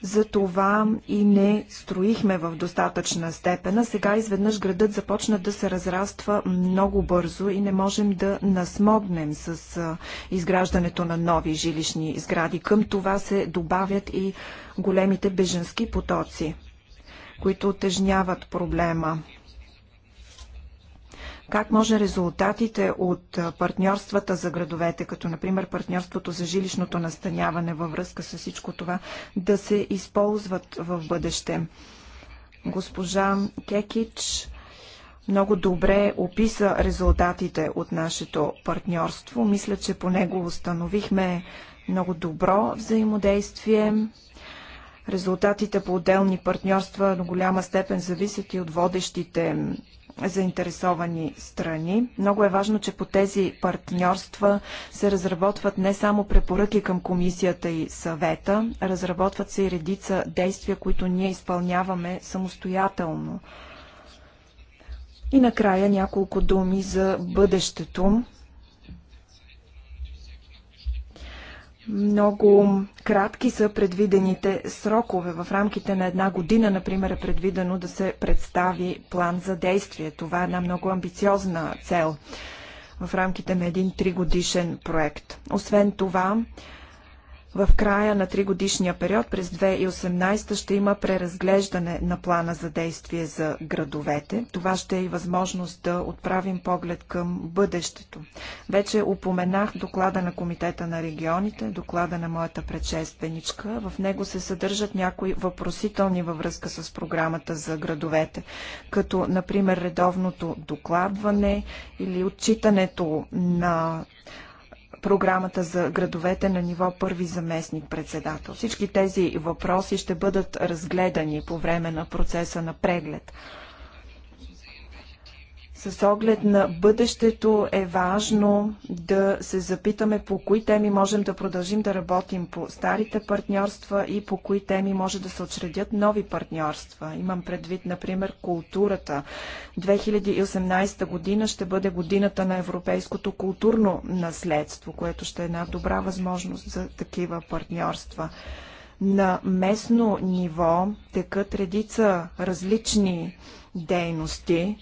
Затова и не строихме в достатъчна степен, а сега изведнъж градът започна да се разраства много бързо и не можем да насмогнем с изграждането на нови жилищни сгради. Към това се добавят и големите беженски потоци, които отежняват проблема. Как може резултатите от партньорствата за градовете, като например партньорството за жилищното настаняване във връзка с всичко това, да се използват в бъдеще? Госпожа Кекич много добре описа резултатите от нашето партньорство. Мисля, че по него установихме много добро взаимодействие. Резултатите по отделни партньорства до голяма степен зависят и от водещите заинтересовани страни. Много е важно, че по тези партньорства се разработват не само препоръки към комисията и съвета, разработват се и редица действия, които ние изпълняваме самостоятелно. И накрая няколко думи за бъдещето Много кратки са предвидените срокове. В рамките на една година, например, е предвидено да се представи план за действие. Това е една много амбициозна цел в рамките на един тригодишен проект. Освен това, в края на тригодишния период през 2018 ще има преразглеждане на плана за действие за градовете. Това ще е и възможност да отправим поглед към бъдещето. Вече упоменах доклада на Комитета на регионите, доклада на моята предшественичка. В него се съдържат някои въпросителни във връзка с програмата за градовете, като например редовното докладване или отчитането на програмата за градовете на ниво първи заместник председател. Всички тези въпроси ще бъдат разгледани по време на процеса на преглед с оглед на бъдещето е важно да се запитаме по кои теми можем да продължим да работим по старите партньорства и по кои теми може да се очредят нови партньорства. Имам предвид, например, културата. 2018 година ще бъде годината на европейското културно наследство, което ще е една добра възможност за такива партньорства. На местно ниво текат редица различни дейности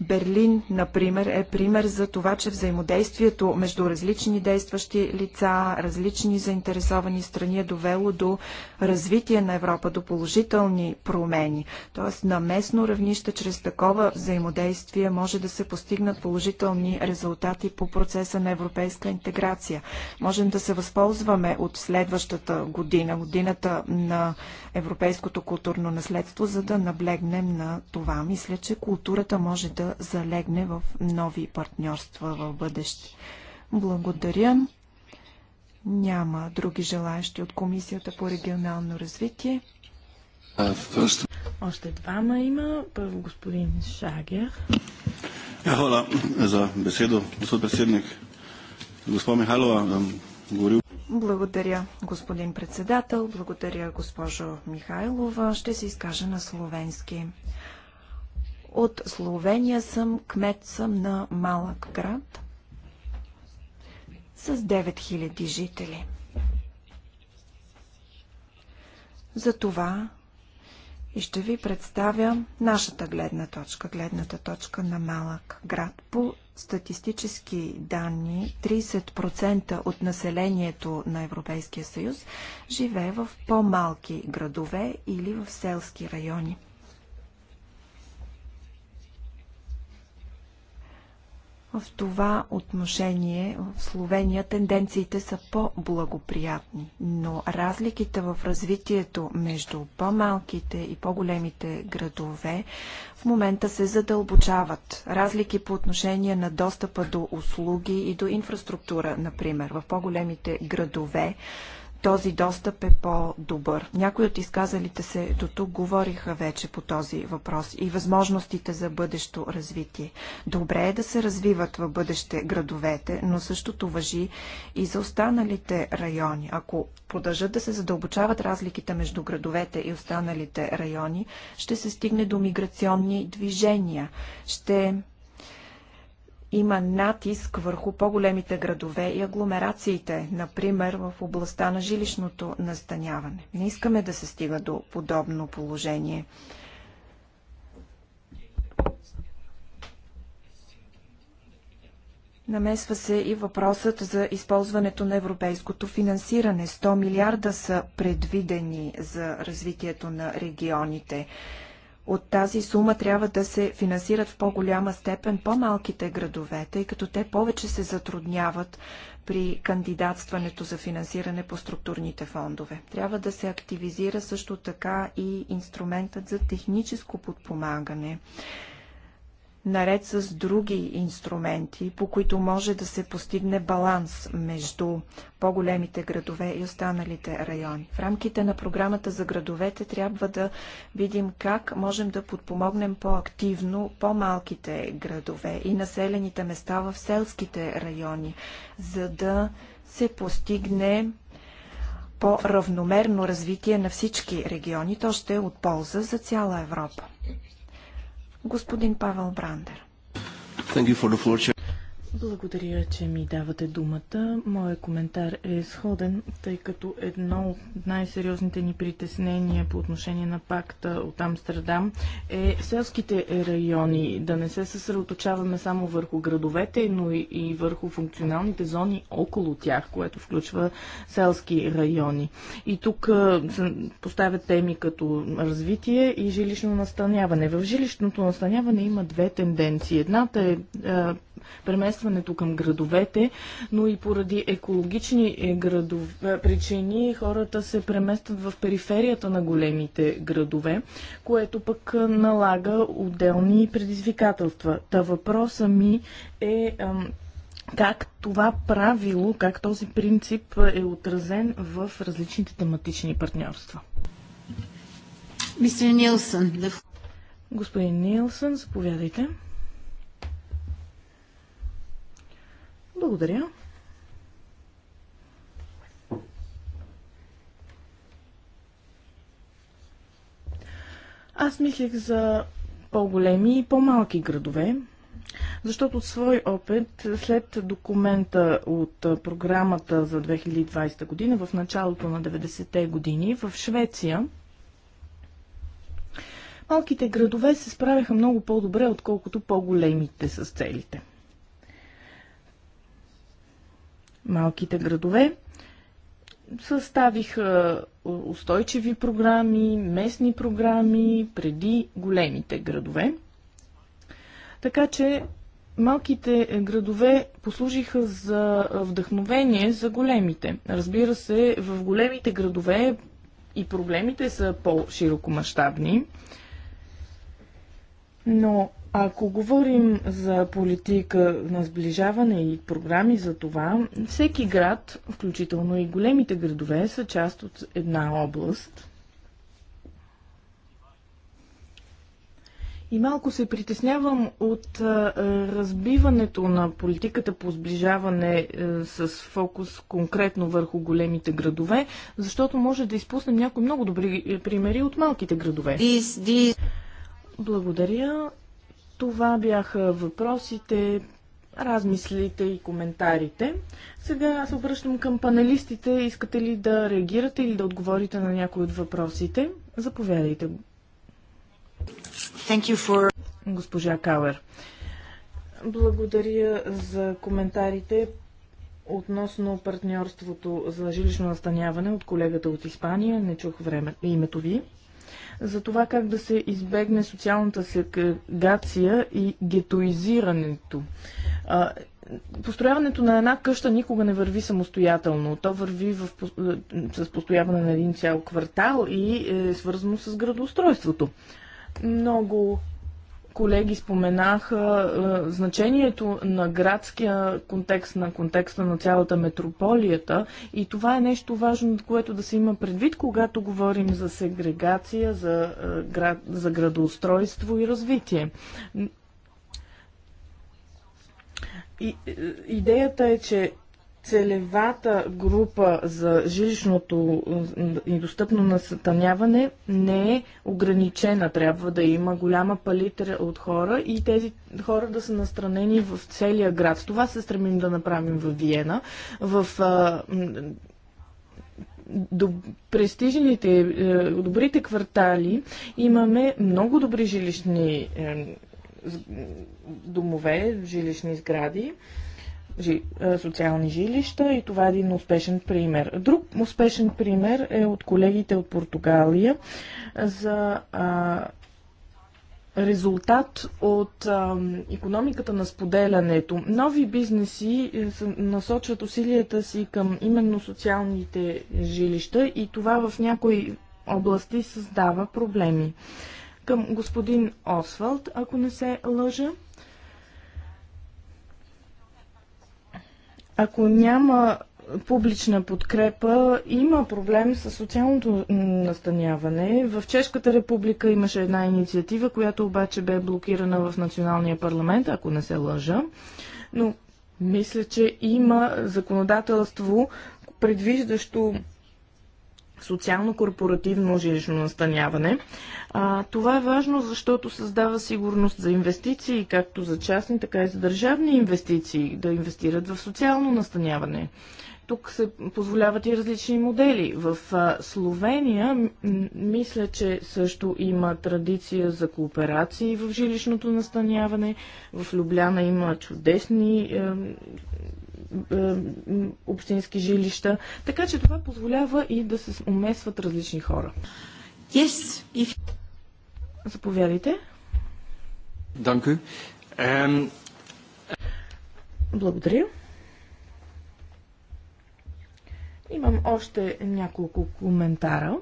Берлин, например, е пример за това, че взаимодействието между различни действащи лица, различни заинтересовани страни е довело до развитие на Европа, до положителни промени. Тоест на местно равнище, чрез такова взаимодействие може да се постигнат положителни резултати по процеса на европейска интеграция. Можем да се възползваме от следващата година, годината на европейското културно наследство, за да наблегнем на това. Мисля, че културата може да да залегне в нови партньорства в бъдеще. Благодаря. Няма други желаящи от Комисията по регионално развитие. Още двама има. Първо господин Шагер. Хвала за беседо, господин председник. Господин Михайлова, говорил. Благодаря, господин председател. Благодаря, госпожо Михайлова. Ще се изкажа на словенски. От Словения съм, кмет съм на малък град с 9000 жители. Затова и ще ви представя нашата гледна точка, гледната точка на малък град. По статистически данни 30% от населението на Европейския съюз живее в по-малки градове или в селски райони. В това отношение в Словения тенденциите са по-благоприятни, но разликите в развитието между по-малките и по-големите градове в момента се задълбочават. Разлики по отношение на достъпа до услуги и до инфраструктура, например, в по-големите градове този достъп е по-добър. Някои от изказалите се до тук говориха вече по този въпрос и възможностите за бъдещо развитие. Добре е да се развиват в бъдеще градовете, но същото въжи и за останалите райони. Ако продължат да се задълбочават разликите между градовете и останалите райони, ще се стигне до миграционни движения. Ще има натиск върху по-големите градове и агломерациите, например в областта на жилищното настаняване. Не искаме да се стига до подобно положение. Намесва се и въпросът за използването на европейското финансиране. 100 милиарда са предвидени за развитието на регионите от тази сума трябва да се финансират в по-голяма степен по-малките градове, тъй като те повече се затрудняват при кандидатстването за финансиране по структурните фондове. Трябва да се активизира също така и инструментът за техническо подпомагане наред с други инструменти, по които може да се постигне баланс между по-големите градове и останалите райони. В рамките на програмата за градовете трябва да видим как можем да подпомогнем по-активно по-малките градове и населените места в селските райони, за да се постигне по-равномерно развитие на всички региони. То ще е от полза за цяла Европа господин Павел Брандер. Благодаря, че ми давате думата. Моят коментар е сходен, тъй като едно от най-сериозните ни притеснения по отношение на пакта от Амстердам е селските райони. Да не се съсредоточаваме само върху градовете, но и, и върху функционалните зони около тях, което включва селски райони. И тук се поставят теми като развитие и жилищно настаняване. В жилищното настаняване има две тенденции. Едната е, е преместването към градовете, но и поради екологични е, градове, причини хората се преместват в периферията на големите градове, което пък е, налага отделни предизвикателства. Та въпроса ми е как това правило, как този принцип е отразен в различните тематични партньорства. Мистер Нилсън. да. Господин Нилсън, заповядайте. Благодаря. Аз мислих за по-големи и по-малки градове, защото от свой опит, след документа от програмата за 2020 година, в началото на 90-те години, в Швеция, малките градове се справяха много по-добре, отколкото по-големите с целите. малките градове. Съставиха устойчиви програми, местни програми преди големите градове. Така че малките е, градове послужиха за вдъхновение за големите. Разбира се, в големите градове и проблемите са по-широкомащабни, но ако говорим за политика на сближаване и програми за това, всеки град, включително и големите градове, са част от една област. И малко се притеснявам от разбиването на политиката по сближаване е, с фокус конкретно върху големите градове, защото може да изпуснем някои много добри е, примери от малките градове. This, this... Благодаря. Това бяха въпросите, размислите и коментарите. Сега аз обръщам към панелистите. Искате ли да реагирате или да отговорите на някои от въпросите? Заповядайте. Thank you for... Госпожа Кауер. Благодаря за коментарите относно партньорството за жилищно настаняване от колегата от Испания. Не чух време, името ви за това как да се избегне социалната сегрегация и гетоизирането. Построяването на една къща никога не върви самостоятелно. То върви в, с постояване на един цял квартал и е свързано с градоустройството. Много колеги споменаха е, значението на градския контекст, на контекста на цялата метрополията и това е нещо важно, което да се има предвид, когато говорим за сегрегация, за, е, град, за градоустройство и развитие. И, е, идеята е, че целевата група за жилищното и достъпно насътъмняване не е ограничена. Трябва да има голяма палитра от хора и тези хора да са настранени в целия град. Това се стремим да направим в Виена. В а, до престижните, е, добрите квартали имаме много добри жилищни е, домове, жилищни сгради социални жилища и това е един успешен пример. Друг успешен пример е от колегите от Португалия за резултат от а, економиката на споделянето. Нови бизнеси е, насочват усилията си към именно социалните жилища и това в някои области създава проблеми. Към господин Освалд, ако не се лъжа. Ако няма публична подкрепа, има проблем с социалното настаняване. В Чешката република имаше една инициатива, която обаче бе блокирана в националния парламент, ако не се лъжа. Но мисля, че има законодателство, предвиждащо социално-корпоративно жилищно настаняване. А, това е важно, защото създава сигурност за инвестиции, както за частни, така и за държавни инвестиции, да инвестират в социално настаняване. Тук се позволяват и различни модели. В Словения мисля, че също има традиция за кооперации в жилищното настаняване. В Любляна има чудесни е, общински жилища. Така че това позволява и да се умесват различни хора. Yes, if... Заповядайте. Dank um... Благодаря. Имам още няколко коментара.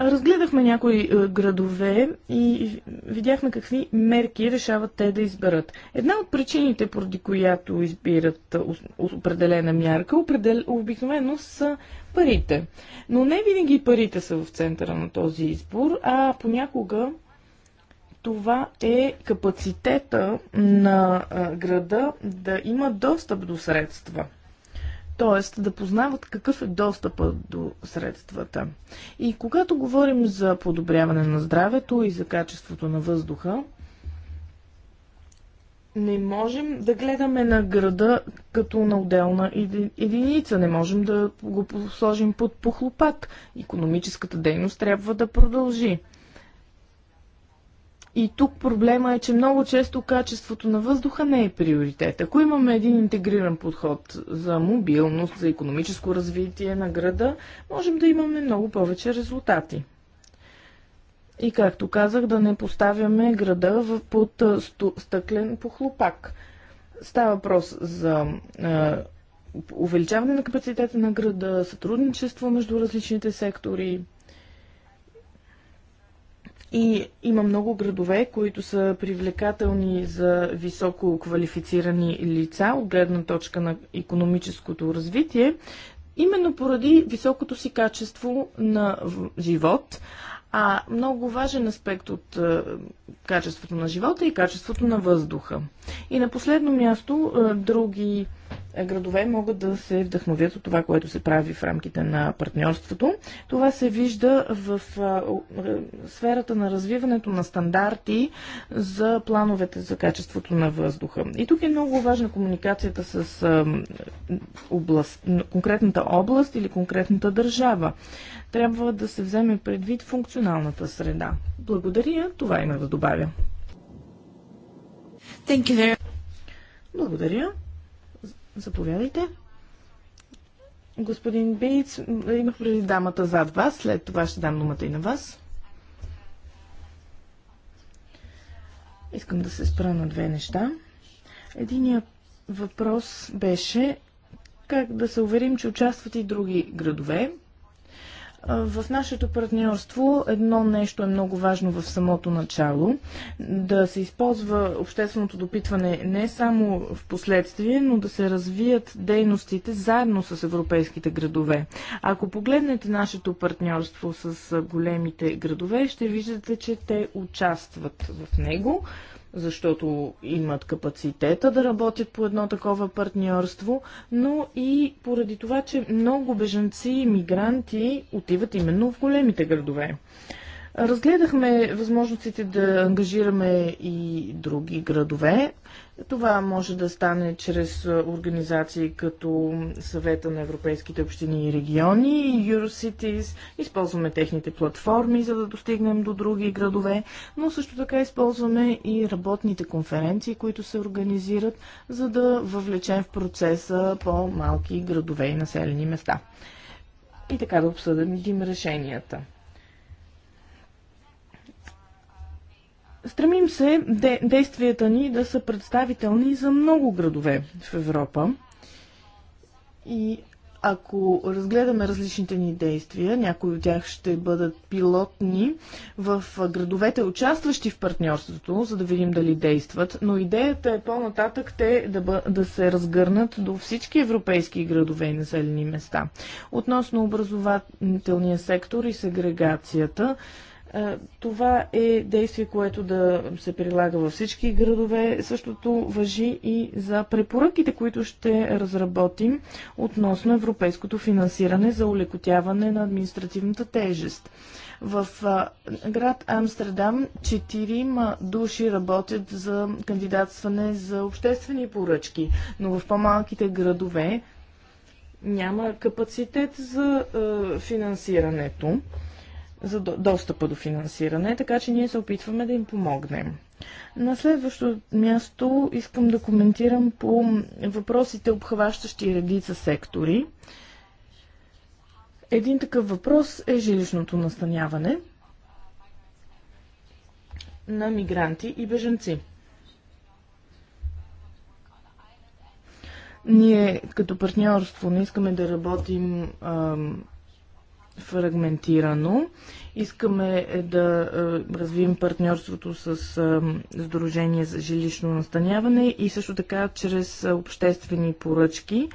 Разгледахме някои е, градове и видяхме какви мерки решават те да изберат. Една от причините, поради която избират е, определена мярка, определ... обикновено са парите. Но не винаги парите са в центъра на този избор, а понякога това е капацитета на е, града да има достъп до средства – т.е. да познават какъв е достъпът до средствата. И когато говорим за подобряване на здравето и за качеството на въздуха, не можем да гледаме на града като на отделна единица. Не можем да го сложим под похлопат. Икономическата дейност трябва да продължи. И тук проблема е, че много често качеството на въздуха не е приоритет. Ако имаме един интегриран подход за мобилност, за економическо развитие на града, можем да имаме много повече резултати. И както казах, да не поставяме града в, под стъклен похлопак. Става въпрос за е, увеличаване на капацитета на града, сътрудничество между различните сектори, и има много градове, които са привлекателни за високо квалифицирани лица от гледна точка на економическото развитие, именно поради високото си качество на живот. А много важен аспект от е, качеството на живота е и качеството на въздуха. И на последно място, е, други градове могат да се вдъхновят от това, което се прави в рамките на партньорството. Това се вижда в сферата на развиването на стандарти за плановете за качеството на въздуха. И тук е много важна комуникацията с област, конкретната област или конкретната държава. Трябва да се вземе предвид функционалната среда. Благодаря, това има да добавя. Благодаря. Заповядайте. Господин Бейц, имах преди дамата зад вас, след това ще дам думата и на вас. Искам да се спра на две неща. Единият въпрос беше как да се уверим, че участват и други градове, в нашето партньорство едно нещо е много важно в самото начало да се използва общественото допитване не само в последствие, но да се развият дейностите заедно с европейските градове. Ако погледнете нашето партньорство с големите градове, ще виждате, че те участват в него защото имат капацитета да работят по едно такова партньорство, но и поради това, че много бежанци и мигранти отиват именно в големите градове. Разгледахме възможностите да ангажираме и други градове. Това може да стане чрез организации като Съвета на европейските общини и региони, Eurocities. Използваме техните платформи, за да достигнем до други градове, но също така използваме и работните конференции, които се организират, за да въвлечем в процеса по-малки градове и населени места. И така да обсъдим решенията. Стремим се де, действията ни да са представителни за много градове в Европа. И ако разгледаме различните ни действия, някои от тях ще бъдат пилотни в градовете, участващи в партньорството, за да видим дали действат, но идеята е по-нататък те да, бъ... да се разгърнат до всички европейски градове и населени места. Относно образователния сектор и сегрегацията, това е действие, което да се прилага във всички градове. Същото въжи и за препоръките, които ще разработим относно европейското финансиране за улекотяване на административната тежест. В град Амстердам четирима души работят за кандидатстване за обществени поръчки, но в по-малките градове няма капацитет за финансирането за достъпа до финансиране, така че ние се опитваме да им помогнем. На следващо място искам да коментирам по въпросите, обхващащи редица сектори. Един такъв въпрос е жилищното настаняване на мигранти и беженци. Ние като партньорство не искаме да работим ам, фрагментирано. Искаме е, да е, развием партньорството с е, Сдружение за жилищно настаняване и също така чрез обществени поръчки,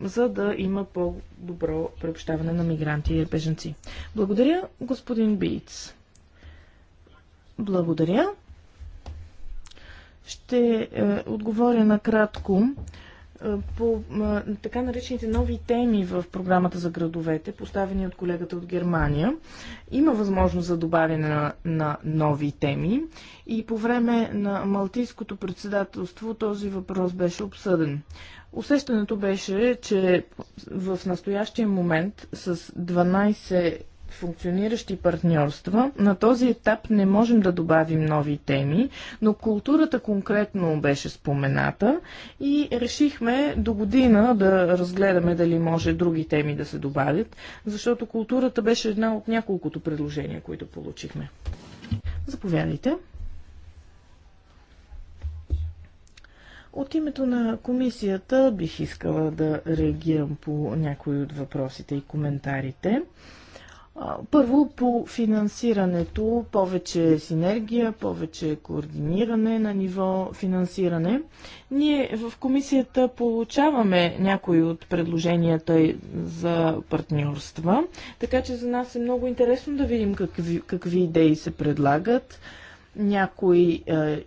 за да има по-добро преобщаване на мигранти и беженци. Благодаря, господин Биц. Благодаря. Ще отговоря накратко по така наречените нови теми в програмата за градовете, поставени от колегата от Германия. Има възможност за добавяне на, на нови теми и по време на Малтийското председателство този въпрос беше обсъден. Усещането беше, че в настоящия момент с 12 функциониращи партньорства. На този етап не можем да добавим нови теми, но културата конкретно беше спомената и решихме до година да разгледаме дали може други теми да се добавят, защото културата беше една от няколкото предложения, които получихме. Заповядайте. От името на комисията бих искала да реагирам по някои от въпросите и коментарите. Първо по финансирането, повече синергия, повече координиране на ниво финансиране. Ние в комисията получаваме някои от предложенията за партньорства, така че за нас е много интересно да видим какви, какви идеи се предлагат. Някои е,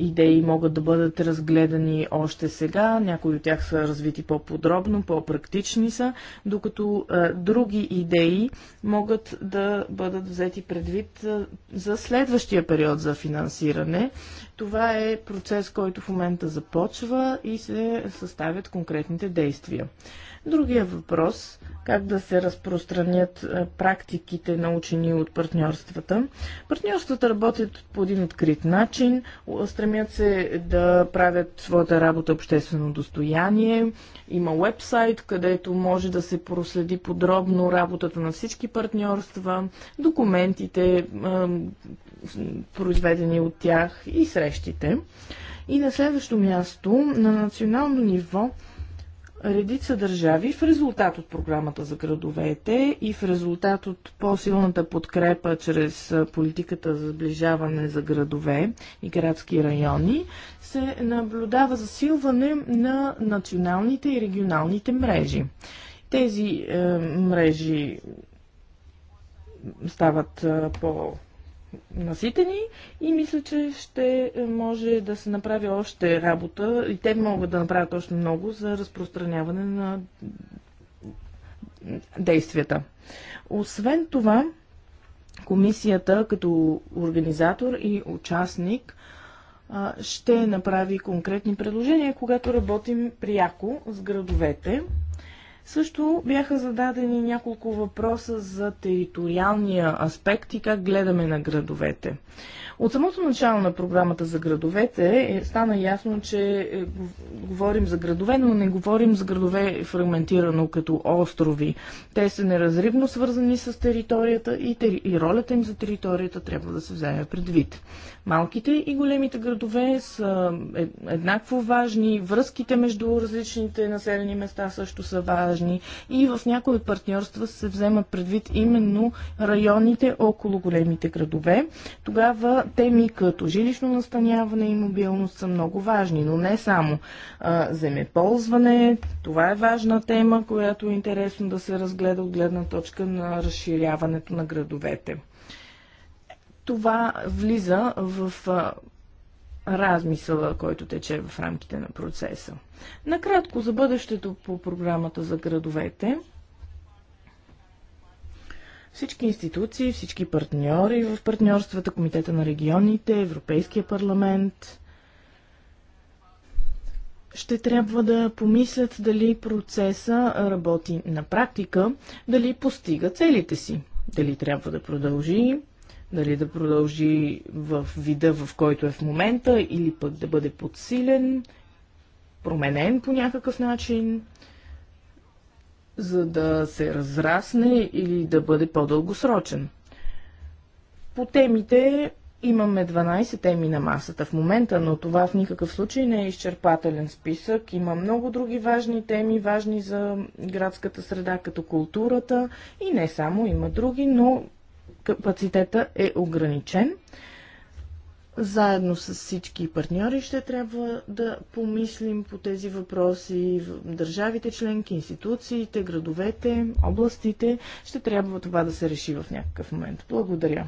идеи могат да бъдат разгледани още сега. Някои от тях са развити по-подробно, по-практични са, докато други идеи могат да бъдат взети предвид за следващия период за финансиране. Това е процес, който в момента започва и се съставят конкретните действия. Другия въпрос как да се разпространят практиките на учени от партньорствата. Партньорствата работят по един открит начин, стремят се да правят своята работа обществено достояние. Има вебсайт, където може да се проследи подробно работата на всички партньорства, документите, произведени от тях и срещите. И на следващо място, на национално ниво, редица държави в резултат от програмата за градовете и в резултат от по-силната подкрепа чрез политиката за сближаване за градове и градски райони се наблюдава засилване на националните и регионалните мрежи. Тези е, мрежи стават е, по- наситени и мисля, че ще може да се направи още работа и те могат да направят още много за разпространяване на действията. Освен това, комисията като организатор и участник ще направи конкретни предложения, когато работим пряко с градовете също бяха зададени няколко въпроса за териториалния аспект и как гледаме на градовете. От самото начало на програмата за градовете е, стана ясно, че е, говорим за градове, но не говорим за градове фрагментирано като острови. Те са неразривно свързани с територията и, тери, и ролята им за територията трябва да се вземе предвид. Малките и големите градове са е, еднакво важни, връзките между различните населени места също са важни и в някои партньорства се вземат предвид именно районите около големите градове. Тогава теми като жилищно настаняване и мобилност са много важни, но не само. Земеползване, това е важна тема, която е интересно да се разгледа от гледна точка на разширяването на градовете. Това влиза в размисъла, който тече в рамките на процеса. Накратко за бъдещето по програмата за градовете – всички институции, всички партньори в партньорствата, Комитета на регионите, Европейския парламент, ще трябва да помислят дали процеса работи на практика, дали постига целите си, дали трябва да продължи, дали да продължи в вида, в който е в момента, или пък да бъде подсилен, променен по някакъв начин за да се разрасне или да бъде по-дългосрочен. По темите имаме 12 теми на масата в момента, но това в никакъв случай не е изчерпателен списък. Има много други важни теми, важни за градската среда, като културата и не само, има други, но капацитета е ограничен. Заедно с всички партньори ще трябва да помислим по тези въпроси. Държавите членки, институциите, градовете, областите. Ще трябва това да се реши в някакъв момент. Благодаря.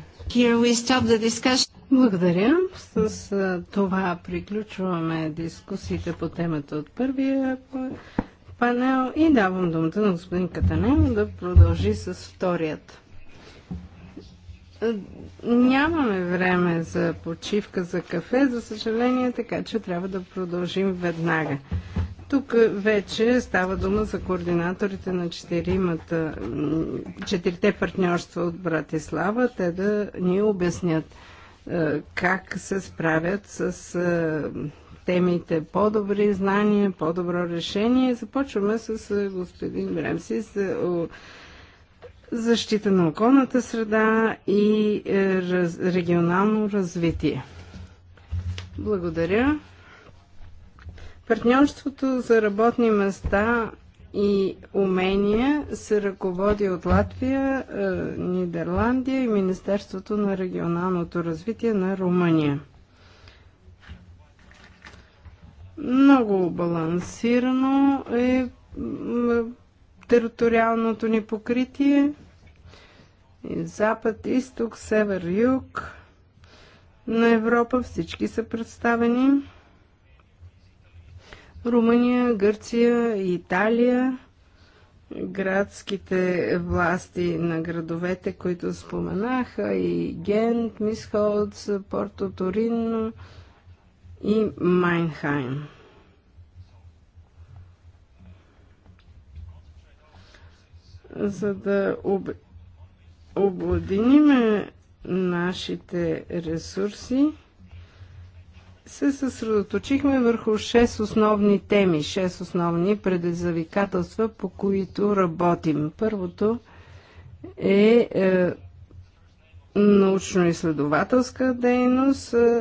Благодаря. С това приключваме дискусиите по темата от първия панел и давам думата на господин Катанел да продължи с вторият. Нямаме време за почивка за кафе, за съжаление, така че трябва да продължим веднага. Тук вече става дума за координаторите на четиримата, четирите партньорства от Братислава, те да ни обяснят е, как се справят с е, темите по-добри знания, по-добро решение. Започваме с е, господин Бремсис защита на околната среда и е, раз, регионално развитие. Благодаря. Партньорството за работни места и умения се ръководи от Латвия, е, Нидерландия и Министерството на регионалното развитие на Румъния. Много балансирано е, е териториалното ни покритие. И запад, изток, север, юг на Европа. Всички са представени. Румъния, Гърция, Италия, градските власти на градовете, които споменаха и Гент, Мисхолц, Порто Торино и Майнхайм. За да обладиниме нашите ресурси, се съсредоточихме върху 6 основни теми, 6 основни предизвикателства, по които работим. Първото е, е научно-изследователска дейност, е,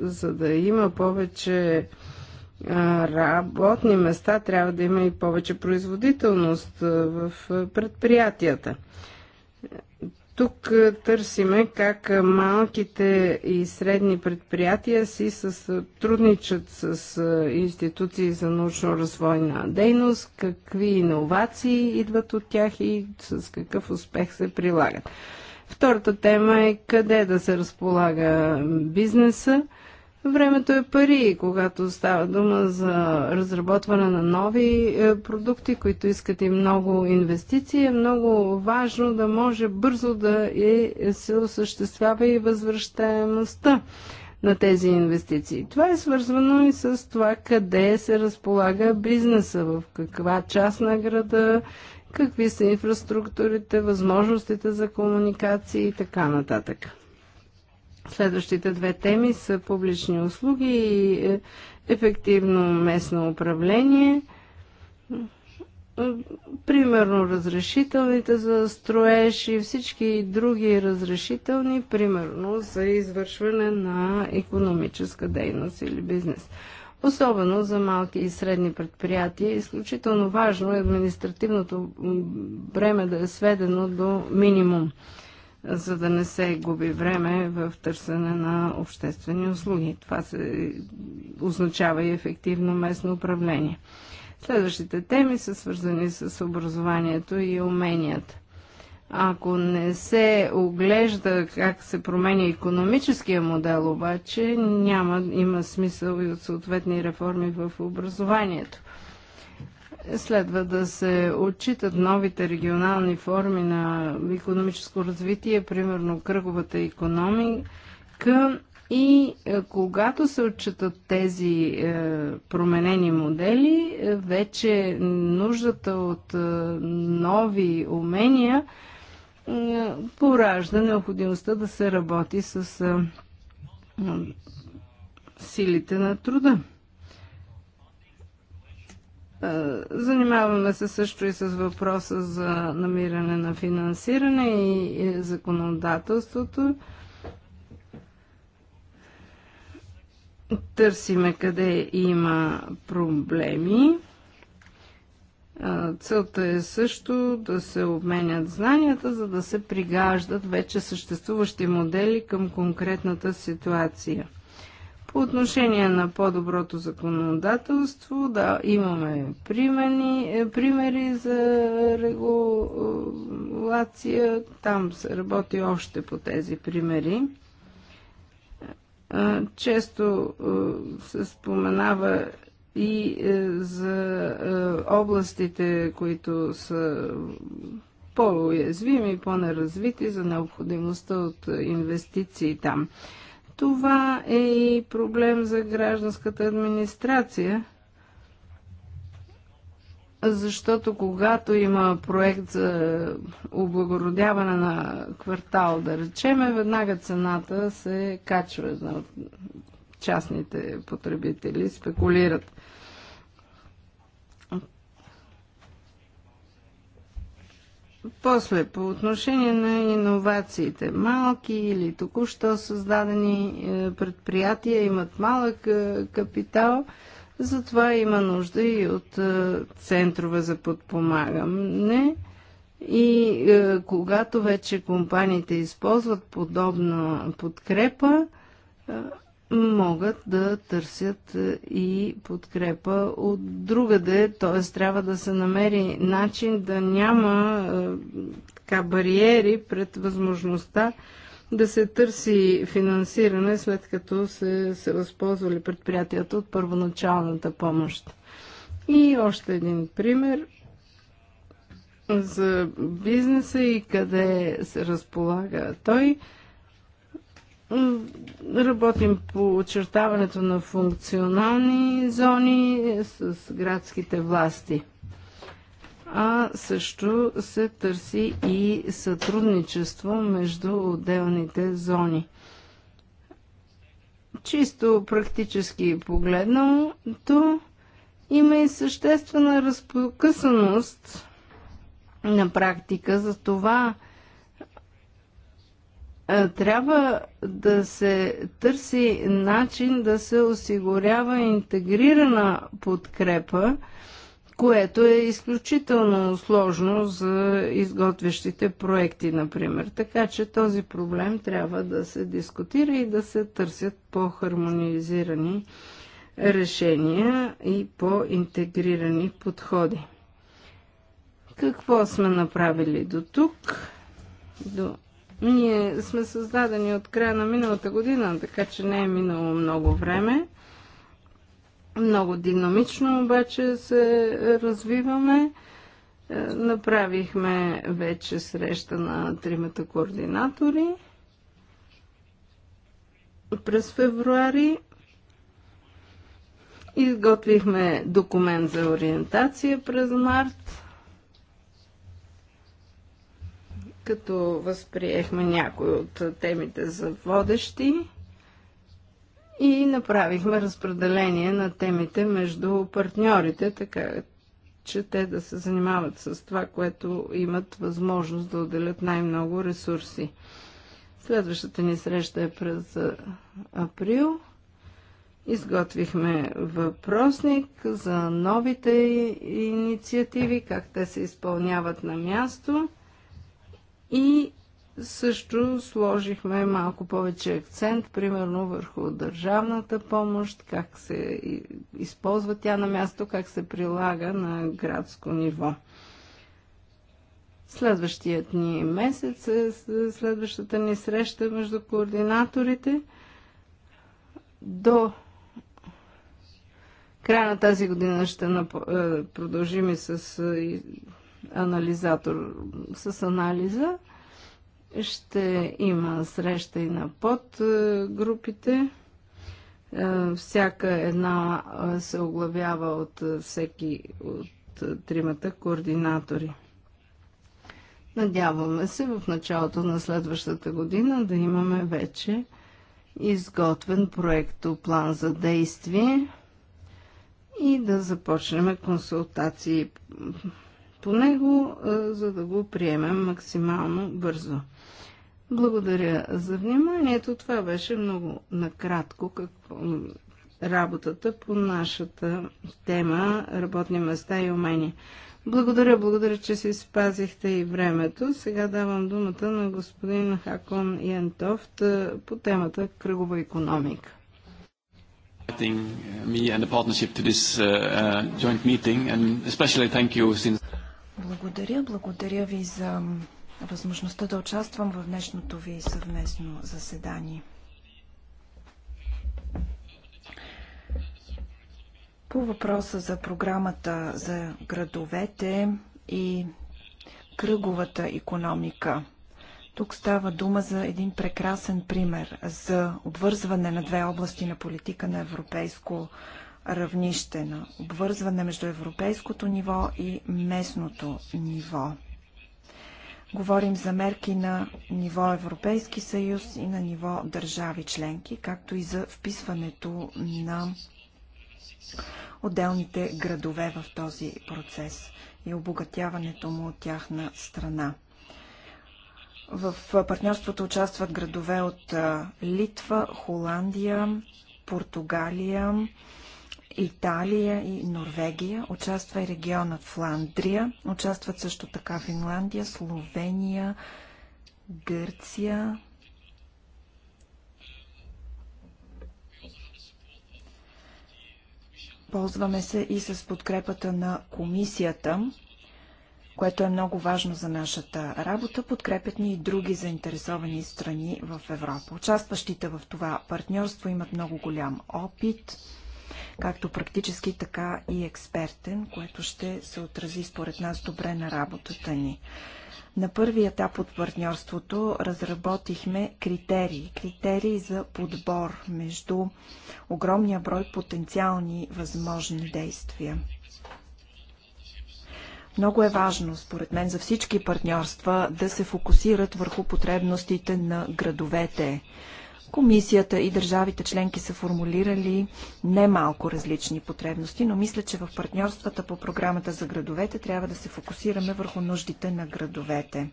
за да има повече е, работни места, трябва да има и повече производителност е, в предприятията. Тук търсиме как малките и средни предприятия си сътрудничат с институции за научно-развойна дейност, какви иновации идват от тях и с какъв успех се прилагат. Втората тема е къде да се разполага бизнеса. Времето е пари, когато става дума за разработване на нови е, продукти, които искат и много инвестиции. Е много важно да може бързо да и е, се осъществява и възвръщаемостта на тези инвестиции. Това е свързвано и с това къде се разполага бизнеса, в каква част на града, какви са инфраструктурите, възможностите за комуникации и така нататък. Следващите две теми са публични услуги и е, ефективно местно управление. Примерно разрешителните за строеж и всички други разрешителни, примерно за извършване на економическа дейност или бизнес. Особено за малки и средни предприятия е изключително важно административното бреме да е сведено до минимум за да не се губи време в търсене на обществени услуги. Това се означава и ефективно местно управление. Следващите теми са свързани с образованието и уменията. Ако не се оглежда как се променя економическия модел, обаче няма, има смисъл и от съответни реформи в образованието – Следва да се отчитат новите регионални форми на економическо развитие, примерно кръговата економика и е, когато се отчитат тези е, променени модели, е, вече нуждата от нови умения поражда необходимостта да се работи с силите на труда. Е, занимаваме се също и с въпроса за намиране на финансиране и законодателството. Търсиме къде има проблеми. Е, целта е също да се обменят знанията, за да се пригаждат вече съществуващи модели към конкретната ситуация – по отношение на по-доброто законодателство, да, имаме примени, е, примери за регулация. Там се работи още по тези примери. Е, често е, се споменава и за областите, които са по-уязвими, по-неразвити, за необходимостта от инвестиции там. Това е и проблем за гражданската администрация, защото когато има проект за облагородяване на квартал, да речеме, веднага цената се качва на значи частните потребители, спекулират. После, по отношение на иновациите, малки или току-що създадени е, предприятия имат малък е, капитал, затова има нужда и от е, центрове за подпомагане. И когато вече компаниите използват подобна подкрепа, могат да търсят е, и подкрепа от другаде, т.е. трябва да се намери начин да няма е, така, бариери пред възможността да се търси финансиране, след като се, се възползвали предприятията от първоначалната помощ. И още един пример за бизнеса и къде се разполага той – Работим по очертаването на функционални зони с градските власти. А също се търси и сътрудничество между отделните зони. Чисто практически погледнато, има и съществена разпокъсаност на практика за това, е, трябва да се търси начин да се осигурява интегрирана подкрепа, което е изключително сложно за изготвящите проекти, например. Така че този проблем трябва да се дискутира и да се търсят по-хармонизирани решения и по-интегрирани подходи. Какво сме направили до тук? До ние сме създадени от края на миналата година, така че не е минало много време. Много динамично обаче се е, развиваме. Е, направихме вече среща на тримата координатори. През февруари изготвихме документ за ориентация през март като възприехме някои от темите за водещи и направихме разпределение на темите между партньорите, така че те да се занимават с това, което имат възможност да отделят най-много ресурси. Следващата ни среща е през април. Изготвихме въпросник за новите инициативи, как те се изпълняват на място. И също сложихме малко повече акцент, примерно върху държавната помощ, как се използва тя на място, как се прилага на градско ниво. Следващият ни месец е следващата ни среща между координаторите. До края на тази година ще е, продължим и с анализатор с анализа. Ще има среща и на подгрупите. Е, всяка една е, се оглавява от е, всеки от тримата координатори. Надяваме се в началото на следващата година да имаме вече изготвен проекто план за действие и да започнем консултации по него, за да го приемем максимално бързо. Благодаря за вниманието. Това беше много накратко какво, работата по нашата тема работни места и умения. Благодаря, благодаря, че си спазихте и времето. Сега давам думата на господин Хакон Янтофт по темата кръгова економика. Uh, me and the partnership to this uh, uh, joint meeting, and especially thank you since. Благодаря. Благодаря ви за възможността да участвам в днешното ви съвместно заседание. По въпроса за програмата за градовете и кръговата економика. Тук става дума за един прекрасен пример за обвързване на две области на политика на европейско равнище, на обвързване между европейското ниво и местното ниво. Говорим за мерки на ниво Европейски съюз и на ниво държави членки, както и за вписването на отделните градове в този процес и обогатяването му от тяхна страна. В партньорството участват градове от Литва, Холандия, Португалия, Италия и Норвегия, участва и регионът Фландрия, участват също така Финландия, Словения, Гърция. Ползваме се и с подкрепата на комисията, което е много важно за нашата работа. Подкрепят ни и други заинтересовани страни в Европа. Участващите в това партньорство имат много голям опит – както практически, така и експертен, което ще се отрази според нас добре на работата ни. На първи етап от партньорството разработихме критерии. Критерии за подбор между огромния брой потенциални възможни действия. Много е важно, според мен, за всички партньорства да се фокусират върху потребностите на градовете. Комисията и държавите членки са формулирали немалко различни потребности, но мисля, че в партньорствата по програмата за градовете трябва да се фокусираме върху нуждите на градовете.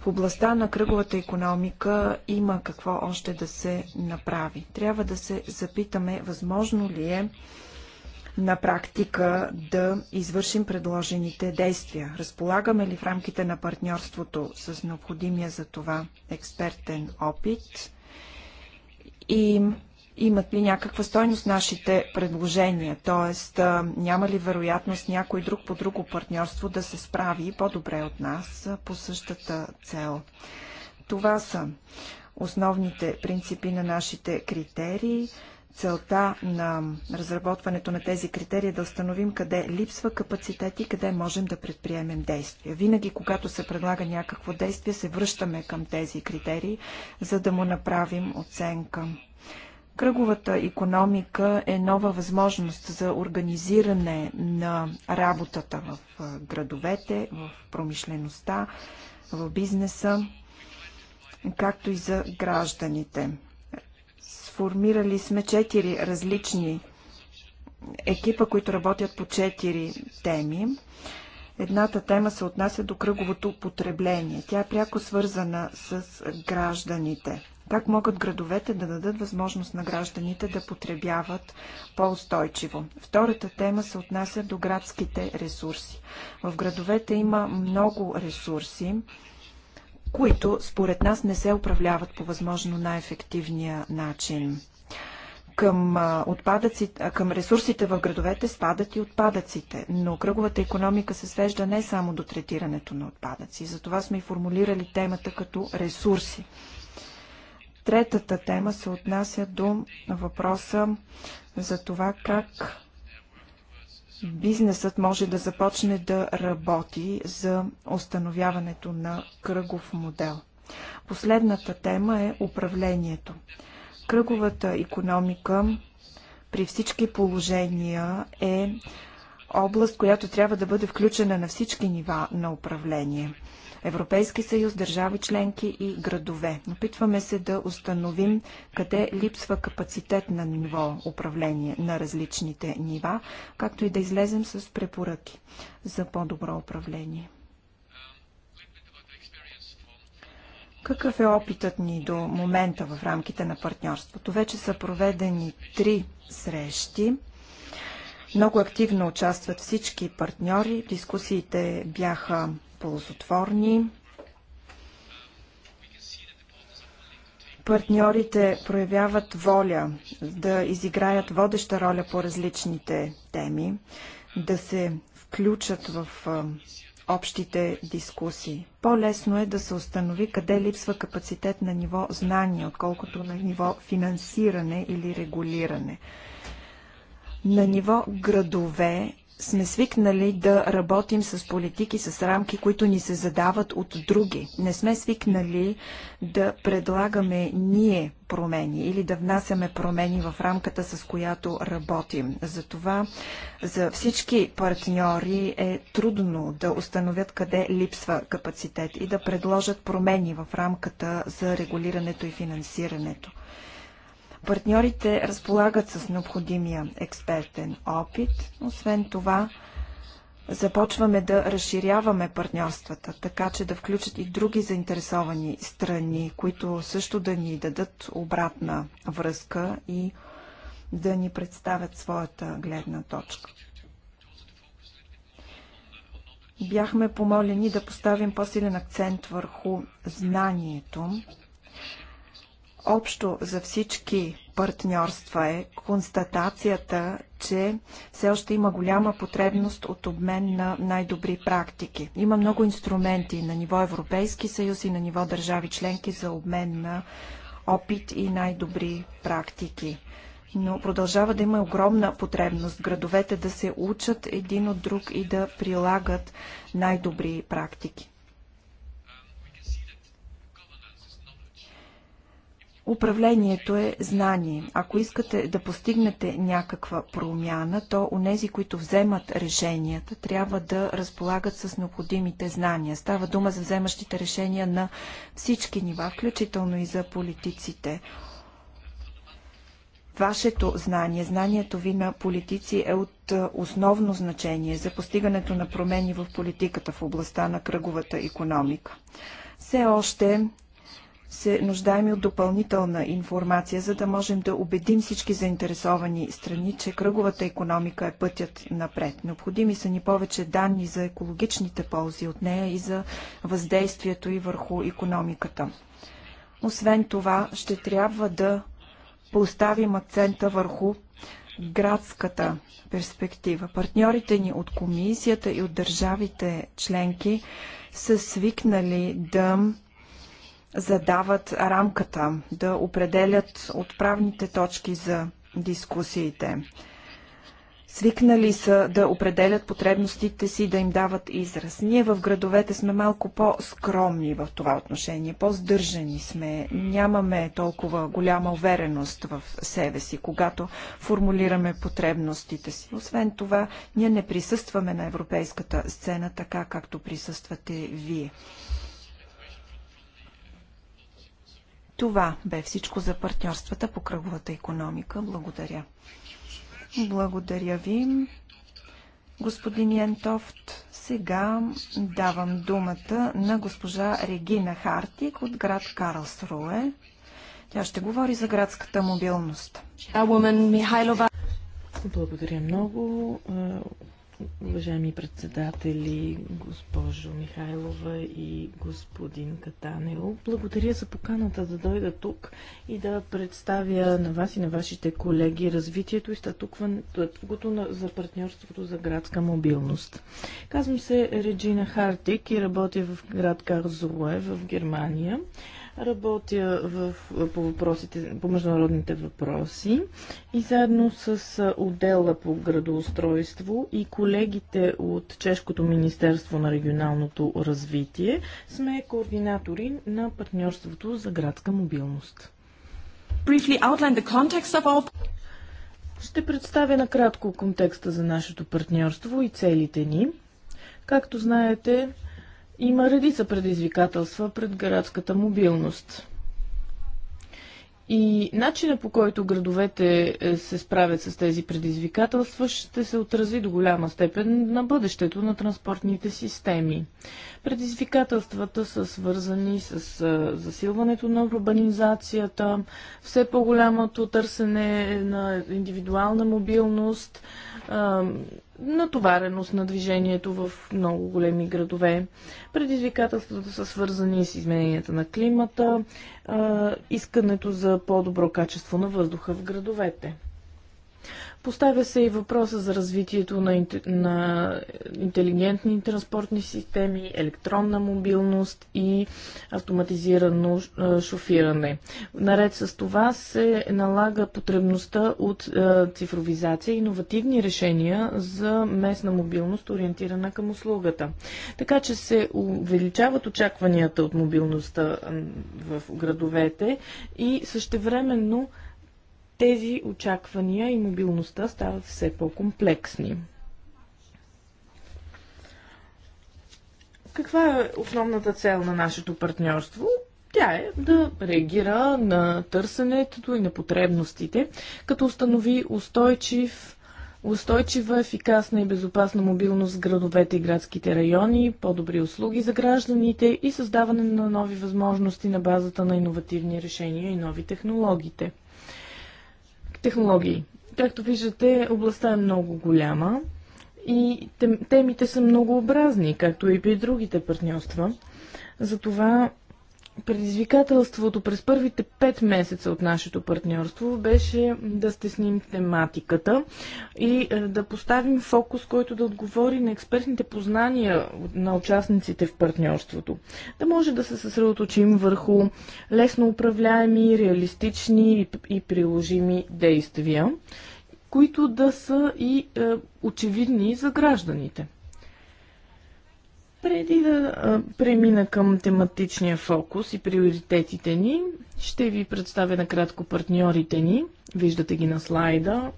В областта на кръговата економика има какво още да се направи. Трябва да се запитаме, възможно ли е на практика да извършим предложените действия? Разполагаме ли в рамките на партньорството с необходимия за това експертен опит? И имат ли някаква стойност нашите предложения? Тоест, няма ли вероятност някой друг по друго партньорство да се справи по-добре от нас по същата цел? Това са основните принципи на нашите критерии – целта на разработването на тези критерии е да установим къде липсва капацитет и къде можем да предприемем действия. Винаги, когато се предлага някакво действие, се връщаме към тези критерии, за да му направим оценка. Кръговата економика е нова възможност за организиране на работата в градовете, в промишлеността, в бизнеса, както и за гражданите. Сформирали сме четири различни екипа, които работят по четири теми. Едната тема се отнася до кръговото потребление. Тя е пряко свързана с гражданите. Как могат градовете да дадат възможност на гражданите да потребяват по-устойчиво? Втората тема се отнася до градските ресурси. В градовете има много ресурси, които според нас не се управляват по възможно най-ефективния начин. Към, отпадъци, към ресурсите в градовете спадат и отпадъците, но кръговата економика се свежда не само до третирането на отпадъци. Затова сме и формулирали темата като ресурси. Третата тема се отнася до въпроса за това как бизнесът може да започне да работи за установяването на кръгов модел. Последната тема е управлението. Кръговата економика при всички положения е област, която трябва да бъде включена на всички нива на управление. Европейски съюз, държави членки и градове. Опитваме се да установим къде липсва капацитет на ниво управление на различните нива, както и да излезем с препоръки за по-добро управление. Какъв е опитът ни до момента в рамките на партньорството? Вече са проведени три срещи. Много активно участват всички партньори. Дискусиите бяха ползотворни. партньорите проявяват воля да изиграят водеща роля по различните теми, да се включат в общите дискусии. По-лесно е да се установи къде липсва капацитет на ниво знание, отколкото на ниво финансиране или регулиране. На ниво градове сме свикнали да работим с политики, с рамки, които ни се задават от други. Не сме свикнали да предлагаме ние промени или да внасяме промени в рамката, с която работим. Затова за всички партньори е трудно да установят къде липсва капацитет и да предложат промени в рамката за регулирането и финансирането. Партньорите разполагат с необходимия експертен опит. Освен това, започваме да разширяваме партньорствата, така че да включат и други заинтересовани страни, които също да ни дадат обратна връзка и да ни представят своята гледна точка. Бяхме помолени да поставим по-силен акцент върху знанието, Общо за всички партньорства е констатацията, че все още има голяма потребност от обмен на най-добри практики. Има много инструменти на ниво Европейски съюз и на ниво държави членки за обмен на опит и най-добри практики. Но продължава да има огромна потребност градовете да се учат един от друг и да прилагат най-добри практики. Управлението е знание. Ако искате да постигнете някаква промяна, то унези, които вземат решенията, трябва да разполагат с необходимите знания. Става дума за вземащите решения на всички нива, включително и за политиците. Вашето знание, знанието ви на политици е от основно значение за постигането на промени в политиката в областта на кръговата економика. Все още се нуждаем и от допълнителна информация, за да можем да убедим всички заинтересовани страни, че кръговата економика е пътят напред. Необходими са ни повече данни за екологичните ползи от нея и за въздействието и върху економиката. Освен това, ще трябва да поставим акцента върху градската перспектива. Партньорите ни от комисията и от държавите членки са свикнали да задават рамката, да определят отправните точки за дискусиите. Свикнали са да определят потребностите си, да им дават израз. Ние в градовете сме малко по-скромни в това отношение, по-здържани сме, нямаме толкова голяма увереност в себе си, когато формулираме потребностите си. Освен това, ние не присъстваме на европейската сцена така, както присъствате вие. Това бе всичко за партньорствата по кръговата економика. Благодаря. Благодаря ви. Господин Янтофт, сега давам думата на госпожа Регина Хартик от град Карлсруе. Тя ще говори за градската мобилност. Благодаря много. Уважаеми председатели, госпожо Михайлова и господин Катанео, благодаря за поканата да дойда тук и да представя на вас и на вашите колеги развитието и статукването за партньорството за градска мобилност. Казвам се Реджина Хартик и работя в град Карзуе в Германия. Работя в, по, въпросите, по международните въпроси и заедно с отдела по градоустройство и колегите от Чешкото Министерство на регионалното развитие сме координатори на партньорството за градска мобилност. Ще представя накратко контекста за нашето партньорство и целите ни. Както знаете, има редица предизвикателства пред градската мобилност. И начина по който градовете е, се справят с тези предизвикателства ще се отрази до голяма степен на бъдещето на транспортните системи. Предизвикателствата са свързани с е, засилването на урбанизацията, все по-голямото търсене на индивидуална мобилност, натовареност на движението в много големи градове. Предизвикателствата са свързани с измененията на климата, искането за по-добро качество на въздуха в градовете. Поставя се и въпроса за развитието на, на интелигентни транспортни системи, електронна мобилност и автоматизирано шофиране. Наред с това се налага потребността от цифровизация и иновативни решения за местна мобилност, ориентирана към услугата. Така че се увеличават очакванията от мобилността в градовете и същевременно тези очаквания и мобилността стават все по-комплексни. Каква е основната цел на нашето партньорство? Тя е да реагира на търсенето и на потребностите, като установи устойчив устойчива, ефикасна и безопасна мобилност в градовете и градските райони, по-добри услуги за гражданите и създаване на нови възможности на базата на иновативни решения и нови технологиите технологии. Както виждате, областта е много голяма и темите са многообразни, както и при другите партньорства. Затова Предизвикателството през първите пет месеца от нашето партньорство беше да стесним тематиката и е, да поставим фокус, който да отговори на експертните познания на участниците в партньорството. Да може да се съсредоточим върху лесно управляеми, реалистични и приложими действия, които да са и е, очевидни за гражданите. Преди да премина към тематичния фокус и приоритетите ни, ще ви представя накратко партньорите ни. Виждате ги на слайда,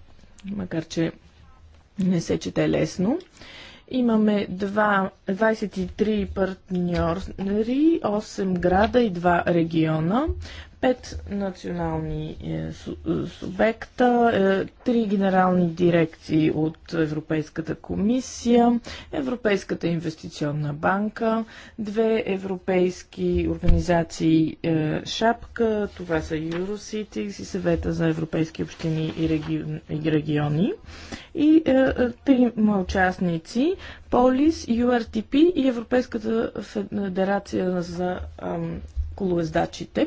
макар че не се чете лесно. Имаме 2, 23 партньори, 8 града и 2 региона пет национални е, е, субекта, е, три генерални дирекции от Европейската комисия, Европейската инвестиционна банка, две европейски организации Шапка, това са Eurocities и Съвета за европейски общини и, регион, и региони, и три участници Полис, URTP и Европейската федерация за колоездачите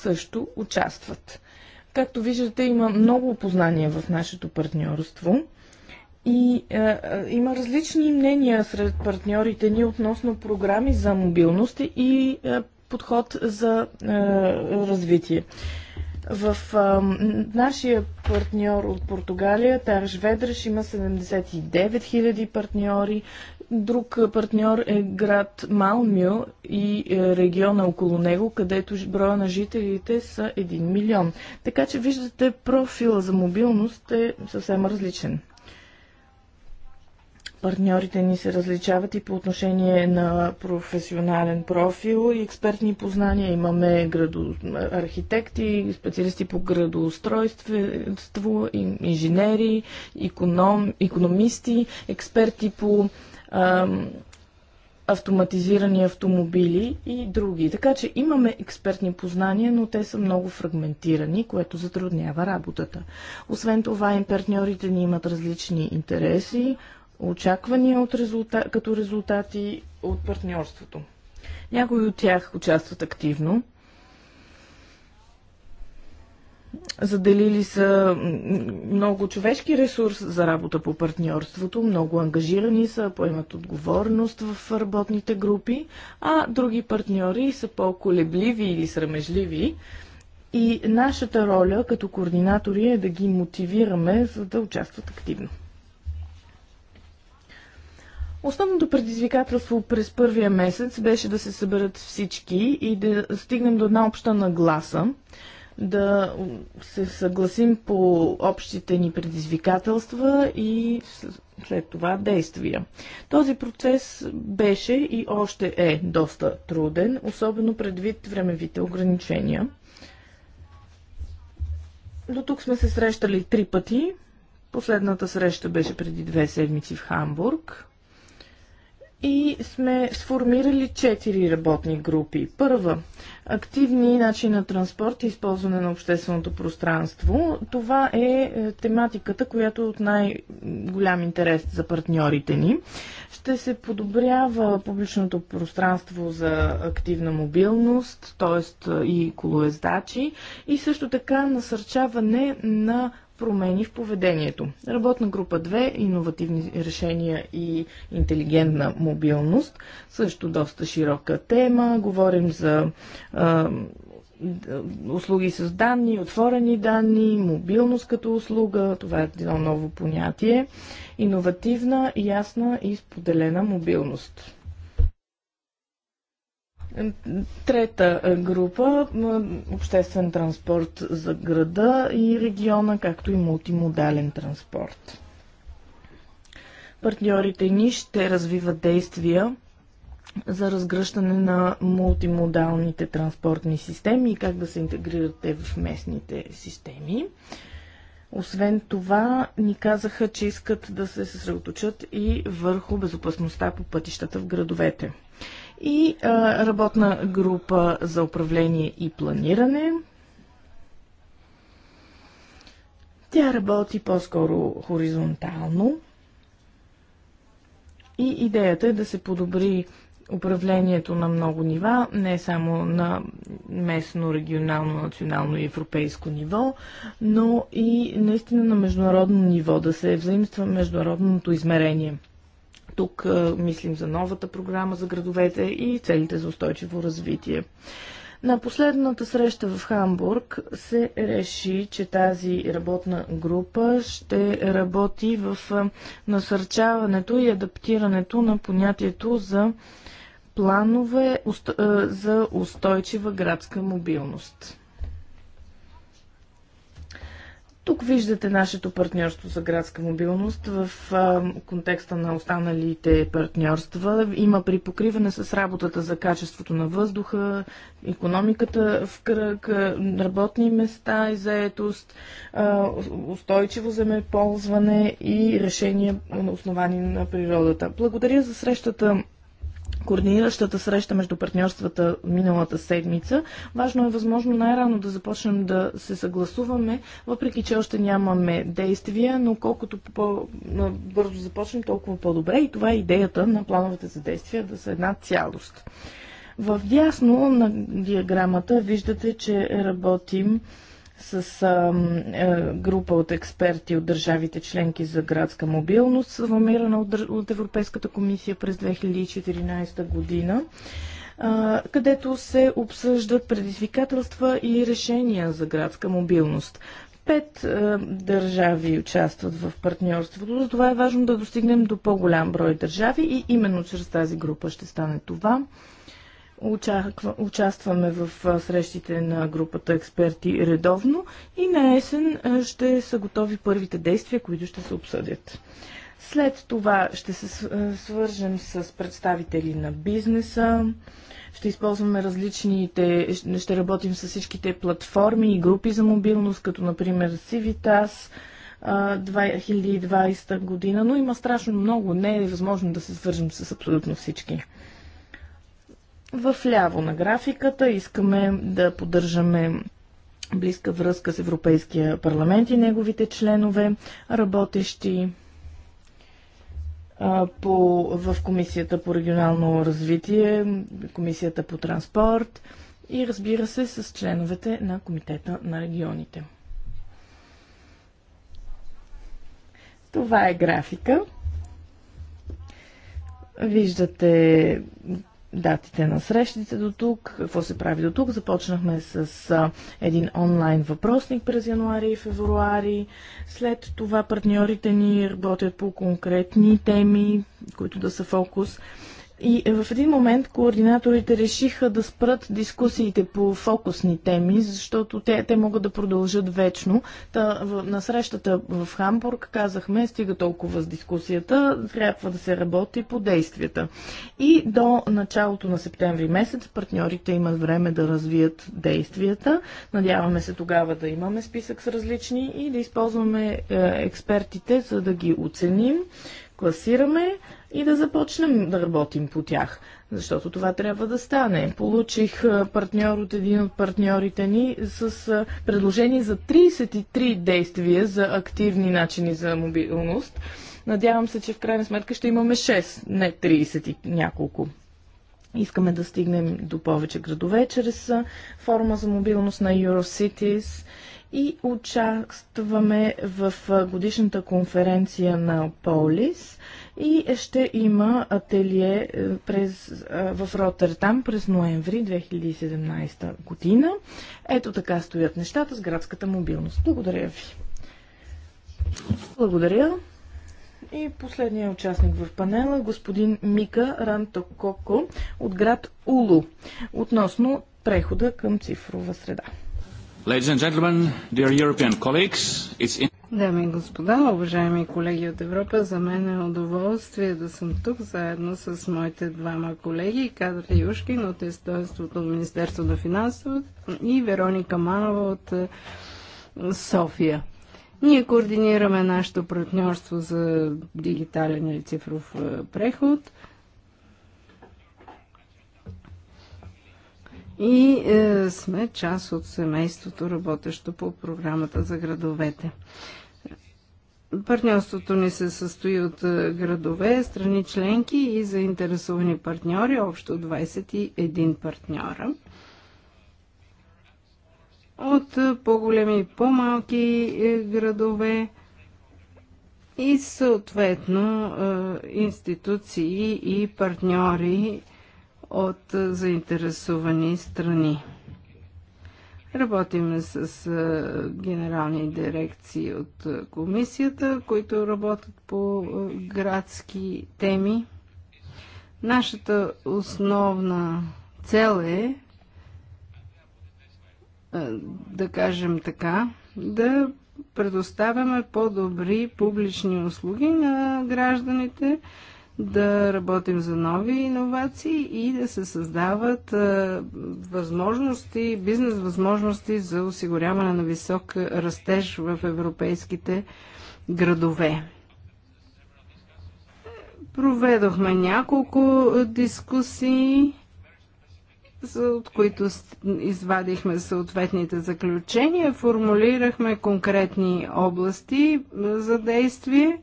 също участват. Както виждате, има много познания в нашето партньорство и е, е, има различни мнения сред партньорите ни относно програми за мобилност и е, подход за е, развитие. В е, нашия партньор от Португалия, Тараш Ведреш, има 79 000 партньори Друг партньор е град Малмио и е, региона около него, където броя на жителите са 1 милион. Така че виждате, профила за мобилност е съвсем различен. Партньорите ни се различават и по отношение на професионален профил и експертни познания. Имаме градо... архитекти, специалисти по градоустройство, инженери, економ... економисти, експерти по автоматизирани автомобили и други. Така че имаме експертни познания, но те са много фрагментирани, което затруднява работата. Освен това, им партньорите ни имат различни интереси, очаквания от резулта... като резултати от партньорството. Някои от тях участват активно, Заделили са много човешки ресурс за работа по партньорството, много ангажирани са, поемат отговорност в работните групи, а други партньори са по-колебливи или срамежливи. И нашата роля като координатори е да ги мотивираме, за да участват активно. Основното предизвикателство през първия месец беше да се съберат всички и да стигнем до една обща нагласа да се съгласим по общите ни предизвикателства и след това действия. Този процес беше и още е доста труден, особено предвид времевите ограничения. До тук сме се срещали три пъти. Последната среща беше преди две седмици в Хамбург и сме сформирали четири работни групи. Първа активни начини на транспорт и използване на общественото пространство. Това е, е тематиката, която е от най-голям интерес за партньорите ни. Ще се подобрява публичното пространство за активна мобилност, т.е. и колоездачи, и също така насърчаване на промени в поведението. Работна група 2 иновативни решения и интелигентна мобилност също доста широка тема. Говорим за а, услуги с данни, отворени данни, мобилност като услуга. Това е едно ново понятие. Иновативна, ясна и споделена мобилност. Трета е, група обществен транспорт за града и региона, както и мултимодален транспорт. Партньорите ни ще развиват действия за разгръщане на мултимодалните транспортни системи и как да се интегрират те в местните системи. Освен това, ни казаха, че искат да се съсредоточат и върху безопасността по пътищата в градовете и а, работна група за управление и планиране. Тя работи по-скоро хоризонтално и идеята е да се подобри управлението на много нива, не само на местно, регионално, национално и европейско ниво, но и наистина на международно ниво, да се взаимства международното измерение – тук мислим за новата програма за градовете и целите за устойчиво развитие. На последната среща в Хамбург се реши, че тази работна група ще работи в насърчаването и адаптирането на понятието за планове за устойчива градска мобилност. Тук виждате нашето партньорство за градска мобилност в а, контекста на останалите партньорства. Има при покриване с работата за качеството на въздуха, економиката в кръг, работни места и заетост, а, устойчиво земеползване и решения основани на природата. Благодаря за срещата координиращата среща между партньорствата миналата седмица. Важно е възможно най-рано да започнем да се съгласуваме, въпреки че още нямаме действия, но колкото по-бързо започнем, толкова по-добре. И това е идеята на плановете за действия да са една цялост. В дясно на диаграмата виждате, че работим с а, а, е, група от експерти от държавите членки за градска мобилност, сформирана от, от Европейската комисия през 2014 година където се обсъждат предизвикателства и решения за градска мобилност. Пет а, е, държави участват в партньорството, затова е важно да достигнем до по-голям брой държави и именно чрез тази група ще стане това. Очаква, участваме в срещите на групата експерти редовно и на есен ще са готови първите действия, които ще се обсъдят. След това ще се свържем с представители на бизнеса, ще използваме различните, ще работим с всичките платформи и групи за мобилност, като например Civitas, 2020 година, но има страшно много, не е възможно да се свържем с абсолютно всички. В ляво на графиката искаме да поддържаме близка връзка с Европейския парламент и неговите членове, работещи по, в Комисията по регионално развитие, Комисията по транспорт и разбира се с членовете на Комитета на регионите. Това е графика. Виждате датите на срещите до тук, какво се прави до тук. Започнахме с а, един онлайн въпросник през януари и февруари. След това партньорите ни работят по конкретни теми, които да са фокус. И е, в един момент координаторите решиха да спрат дискусиите по фокусни теми, защото те, те могат да продължат вечно. Та, в, на срещата в Хамбург казахме, стига толкова с дискусията, трябва да се работи по действията. И до началото на септември месец партньорите имат време да развият действията. Надяваме се тогава да имаме списък с различни и да използваме е, експертите, за да ги оценим класираме и да започнем да работим по тях. Защото това трябва да стане. Получих партньор от един от партньорите ни с предложение за 33 действия за активни начини за мобилност. Надявам се, че в крайна сметка ще имаме 6, не 30 и няколко. Искаме да стигнем до повече градове чрез форма за мобилност на Eurocities и участваме в годишната конференция на Полис и ще има ателие е, през, в Роттердам през ноември 2017 година. Ето така стоят нещата с градската мобилност. Благодаря ви. Благодаря. И последния участник в панела, господин Мика Рантококо от град Улу, относно прехода към цифрова среда. Дами и господа, уважаеми колеги от Европа, за мен е удоволствие да съм тук заедно с моите двама колеги, Кадър Юшкин от Естонството от Министерство на финансово и Вероника Манова от е, София. Ние координираме нашето партньорство за дигитален или цифров е, преход – и е, сме част от семейството, работещо по програмата за градовете. Партньорството ни се състои от е, градове, страни членки и заинтересовани партньори, общо 21 партньора. От е, по-големи и по-малки е, градове и съответно институции и партньори от заинтересовани страни. Работиме с генерални дирекции от комисията, които работят по градски теми. Нашата основна цел е, да кажем така, да предоставяме по-добри публични услуги на гражданите да работим за нови иновации и да се създават възможности, бизнес възможности за осигуряване на висок растеж в европейските градове. Проведохме няколко дискусии, от които извадихме съответните заключения, формулирахме конкретни области за действие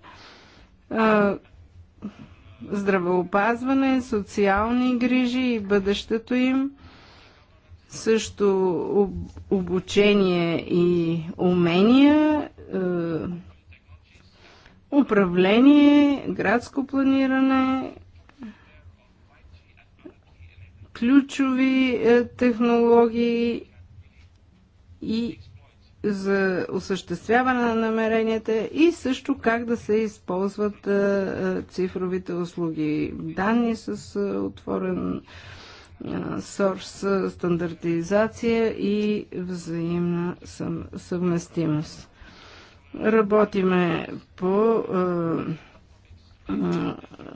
здравеопазване, социални грижи и бъдещето им, също обучение и умения, е, управление, градско планиране, ключови е, технологии и за осъществяване на намеренията и също как да се използват цифровите услуги. Данни с отворен сорс, стандартизация и взаимна съвместимост. Работиме по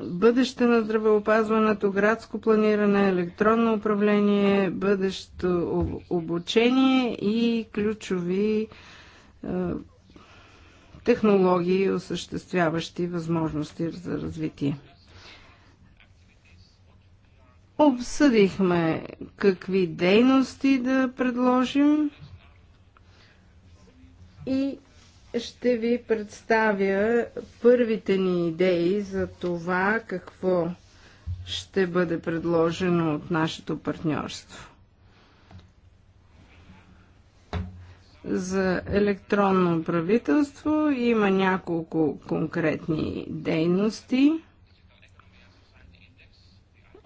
бъдеще на здравеопазването, градско планиране, електронно управление, бъдещо обучение и ключови технологии, осъществяващи възможности за развитие. Обсъдихме какви дейности да предложим и ще ви представя първите ни идеи за това какво ще бъде предложено от нашето партньорство. За електронно правителство има няколко конкретни дейности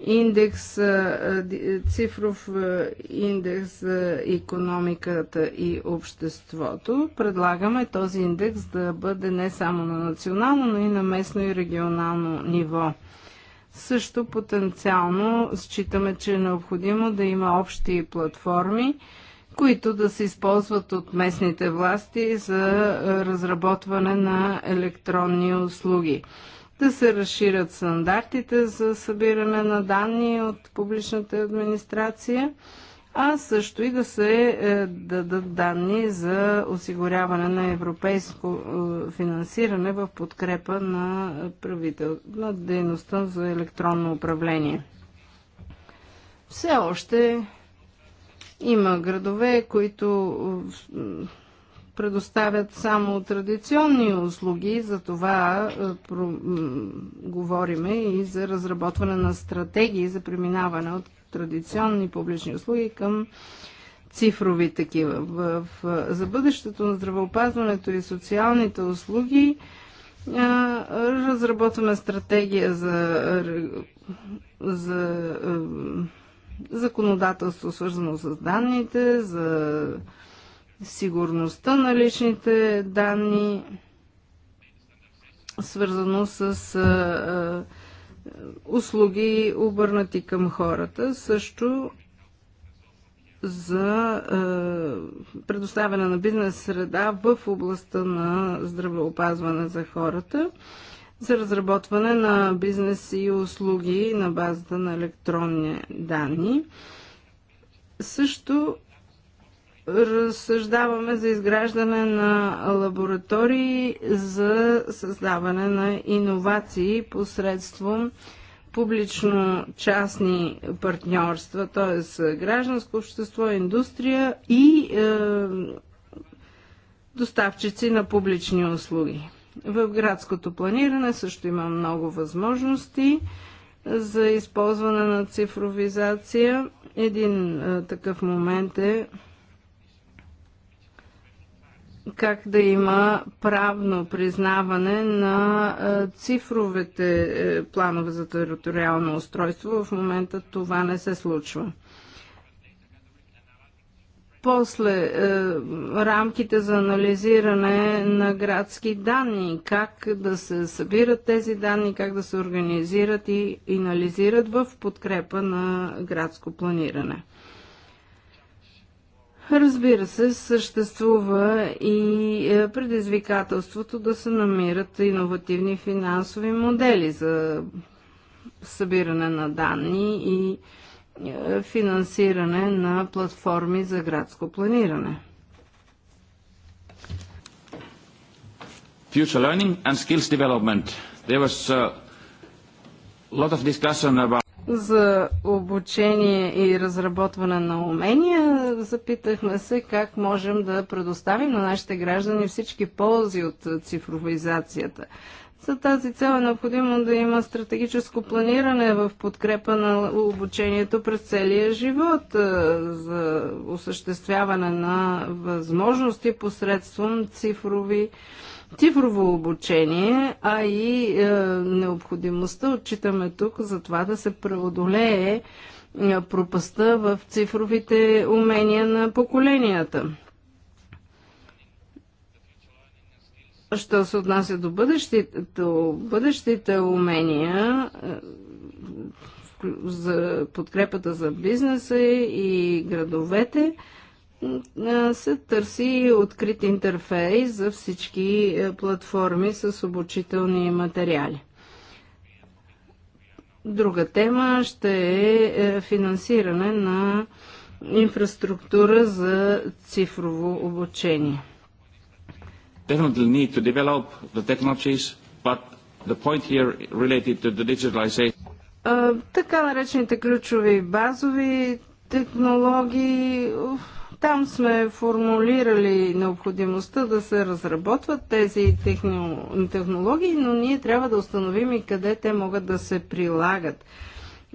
индекс, цифров индекс за економиката и обществото. Предлагаме този индекс да бъде не само на национално, но и на местно и регионално ниво. Също потенциално считаме, че е необходимо да има общи платформи, които да се използват от местните власти за разработване на електронни услуги да се разширят стандартите за събиране на данни от публичната администрация, а също и да се е, дадат данни за осигуряване на европейско е, финансиране в подкрепа на, правител, на дейността за електронно управление. Все още има градове, които предоставят само традиционни услуги, за това е, про... говориме и за разработване на стратегии за преминаване от традиционни публични услуги към цифрови такива. В, в, за бъдещето на здравеопазването и социалните услуги а, е, разработваме стратегия за, за а, е, законодателство, свързано с данните, за сигурността на личните данни, свързано с а, а, услуги обърнати към хората, също за а, предоставяне на бизнес среда в областта на здравеопазване за хората, за разработване на бизнес и услуги на базата на електронни данни. Също разсъждаваме за изграждане на лаборатории за създаване на иновации посредством публично-частни партньорства, т.е. гражданско общество, индустрия и е, доставчици на публични услуги. В градското планиране също има много възможности за използване на цифровизация. Един е, такъв момент е как да има правно признаване на цифровете е, планове за териториално устройство. В момента това не се случва. После е, рамките за анализиране на градски данни, как да се събират тези данни, как да се организират и анализират в подкрепа на градско планиране. Разбира се, съществува и е, предизвикателството да се намират иновативни финансови модели за събиране на данни и е, финансиране на платформи за градско планиране. Future learning and skills development. There was a uh, lot of discussion about за обучение и разработване на умения, запитахме се как можем да предоставим на нашите граждани всички ползи от цифровизацията. За тази цел е необходимо да има стратегическо планиране в подкрепа на обучението през целия живот е, за осъществяване на възможности посредством цифрови цифрово обучение, а и е, необходимостта отчитаме тук за това да се преодолее е, пропаста в цифровите умения на поколенията. Що се отнася до бъдещите, до бъдещите умения, е, за подкрепата за бизнеса и градовете, се търси открит интерфейс за всички е, платформи с обучителни материали. Друга тема ще е, е финансиране на инфраструктура за цифрово обучение. Definitely need to develop the technologies, but the point here related to the digitalization. така наречените ключови базови технологии, там сме формулирали необходимостта да се разработват тези технологии, но ние трябва да установим и къде те могат да се прилагат.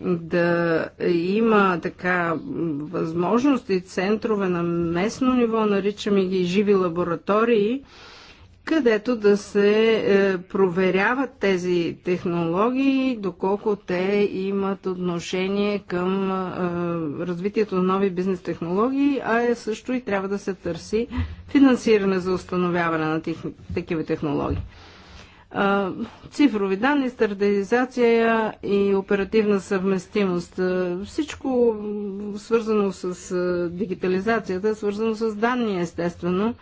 Да има така възможности, центрове на местно ниво, наричаме ги живи лаборатории, където да се е, проверяват тези технологии, доколко те имат отношение към е, развитието на нови бизнес технологии, а е също и трябва да се търси финансиране за установяване на такива технологии. Е, цифрови данни, стандартизация и оперативна съвместимост. Всичко свързано с дигитализацията, свързано с данни, естествено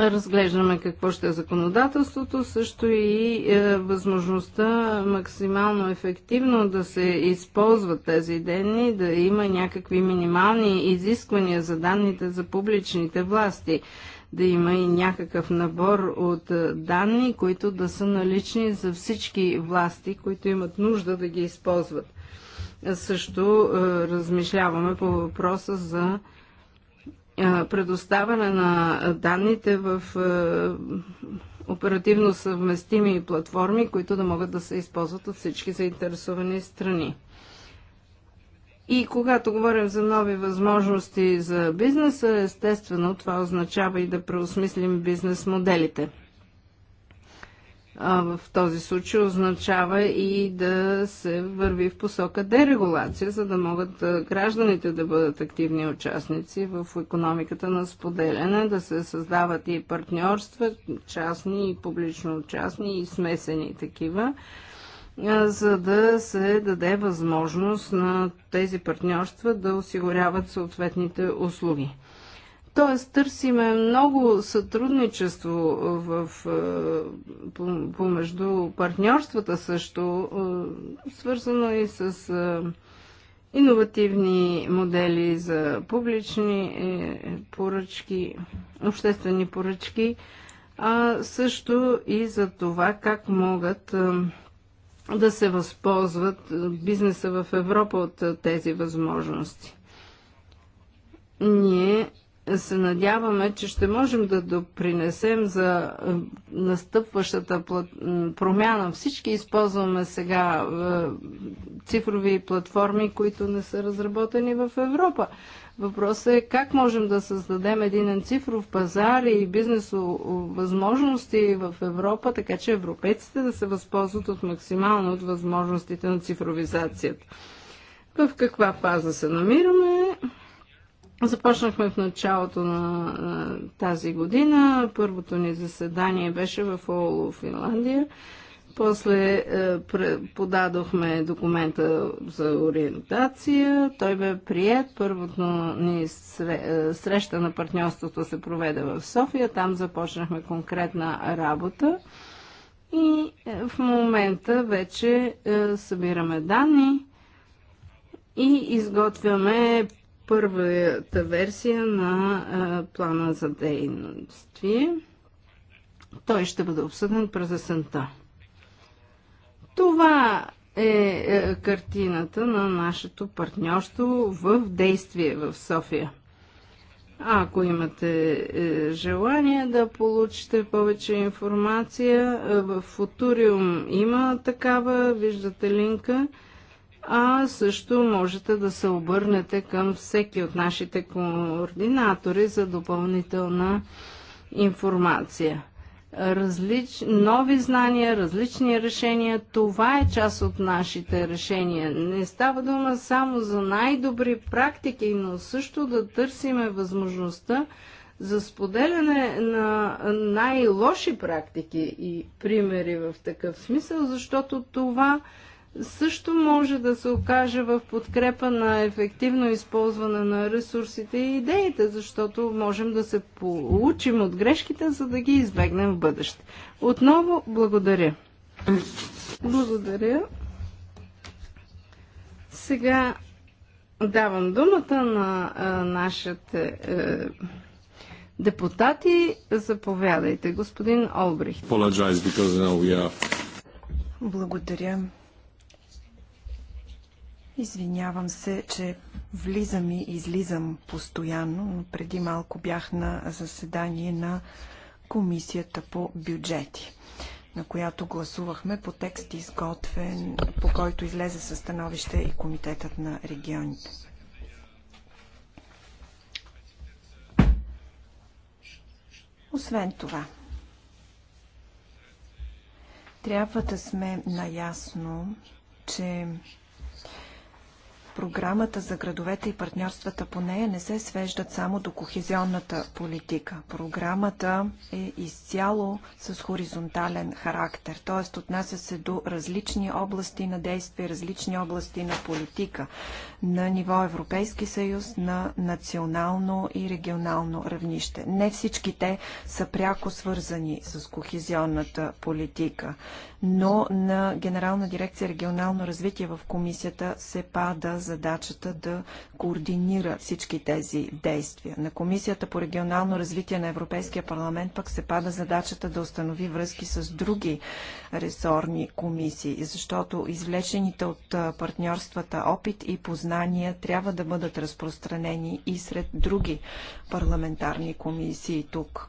разглеждаме какво ще е законодателството, също и е, възможността максимално ефективно да се използват тези данни, да има някакви минимални изисквания за данните за публичните власти, да има и някакъв набор от е, данни, които да са налични за всички власти, които имат нужда да ги използват. Също е, размишляваме по въпроса за е, предоставяне на данните в оперативно съвместими платформи, които да могат да се използват от всички заинтересовани страни. И когато говорим за нови възможности за бизнеса, естествено това означава и да преосмислим бизнес моделите – в този случай означава и да се върви в посока дерегулация, за да могат гражданите да бъдат активни участници в економиката на споделяне, да се създават и партньорства, частни и публично-частни и смесени такива за да се даде възможност на тези партньорства да осигуряват съответните услуги т.е. търсиме много сътрудничество в, е, помежду партньорствата също, е, свързано и с е, иновативни модели за публични поръчки, обществени поръчки, а също и за това как могат да се възползват бизнеса в Европа от тези възможности. Ние се надяваме, че ще можем да допринесем за е, настъпващата промяна. Всички използваме сега е, цифрови платформи, които не са разработени в Европа. Въпросът е как можем да създадем един цифров пазар и бизнес възможности в Европа, така че европейците да се възползват от максимално от възможностите на цифровизацията. В каква фаза се намираме? Започнахме в началото на, тази година. Първото ни заседание беше в Оло, Финландия. После е, подадохме документа за ориентация. Той бе прият. Първото ни е, среща на партньорството се проведе в София. Там започнахме конкретна работа. И е, в момента вече събираме данни и изготвяме първата версия на а, плана за действие. Той ще бъде обсъден през есента. Това е, е картината на нашето партньорство в действие в София. Ако имате е, желание да получите повече информация, е, в Футуриум има такава, виждате линка а също можете да се обърнете към всеки от нашите координатори за допълнителна информация. Различ... Нови знания, различни решения, това е част от нашите решения. Не става дума само за най-добри практики, но също да търсиме възможността за споделяне на най-лоши практики и примери в такъв смисъл, защото това също може да се окаже в подкрепа на ефективно използване на ресурсите и идеите, защото можем да се получим от грешките, за да ги избегнем в бъдеще. Отново благодаря. Благодаря. Сега давам думата на а, нашите а, е, депутати. Заповядайте, господин Олбрих. Благодаря. Извинявам се, че влизам и излизам постоянно, но преди малко бях на заседание на Комисията по бюджети, на която гласувахме по текст изготвен, по който излезе със становище и Комитетът на регионите. Освен това, трябва да сме наясно, че Програмата за градовете и партньорствата по нея не се свеждат само до кохезионната политика. Програмата е изцяло с хоризонтален характер, т.е. отнася се до различни области на действие, различни области на политика на ниво Европейски съюз, на национално и регионално равнище. Не всички те са пряко свързани с кохезионната политика но на Генерална дирекция регионално развитие в комисията се пада задачата да координира всички тези действия. На комисията по регионално развитие на Европейския парламент пък се пада задачата да установи връзки с други ресорни комисии, защото извлечените от партньорствата опит и познания трябва да бъдат разпространени и сред други парламентарни комисии тук.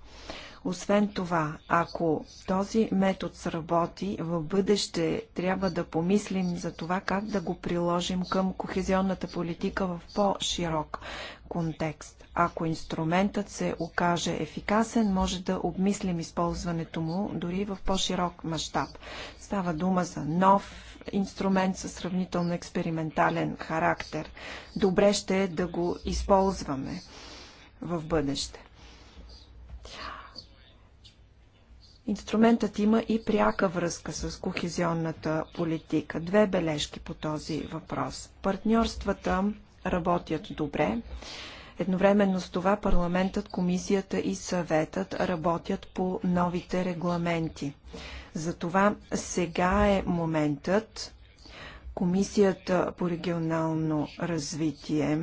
Освен това, ако този метод сработи, в бъдеще трябва да помислим за това как да го приложим към кохезионната политика в по-широк контекст. Ако инструментът се окаже ефикасен, може да обмислим използването му дори в по-широк мащаб. Става дума за нов инструмент със сравнително експериментален характер. Добре ще е да го използваме в бъдеще. Инструментът има и пряка връзка с кохезионната политика. Две бележки по този въпрос. Партньорствата работят добре. Едновременно с това парламентът, комисията и съветът работят по новите регламенти. Затова сега е моментът комисията по регионално развитие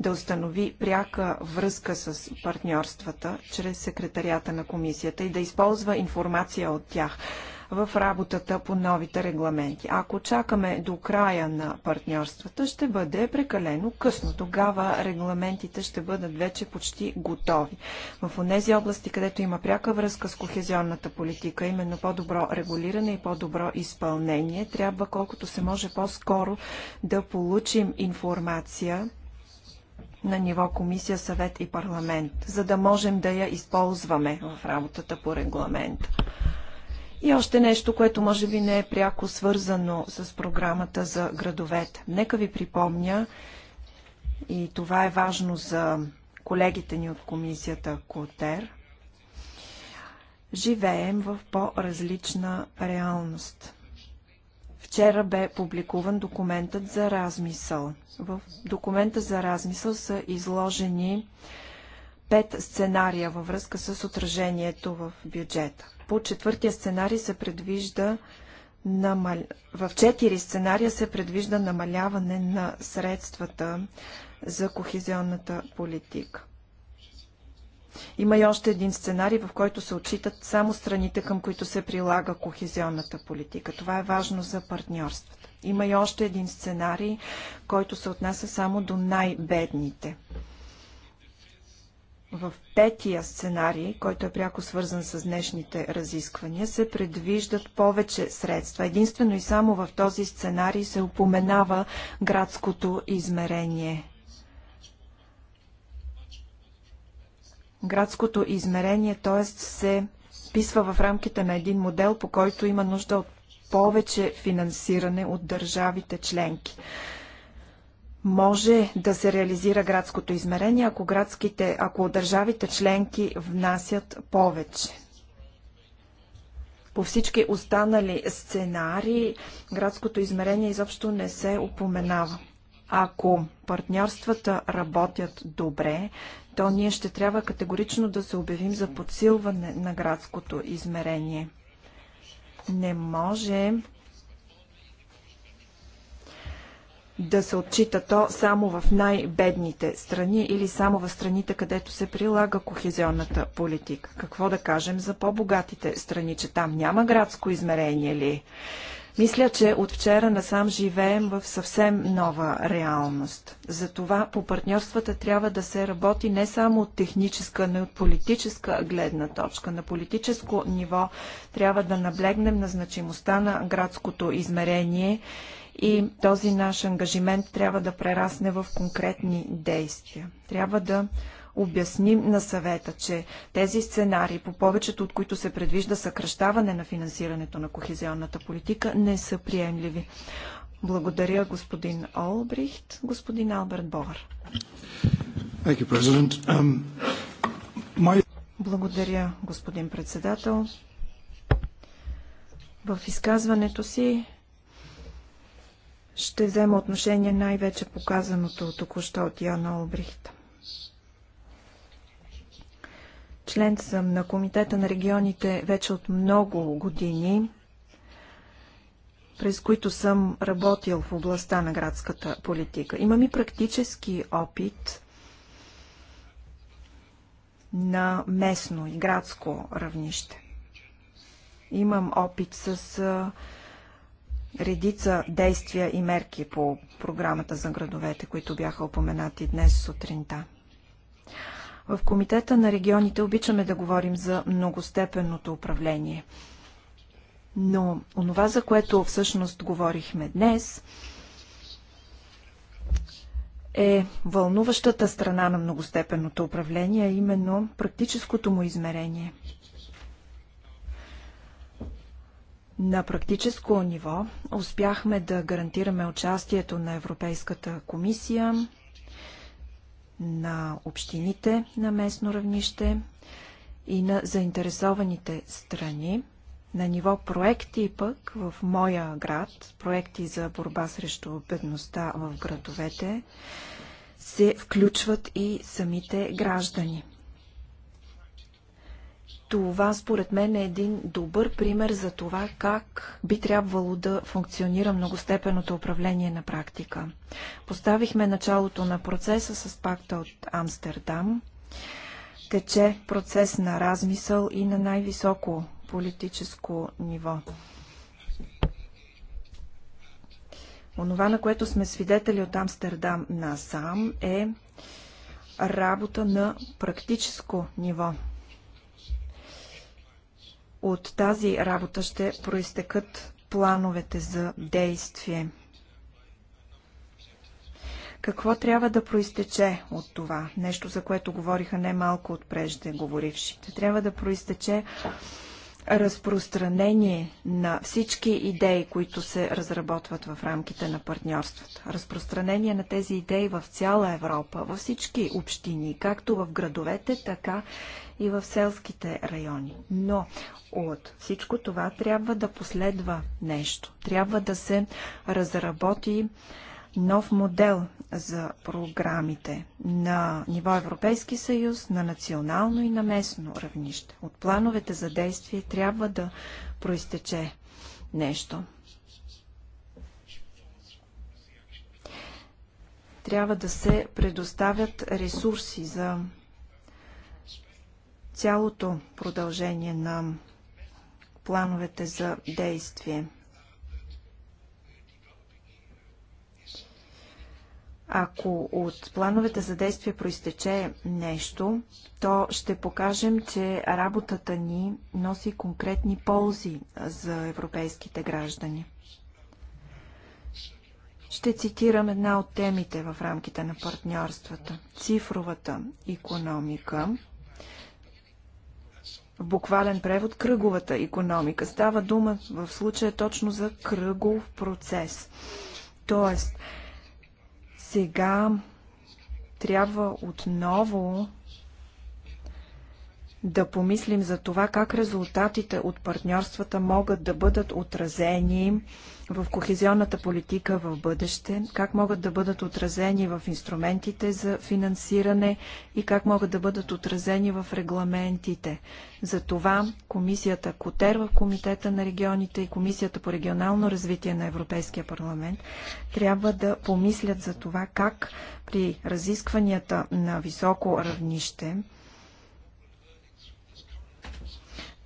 да установи пряка връзка с партньорствата чрез секретарията на комисията и да използва информация от тях в работата по новите регламенти. Ако чакаме до края на партньорствата, ще бъде прекалено късно. Тогава регламентите ще бъдат вече почти готови. В тези области, където има пряка връзка с кохезионната политика, именно по-добро регулиране и по-добро изпълнение, трябва колкото се може по-скоро да получим информация на ниво комисия, съвет и парламент, за да можем да я използваме в работата по регламента. И още нещо, което може би не е пряко свързано с програмата за градовете. Нека ви припомня, и това е важно за колегите ни от комисията Котер, живеем в по-различна реалност. Вчера бе публикуван документът за размисъл. В документа за размисъл са изложени пет сценария във връзка с отражението в бюджета. По четвъртия сценарий се предвижда намал... в четири сценария се предвижда намаляване на средствата за кохезионната политика. Има и още един сценарий, в който се отчитат само страните, към които се прилага кохезионната политика. Това е важно за партньорствата. Има и още един сценарий, който се отнася само до най-бедните. В петия сценарий, който е пряко свързан с днешните разисквания, се предвиждат повече средства. Единствено и само в този сценарий се упоменава градското измерение градското измерение, т.е. се вписва в рамките на един модел, по който има нужда от повече финансиране от държавите членки. Може да се реализира градското измерение, ако, градските, ако държавите членки внасят повече. По всички останали сценари градското измерение изобщо не се упоменава. Ако партньорствата работят добре, то ние ще трябва категорично да се обявим за подсилване на градското измерение. Не може да се отчита то само в най-бедните страни или само в страните, където се прилага кохезионната политика. Какво да кажем за по-богатите страни, че там няма градско измерение ли? Мисля, че от вчера насам живеем в съвсем нова реалност. Затова по партньорствата трябва да се работи не само от техническа, но и от политическа гледна точка. На политическо ниво трябва да наблегнем на значимостта на градското измерение и този наш ангажимент трябва да прерасне в конкретни действия. Трябва да обясним на съвета, че тези сценари, по повечето от които се предвижда съкръщаване на финансирането на кохезионната политика, не са приемливи. Благодаря господин Олбрихт, господин Алберт Бовър. Um, my... Благодаря, господин председател. В изказването си ще взема отношение най-вече показаното току-що от Яна Олбрихта. Член съм на Комитета на регионите вече от много години, през които съм работил в областта на градската политика. Имам и практически опит на местно и градско равнище. Имам опит с редица действия и мерки по програмата за градовете, които бяха упоменати днес сутринта. В Комитета на регионите обичаме да говорим за многостепенното управление. Но онова, за което всъщност говорихме днес, е вълнуващата страна на многостепенното управление, а именно практическото му измерение. На практическо ниво успяхме да гарантираме участието на Европейската комисия, на общините на местно равнище и на заинтересованите страни. На ниво проекти пък в моя град, проекти за борба срещу бедността в градовете, се включват и самите граждани. Това, според мен, е един добър пример за това как би трябвало да функционира многостепенното управление на практика. Поставихме началото на процеса с пакта от Амстердам. Тече процес на размисъл и на най-високо политическо ниво. Онова, на което сме свидетели от Амстердам насам, е работа на практическо ниво от тази работа ще проистекат плановете за действие. Какво трябва да проистече от това? Нещо, за което говориха немалко малко от преждеговорившите. Трябва да проистече разпространение на всички идеи, които се разработват в рамките на партньорството. Разпространение на тези идеи в цяла Европа, във всички общини, както в градовете, така и в селските райони. Но от всичко това трябва да последва нещо. Трябва да се разработи нов модел за програмите на ниво Европейски съюз, на национално и на местно равнище. От плановете за действие трябва да проистече нещо. Трябва да се предоставят ресурси за цялото продължение на плановете за действие. Ако от плановете за действие проистече нещо, то ще покажем, че работата ни носи конкретни ползи за европейските граждани. Ще цитирам една от темите в рамките на партньорствата. Цифровата економика, в буквален превод кръговата економика. Става дума в случая точно за кръгов процес. Тоест, сега трябва отново да помислим за това как резултатите от партньорствата могат да бъдат отразени в кохезионната политика в бъдеще, как могат да бъдат отразени в инструментите за финансиране и как могат да бъдат отразени в регламентите. За това комисията Котер в Комитета на регионите и Комисията по регионално развитие на Европейския парламент трябва да помислят за това как при разискванията на високо равнище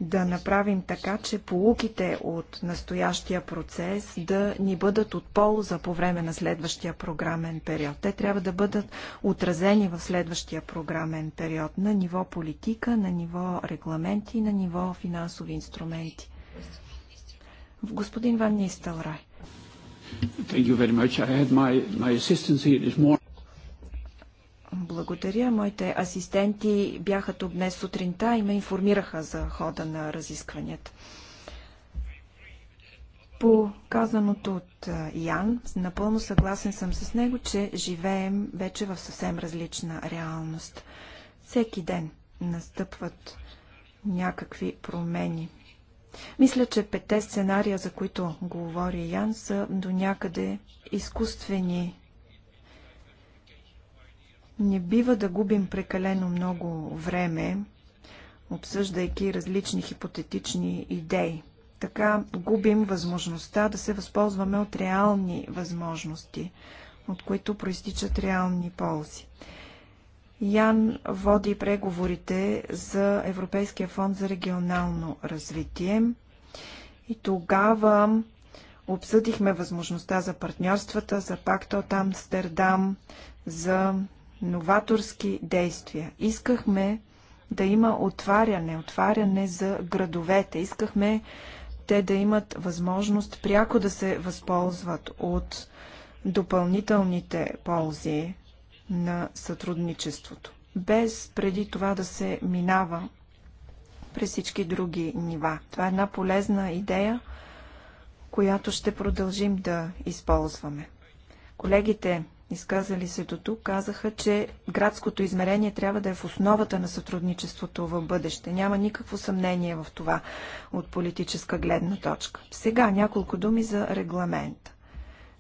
да направим така, че полуките от настоящия процес да ни бъдат от полза по време на следващия програмен период. Те трябва да бъдат отразени в следващия програмен период на ниво политика, на ниво регламенти и на ниво финансови инструменти. Господин Ван Нистелрай. Thank you very much. I had my, my assistants here this morning. Благодаря. Моите асистенти бяха тук днес сутринта и ме информираха за хода на разискванията. По казаното от Ян, напълно съгласен съм с него, че живеем вече в съвсем различна реалност. Всеки ден настъпват някакви промени. Мисля, че пете сценария, за които говори Ян, са до някъде изкуствени не бива да губим прекалено много време, обсъждайки различни хипотетични идеи. Така губим възможността да се възползваме от реални възможности, от които проистичат реални ползи. Ян води преговорите за Европейския фонд за регионално развитие и тогава обсъдихме възможността за партньорствата, за пакта от Амстердам, за новаторски действия. Искахме да има отваряне, отваряне за градовете. Искахме те да имат възможност пряко да се възползват от допълнителните ползи на сътрудничеството, без преди това да се минава през всички други нива. Това е една полезна идея, която ще продължим да използваме. Колегите изказали се до тук, казаха, че градското измерение трябва да е в основата на сътрудничеството в бъдеще. Няма никакво съмнение в това от политическа гледна точка. Сега няколко думи за регламент.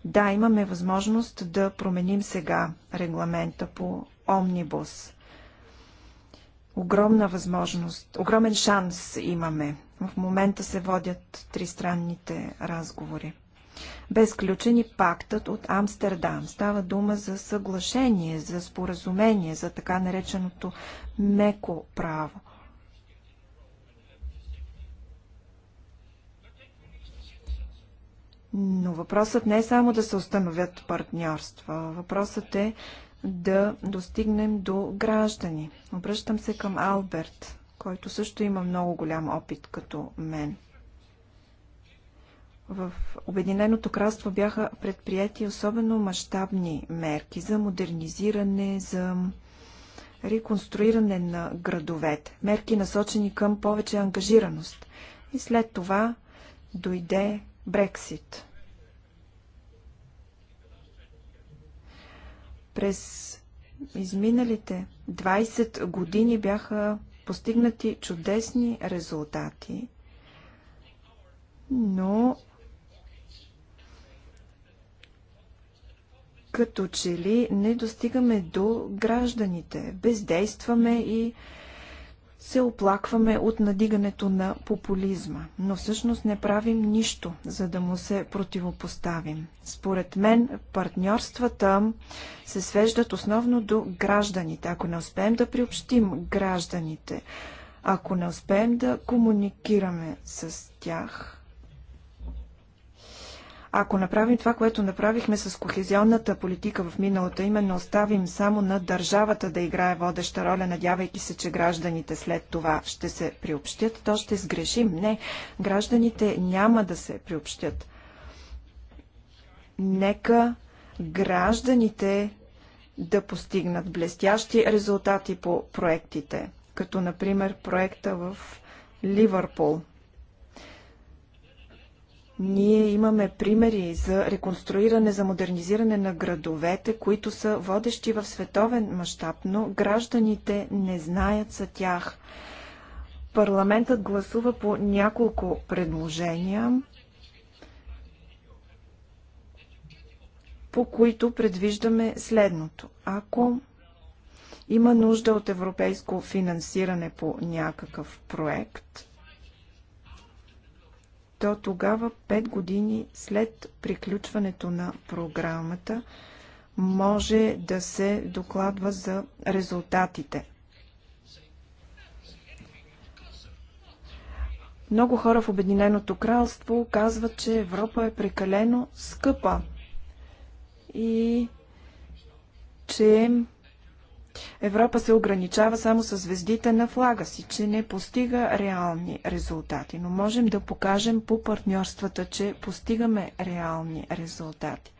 Да, имаме възможност да променим сега регламента по Омнибус. Огромна възможност, огромен шанс имаме. В момента се водят тристранните разговори бе сключен и пактът от Амстердам. Става дума за съглашение, за споразумение, за така нареченото меко право. Но въпросът не е само да се установят партньорства. Въпросът е да достигнем до граждани. Обръщам се към Алберт, който също има много голям опит като мен – в Обединеното кралство бяха предприяти особено мащабни мерки за модернизиране, за реконструиране на градовете, мерки насочени към повече ангажираност. И след това дойде Брексит. През изминалите 20 години бяха постигнати чудесни резултати, но като че ли не достигаме до гражданите. Бездействаме и се оплакваме от надигането на популизма, но всъщност не правим нищо, за да му се противопоставим. Според мен партньорствата се свеждат основно до гражданите. Ако не успеем да приобщим гражданите, ако не успеем да комуникираме с тях, ако направим това, което направихме с кохезионната политика в миналото, именно оставим само на държавата да играе водеща роля, надявайки се, че гражданите след това ще се приобщят, то ще сгрешим. Не, гражданите няма да се приобщят. Нека гражданите да постигнат блестящи резултати по проектите, като например проекта в Ливърпул. Ние имаме примери за реконструиране, за модернизиране на градовете, които са водещи в световен мащаб, но гражданите не знаят за тях. Парламентът гласува по няколко предложения, по които предвиждаме следното. Ако има нужда от европейско финансиране по някакъв проект – то тогава 5 години след приключването на програмата може да се докладва за резултатите. Много хора в Обединеното кралство казват, че Европа е прекалено скъпа и че Европа се ограничава само с звездите на флага си, че не постига реални резултати, но можем да покажем по партньорствата, че постигаме реални резултати.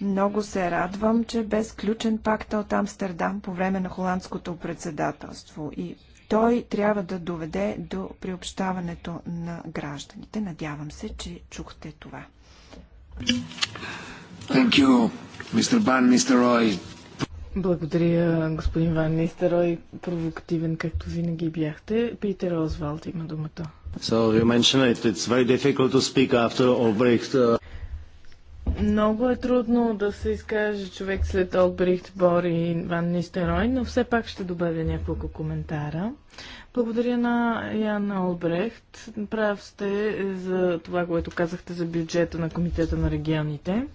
Много се радвам, че бе сключен пакта от Амстердам по време на холандското председателство и той трябва да доведе до приобщаването на гражданите. Надявам се, че чухте това. Thank you, Mr. Благодаря, господин Ван Нистерой. Провокативен, както винаги бяхте. Питер Озвалд има думата. So you mentioned it. It's very difficult to speak after uh, Много е трудно да се изкаже човек след Олбрихт, Бори и Ван Нистерой, но все пак ще добавя няколко коментара. Благодаря на Ян Олбрехт. Прав сте за това, което казахте за бюджета на Комитета на регионите.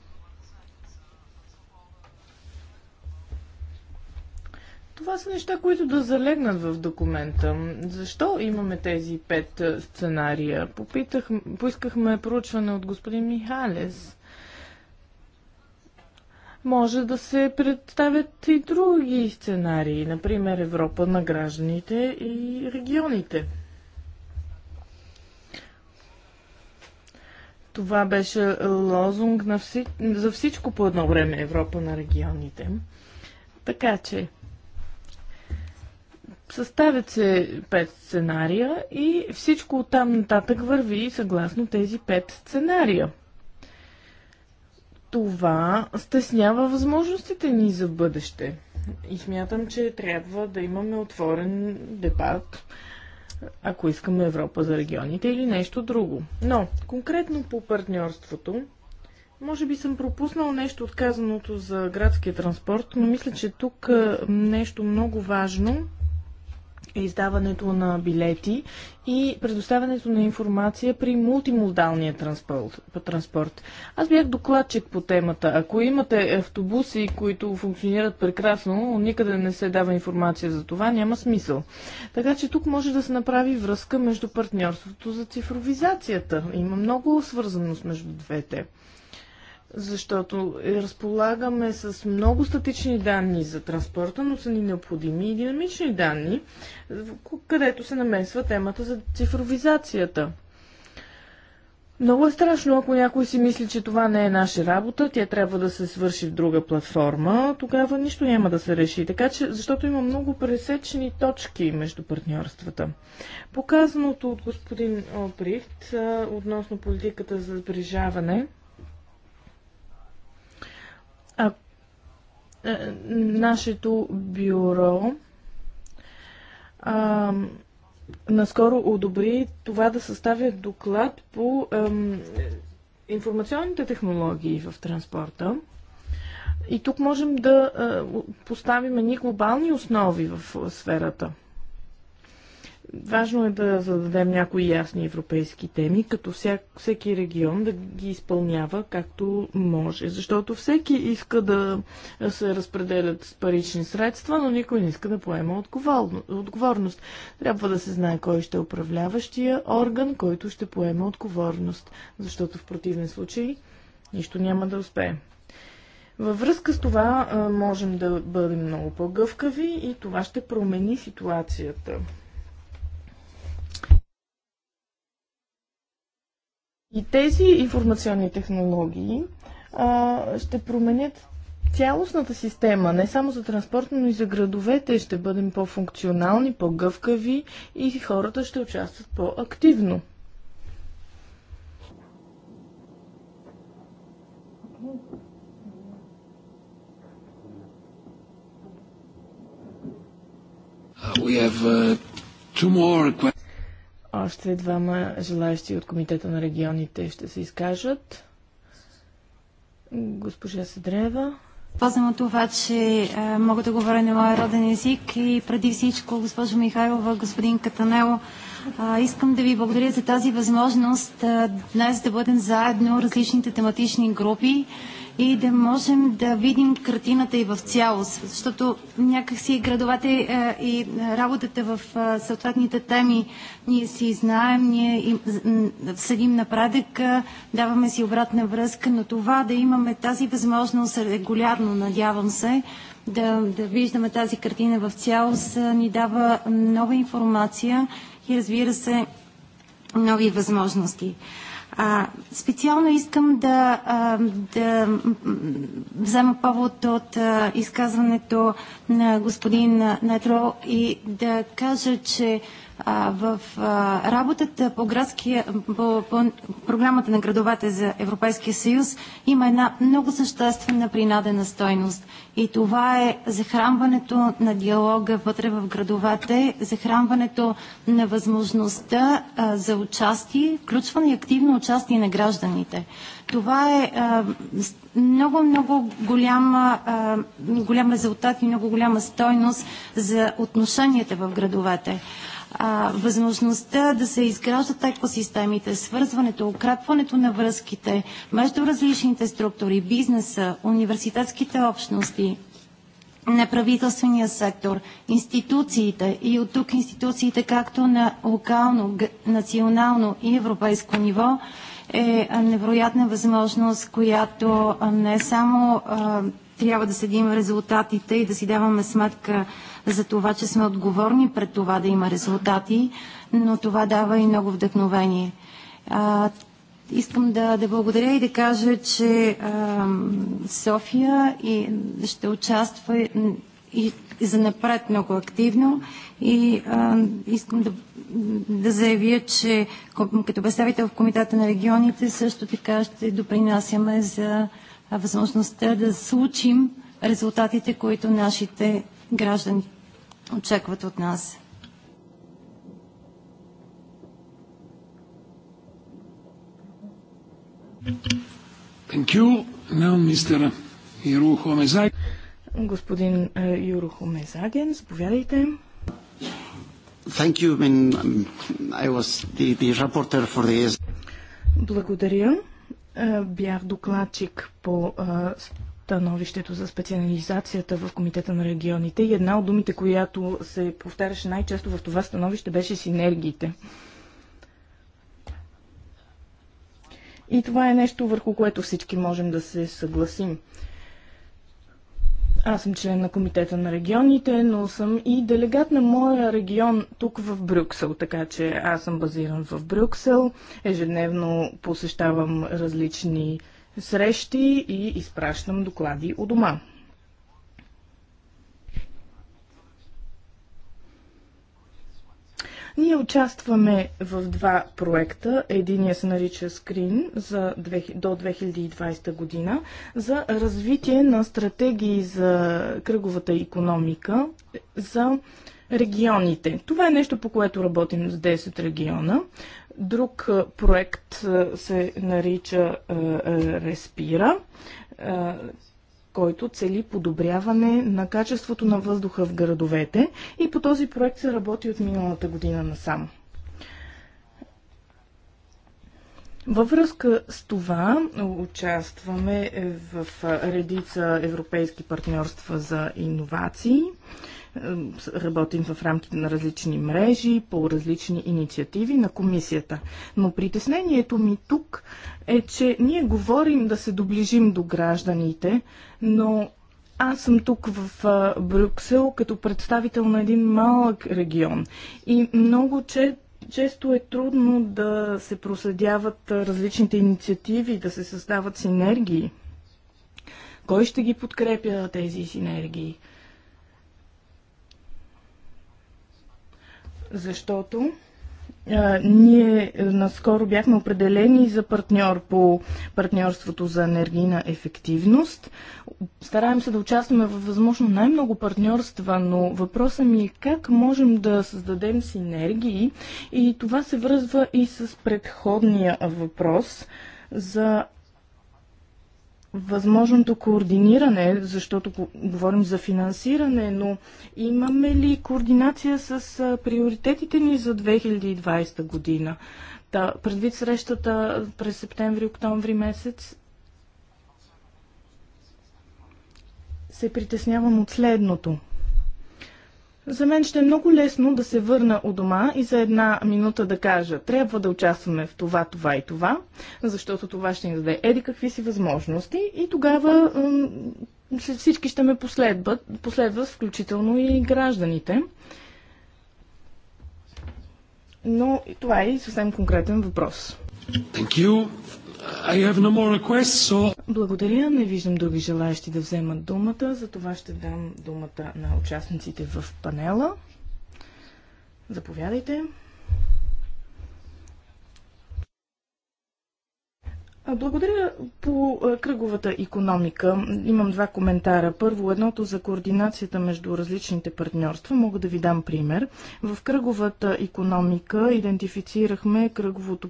Това са неща, които да залегнат в документа. Защо имаме тези пет е, сценария? Попитах, поискахме проучване от господин Михалес. Може да се представят и други сценарии, например Европа на гражданите и регионите. Това беше лозунг на всич... за всичко по едно време Европа на регионите. Така че, Съставят се пет сценария и всичко от там нататък върви съгласно тези пет сценария. Това стеснява възможностите ни за бъдеще. И смятам, че трябва да имаме отворен дебат, ако искаме Европа за регионите или нещо друго. Но, конкретно по партньорството, може би съм пропуснал нещо отказаното за градския транспорт, но мисля, че тук нещо много важно издаването на билети и предоставянето на информация при мултимодалния транспорт. Аз бях докладчик по темата. Ако имате автобуси, които функционират прекрасно, но никъде не се дава информация за това, няма смисъл. Така че тук може да се направи връзка между партньорството за цифровизацията. Има много свързаност между двете защото разполагаме с много статични данни за транспорта, но са ни необходими и динамични данни, където се намесва темата за цифровизацията. Много е страшно, ако някой си мисли, че това не е наша работа, тя трябва да се свърши в друга платформа, тогава нищо няма да се реши. Така че, защото има много пресечени точки между партньорствата. Показаното от господин Оприхт относно политиката за сближаване – Е, нашето бюро а, наскоро одобри това да съставя доклад по а, информационните технологии в транспорта. И тук можем да а, поставим ни глобални основи в сферата. Важно е да зададем някои ясни европейски теми, като вся, всеки регион да ги изпълнява както може. Защото всеки иска да се разпределят с парични средства, но никой не иска да поема отговорност. Трябва да се знае кой ще е управляващия орган, който ще поема отговорност. Защото в противен случай нищо няма да успее. Във връзка с това можем да бъдем много по-гъвкави и това ще промени ситуацията. И тези информационни технологии а, ще променят цялостната система, не само за транспорт, но и за градовете. Ще бъдем по-функционални, по-гъвкави и хората ще участват по-активно. Uh, we have uh, two more questions. Още двама желаящи от Комитета на регионите ще се изкажат. Госпожа Седрева. Ползвам от това, че е, мога да говоря на моя роден език и преди всичко, госпожо Михайлова, господин Катанело, е, искам да ви благодаря за тази възможност е, днес да бъдем заедно различните тематични групи и да можем да видим картината и в цялост, защото някакси градовете е, и работата в е, съответните теми ние си знаем, ние следим напредък, е, даваме си обратна връзка, но това да имаме тази възможност регулярно, надявам се, да, да виждаме тази картина в цялост, ни дава нова информация и разбира се, нови възможности. А, специално искам да, а, да взема повод от а, изказването на господин Недро и да кажа, че в работата по, градския, по, по програмата на градовете за Европейския съюз има една много съществена принадена стойност. И това е захранването на диалога вътре в градовете, захранването на възможността а, за участие, включване и активно участие на гражданите. Това е много, много голям резултат и много голяма стойност за отношенията в градовете а, възможността да се изграждат екосистемите, свързването, укрепването на връзките между различните структури, бизнеса, университетските общности, неправителствения сектор, институциите и от тук институциите както на локално, национално и европейско ниво е невероятна възможност, която не само а, трябва да следим резултатите и да си даваме сметка за това, че сме отговорни пред това да има резултати, но това дава и много вдъхновение. А, искам да, да благодаря и да кажа, че а, София и, ще участва и, и, за напред много активно и а, искам да, да заявя, че като представител в Комитета на регионите също така ще допринасяме за възможността да случим резултатите, които нашите граждани очакват от нас. Thank you. Now, Mr. Юро Хомезаген. Господин Юро е, Хомезаген, заповядайте. Thank you. I mean, I was the, the rapporteur for the... Благодаря. Е, бях докладчик по е, становището за специализацията в Комитета на регионите и една от думите, която се повтаряше най-често в това становище беше синергиите. И това е нещо, върху което всички можем да се съгласим. Аз съм член на Комитета на регионите, но съм и делегат на моя регион тук в Брюксел, така че аз съм базиран в Брюксел. Ежедневно посещавам различни срещи и изпращам доклади у дома. Ние участваме в два проекта. Единия се нарича Screen за, до 2020 година за развитие на стратегии за кръговата економика за регионите. Това е нещо, по което работим с 10 региона. Друг е, проект е, се нарича е, Респира, който цели подобряване на качеството на въздуха в градовете и по този проект се работи от миналата година насам. Във връзка с това участваме в редица европейски партньорства за иновации. Работим в рамките на различни мрежи, по различни инициативи на комисията. Но притеснението ми тук е, че ние говорим да се доближим до гражданите, но аз съм тук в Брюксел като представител на един малък регион и много че често е трудно да се проследяват различните инициативи, да се създават синергии. Кой ще ги подкрепя тези синергии? защото а, ние е, наскоро бяхме определени за партньор по партньорството за енергийна ефективност. Стараем се да участваме във възможно най-много партньорства, но въпросът ми е как можем да създадем синергии и това се връзва и с предходния въпрос за възможното координиране, защото говорим за финансиране, но имаме ли координация с приоритетите ни за 2020 година? Да, предвид срещата през септември-октомври месец, се притеснявам от следното – за мен ще е много лесно да се върна у дома и за една минута да кажа, трябва да участваме в това, това и това, защото това ще ни даде еди какви си възможности и тогава всички ще ме последват, последват, включително и гражданите. Но това е и съвсем конкретен въпрос. Thank you requests, so... Благодаря. Не виждам други желаящи да вземат думата. За това ще дам думата на участниците в панела. Заповядайте. Благодаря по кръговата економика. Имам два коментара. Първо, едното за координацията между различните партньорства. Мога да ви дам пример. В кръговата економика идентифицирахме кръговото,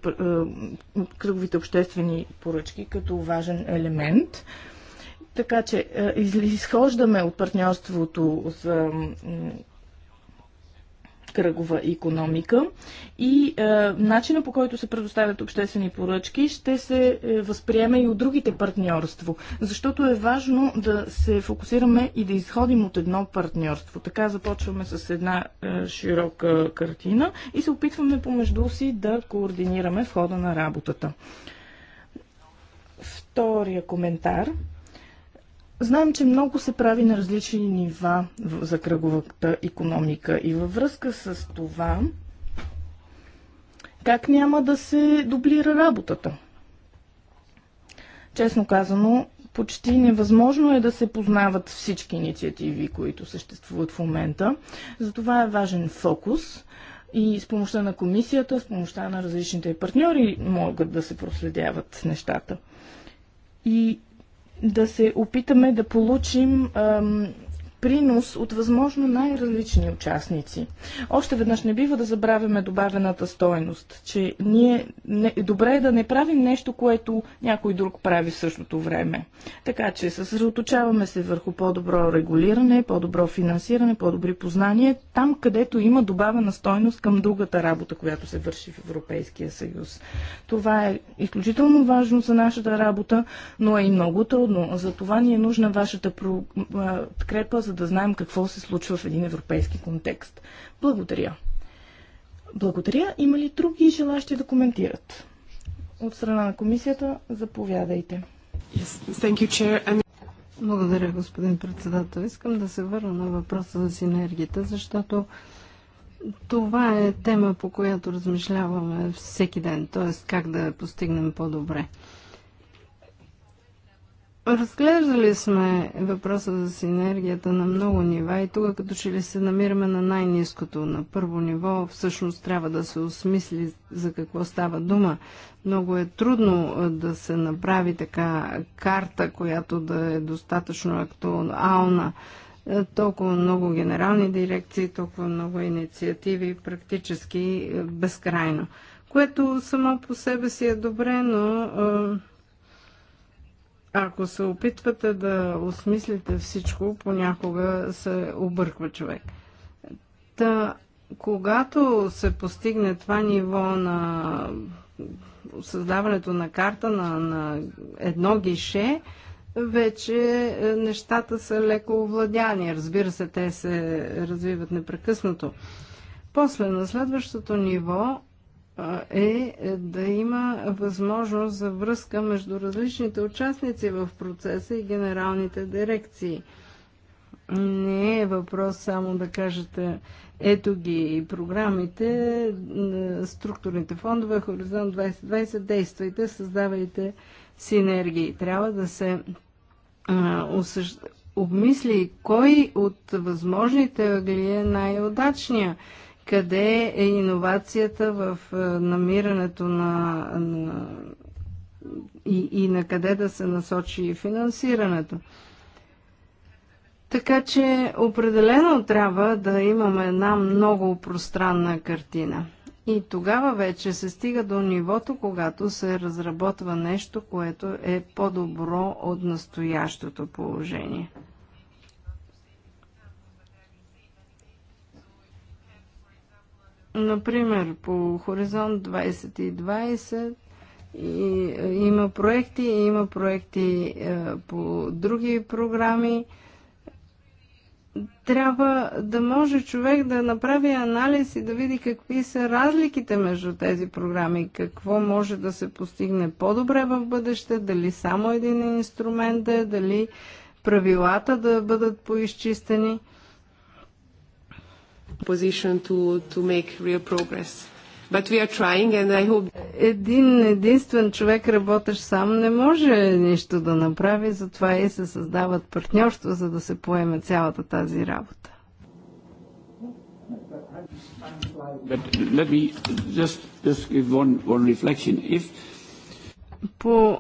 кръговите обществени поръчки като важен елемент. Така че изхождаме от партньорството за кръгова економика и е, начина по който се предоставят обществени поръчки ще се е, възприеме и от другите партньорство, защото е важно да се фокусираме и да изходим от едно партньорство. Така започваме с една е, широка картина и се опитваме помежду си да координираме в хода на работата. Втория коментар – Знаем, че много се прави на различни нива за кръговата економика и във връзка с това, как няма да се дублира работата? Честно казано, почти невъзможно е да се познават всички инициативи, които съществуват в момента. Затова е важен фокус и с помощта на комисията, с помощта на различните партньори могат да се проследяват нещата. И да се опитаме да получим принос от възможно най-различни участници. Още веднъж не бива да забравяме добавената стойност, че ние не, добре е да не правим нещо, което някой друг прави в същото време. Така че съсредоточаваме се върху по-добро регулиране, по-добро финансиране, по-добри познания, там където има добавена стойност към другата работа, която се върши в Европейския съюз. Това е изключително важно за нашата работа, но е и много трудно. За това ни е нужна вашата подкрепа, за за да знаем какво се случва в един европейски контекст. Благодаря. Благодаря. Има ли други желащи да коментират? От страна на комисията, заповядайте. Yes. Thank you, chair. And... Благодаря, господин председател. Искам да се върна на въпроса за синергията, защото това е тема, по която размишляваме всеки ден, т.е. как да я постигнем по-добре. Разглеждали сме въпроса за синергията на много нива и тук като че ли се намираме на най-низкото. На първо ниво всъщност трябва да се осмисли за какво става дума. Много е трудно да се направи така карта, която да е достатъчно актуална. Толкова много генерални дирекции, толкова много инициативи, практически безкрайно. Което само по себе си е добре, но ако се опитвате да осмислите всичко, понякога се обърква човек. Та, когато се постигне това ниво на създаването на карта на, на едно гише, вече е, нещата са леко овладяни. Разбира се, те се развиват непрекъснато. После на следващото ниво е, е да има възможност за връзка между различните участници в процеса и генералните дирекции. Не е въпрос само да кажете ето ги и програмите, структурните фондове, Хоризонт 2020, действайте, създавайте синергии. Трябва да се обмисли кой от възможните ъгли е най-удачния къде е иновацията в е, намирането на, на и, и на къде да се насочи финансирането. Така че определено трябва да имаме една много пространна картина. И тогава вече се стига до нивото, когато се разработва нещо, което е по-добро от настоящото положение. Например, по Хоризонт 2020 и, е, има проекти, има проекти е, по други програми. Трябва да може човек да направи анализ и да види какви са разликите между тези програми, какво може да се постигне по-добре в бъдеще, дали само един инструмент да е, дали правилата да бъдат поизчистени position to, to make real progress. But we are trying and I hope... Един единствен човек, работещ сам, не може нищо да направи, затова и се създават партньорства, за да се поеме цялата тази работа. But let me just, just give one, one reflection. If... По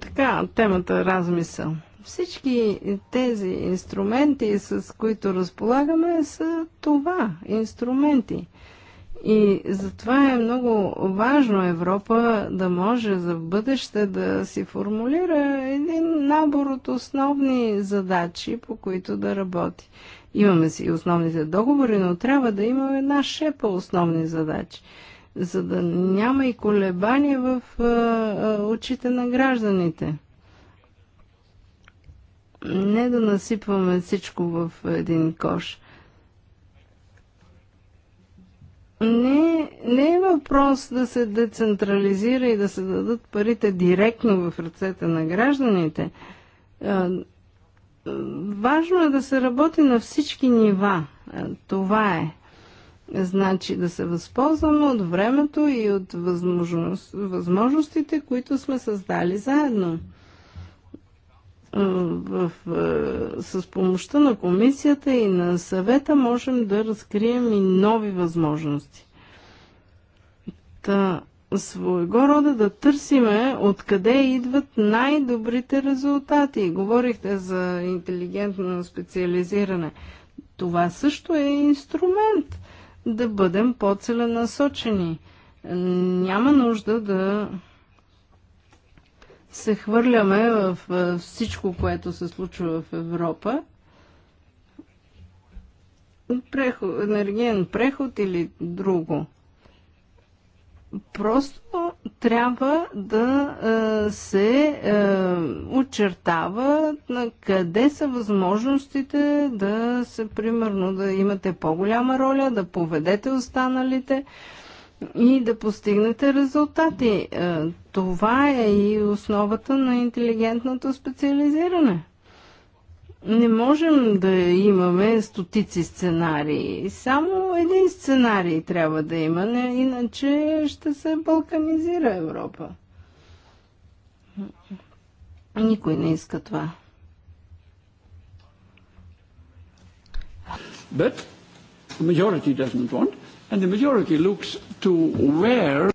така, темата размисъл. Всички тези инструменти, с които разполагаме, са това инструменти. И затова е много важно Европа да може за бъдеще да си формулира един набор от основни задачи, по които да работи. Имаме си основните договори, но трябва да имаме една шепа основни задачи, за да няма и колебания в а, а, очите на гражданите не да насипваме всичко в един кош. Не, не е въпрос да се децентрализира и да се дадат парите директно в ръцете на гражданите. Важно е да се работи на всички нива. Това е. Значи да се възползваме от времето и от възможност, възможностите, които сме създали заедно в, с помощта на комисията и на съвета можем да разкрием и нови възможности. Та, своего рода да търсиме откъде идват най-добрите резултати. Говорихте за интелигентно специализиране. Това също е инструмент да бъдем по-целенасочени. Няма нужда да се хвърляме в всичко, което се случва в Европа. Преход, енергиен преход или друго. Просто трябва да се очертава на къде са възможностите да се, примерно, да имате по-голяма роля, да поведете останалите и да постигнете резултати. Е, това е и основата на интелигентното специализиране. Не можем да имаме стотици сценарии. Само един сценарий трябва да има, иначе ще се балканизира Европа. Никой не иска това. But the majority doesn't want.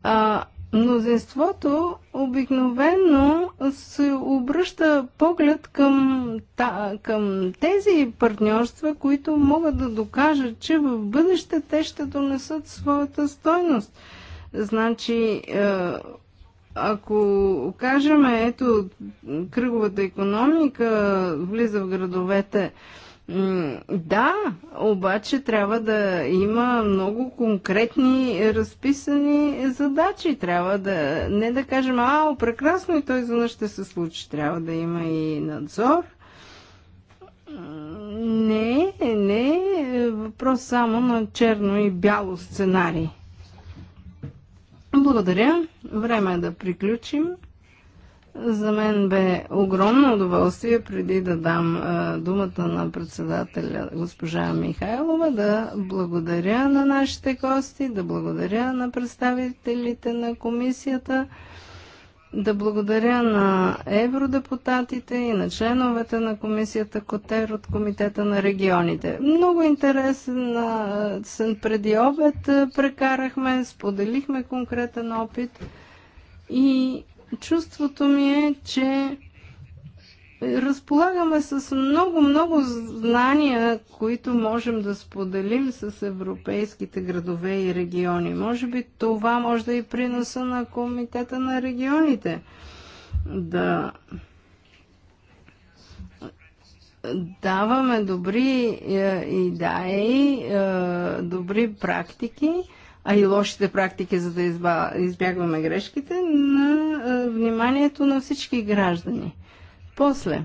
А, мнозинството обикновено се обръща поглед към, та, към тези партньорства, които могат да докажат, че в бъдеще те ще донесат своята стойност. Значи, е, ако кажем, ето, кръговата економика влиза в градовете, да, обаче трябва да има много конкретни разписани задачи. Трябва да не да кажем, а, прекрасно и той за ще се случи. Трябва да има и надзор. Не, не е въпрос само на черно и бяло сценарий. Благодаря. Време е да приключим. За мен бе огромно удоволствие, преди да дам думата на председателя госпожа Михайлова, да благодаря на нашите гости, да благодаря на представителите на комисията, да благодаря на евродепутатите и на членовете на комисията Котер от Комитета на регионите. Много интересен сън преди обед прекарахме, споделихме конкретен опит и чувството ми е, че разполагаме с много-много знания, които можем да споделим с европейските градове и региони. Може би това може да е и приноса на Комитета на регионите. Да даваме добри е, идеи, е, добри практики а и лошите практики, за да избягваме грешките, на вниманието на всички граждани. После,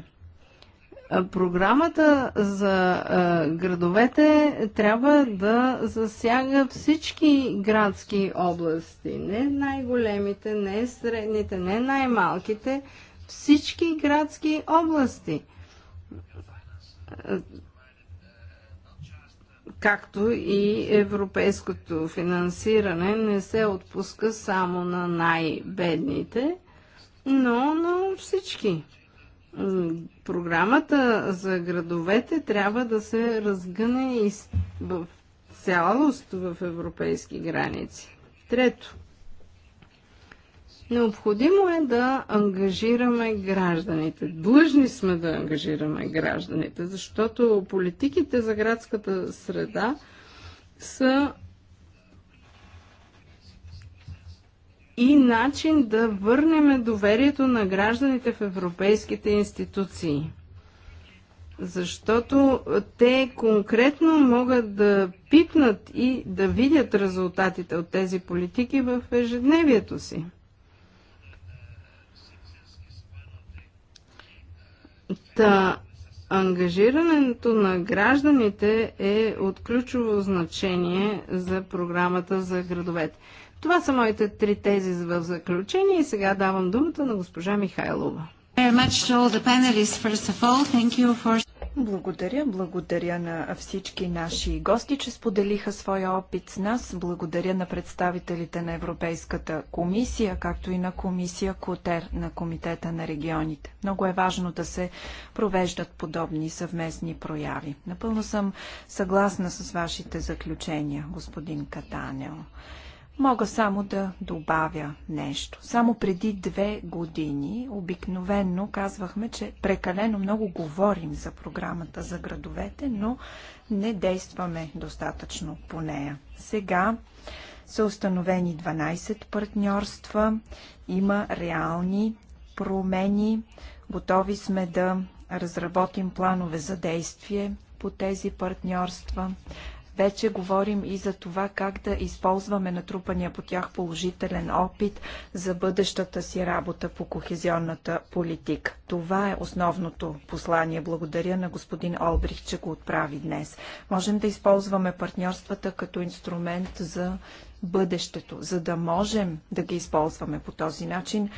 програмата за градовете трябва да засяга всички градски области. Не най-големите, не средните, не най-малките, всички градски области както и европейското финансиране не се отпуска само на най-бедните, но на всички. Програмата за градовете трябва да се разгъне и в цялост в европейски граници. Трето, Необходимо е да ангажираме гражданите. Длъжни сме да ангажираме гражданите, защото политиките за градската среда са и начин да върнем доверието на гражданите в европейските институции. Защото те конкретно могат да пипнат и да видят резултатите от тези политики в ежедневието си. Та, ангажирането на гражданите е от ключово значение за програмата за градовете. Това са моите три тези в заключение и сега давам думата на госпожа Михайлова. For... Благодаря, благодаря на всички наши гости, че споделиха своя опит с нас. Благодаря на представителите на Европейската комисия, както и на комисия Котер на Комитета на регионите. Много е важно да се провеждат подобни съвместни прояви. Напълно съм съгласна с вашите заключения, господин Катанео. Мога само да добавя нещо. Само преди две години обикновенно казвахме, че прекалено много говорим за програмата за градовете, но не действаме достатъчно по нея. Сега са установени 12 партньорства, има реални промени, готови сме да разработим планове за действие по тези партньорства. Вече говорим и за това как да използваме натрупания по тях положителен опит за бъдещата си работа по кохезионната политика. Това е основното послание. Благодаря на господин Олбрих, че го отправи днес. Можем да използваме партньорствата като инструмент за бъдещето. За да можем да ги използваме по този начин,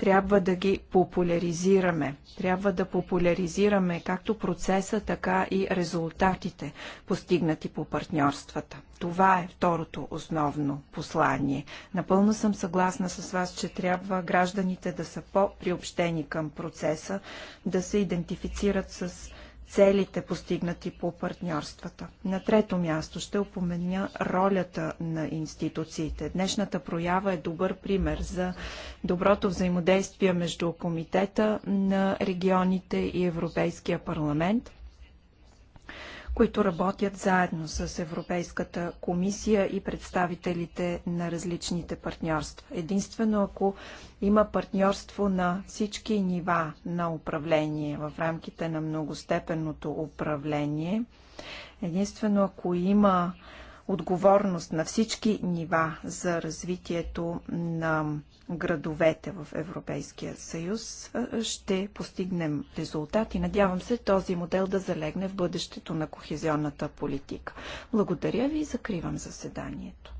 трябва да ги популяризираме. Трябва да популяризираме както процеса, така и резултатите, постигнати по партньорствата. Това е второто основно послание. Напълно съм съгласна с вас, че трябва гражданите да са по-приобщени към процеса, да се идентифицират с целите постигнати по партньорствата. На трето място ще упомена ролята на институциите. Днешната проява е добър пример за доброто взаимодействие между Комитета на регионите и Европейския парламент – които работят заедно с Европейската комисия и представителите на различните партньорства. Единствено, ако има партньорство на всички нива на управление в рамките на многостепенното управление, единствено ако има отговорност на всички нива за развитието на градовете в Европейския съюз, ще постигнем резултат и надявам се този модел да залегне в бъдещето на кохезионната политика. Благодаря ви и закривам заседанието.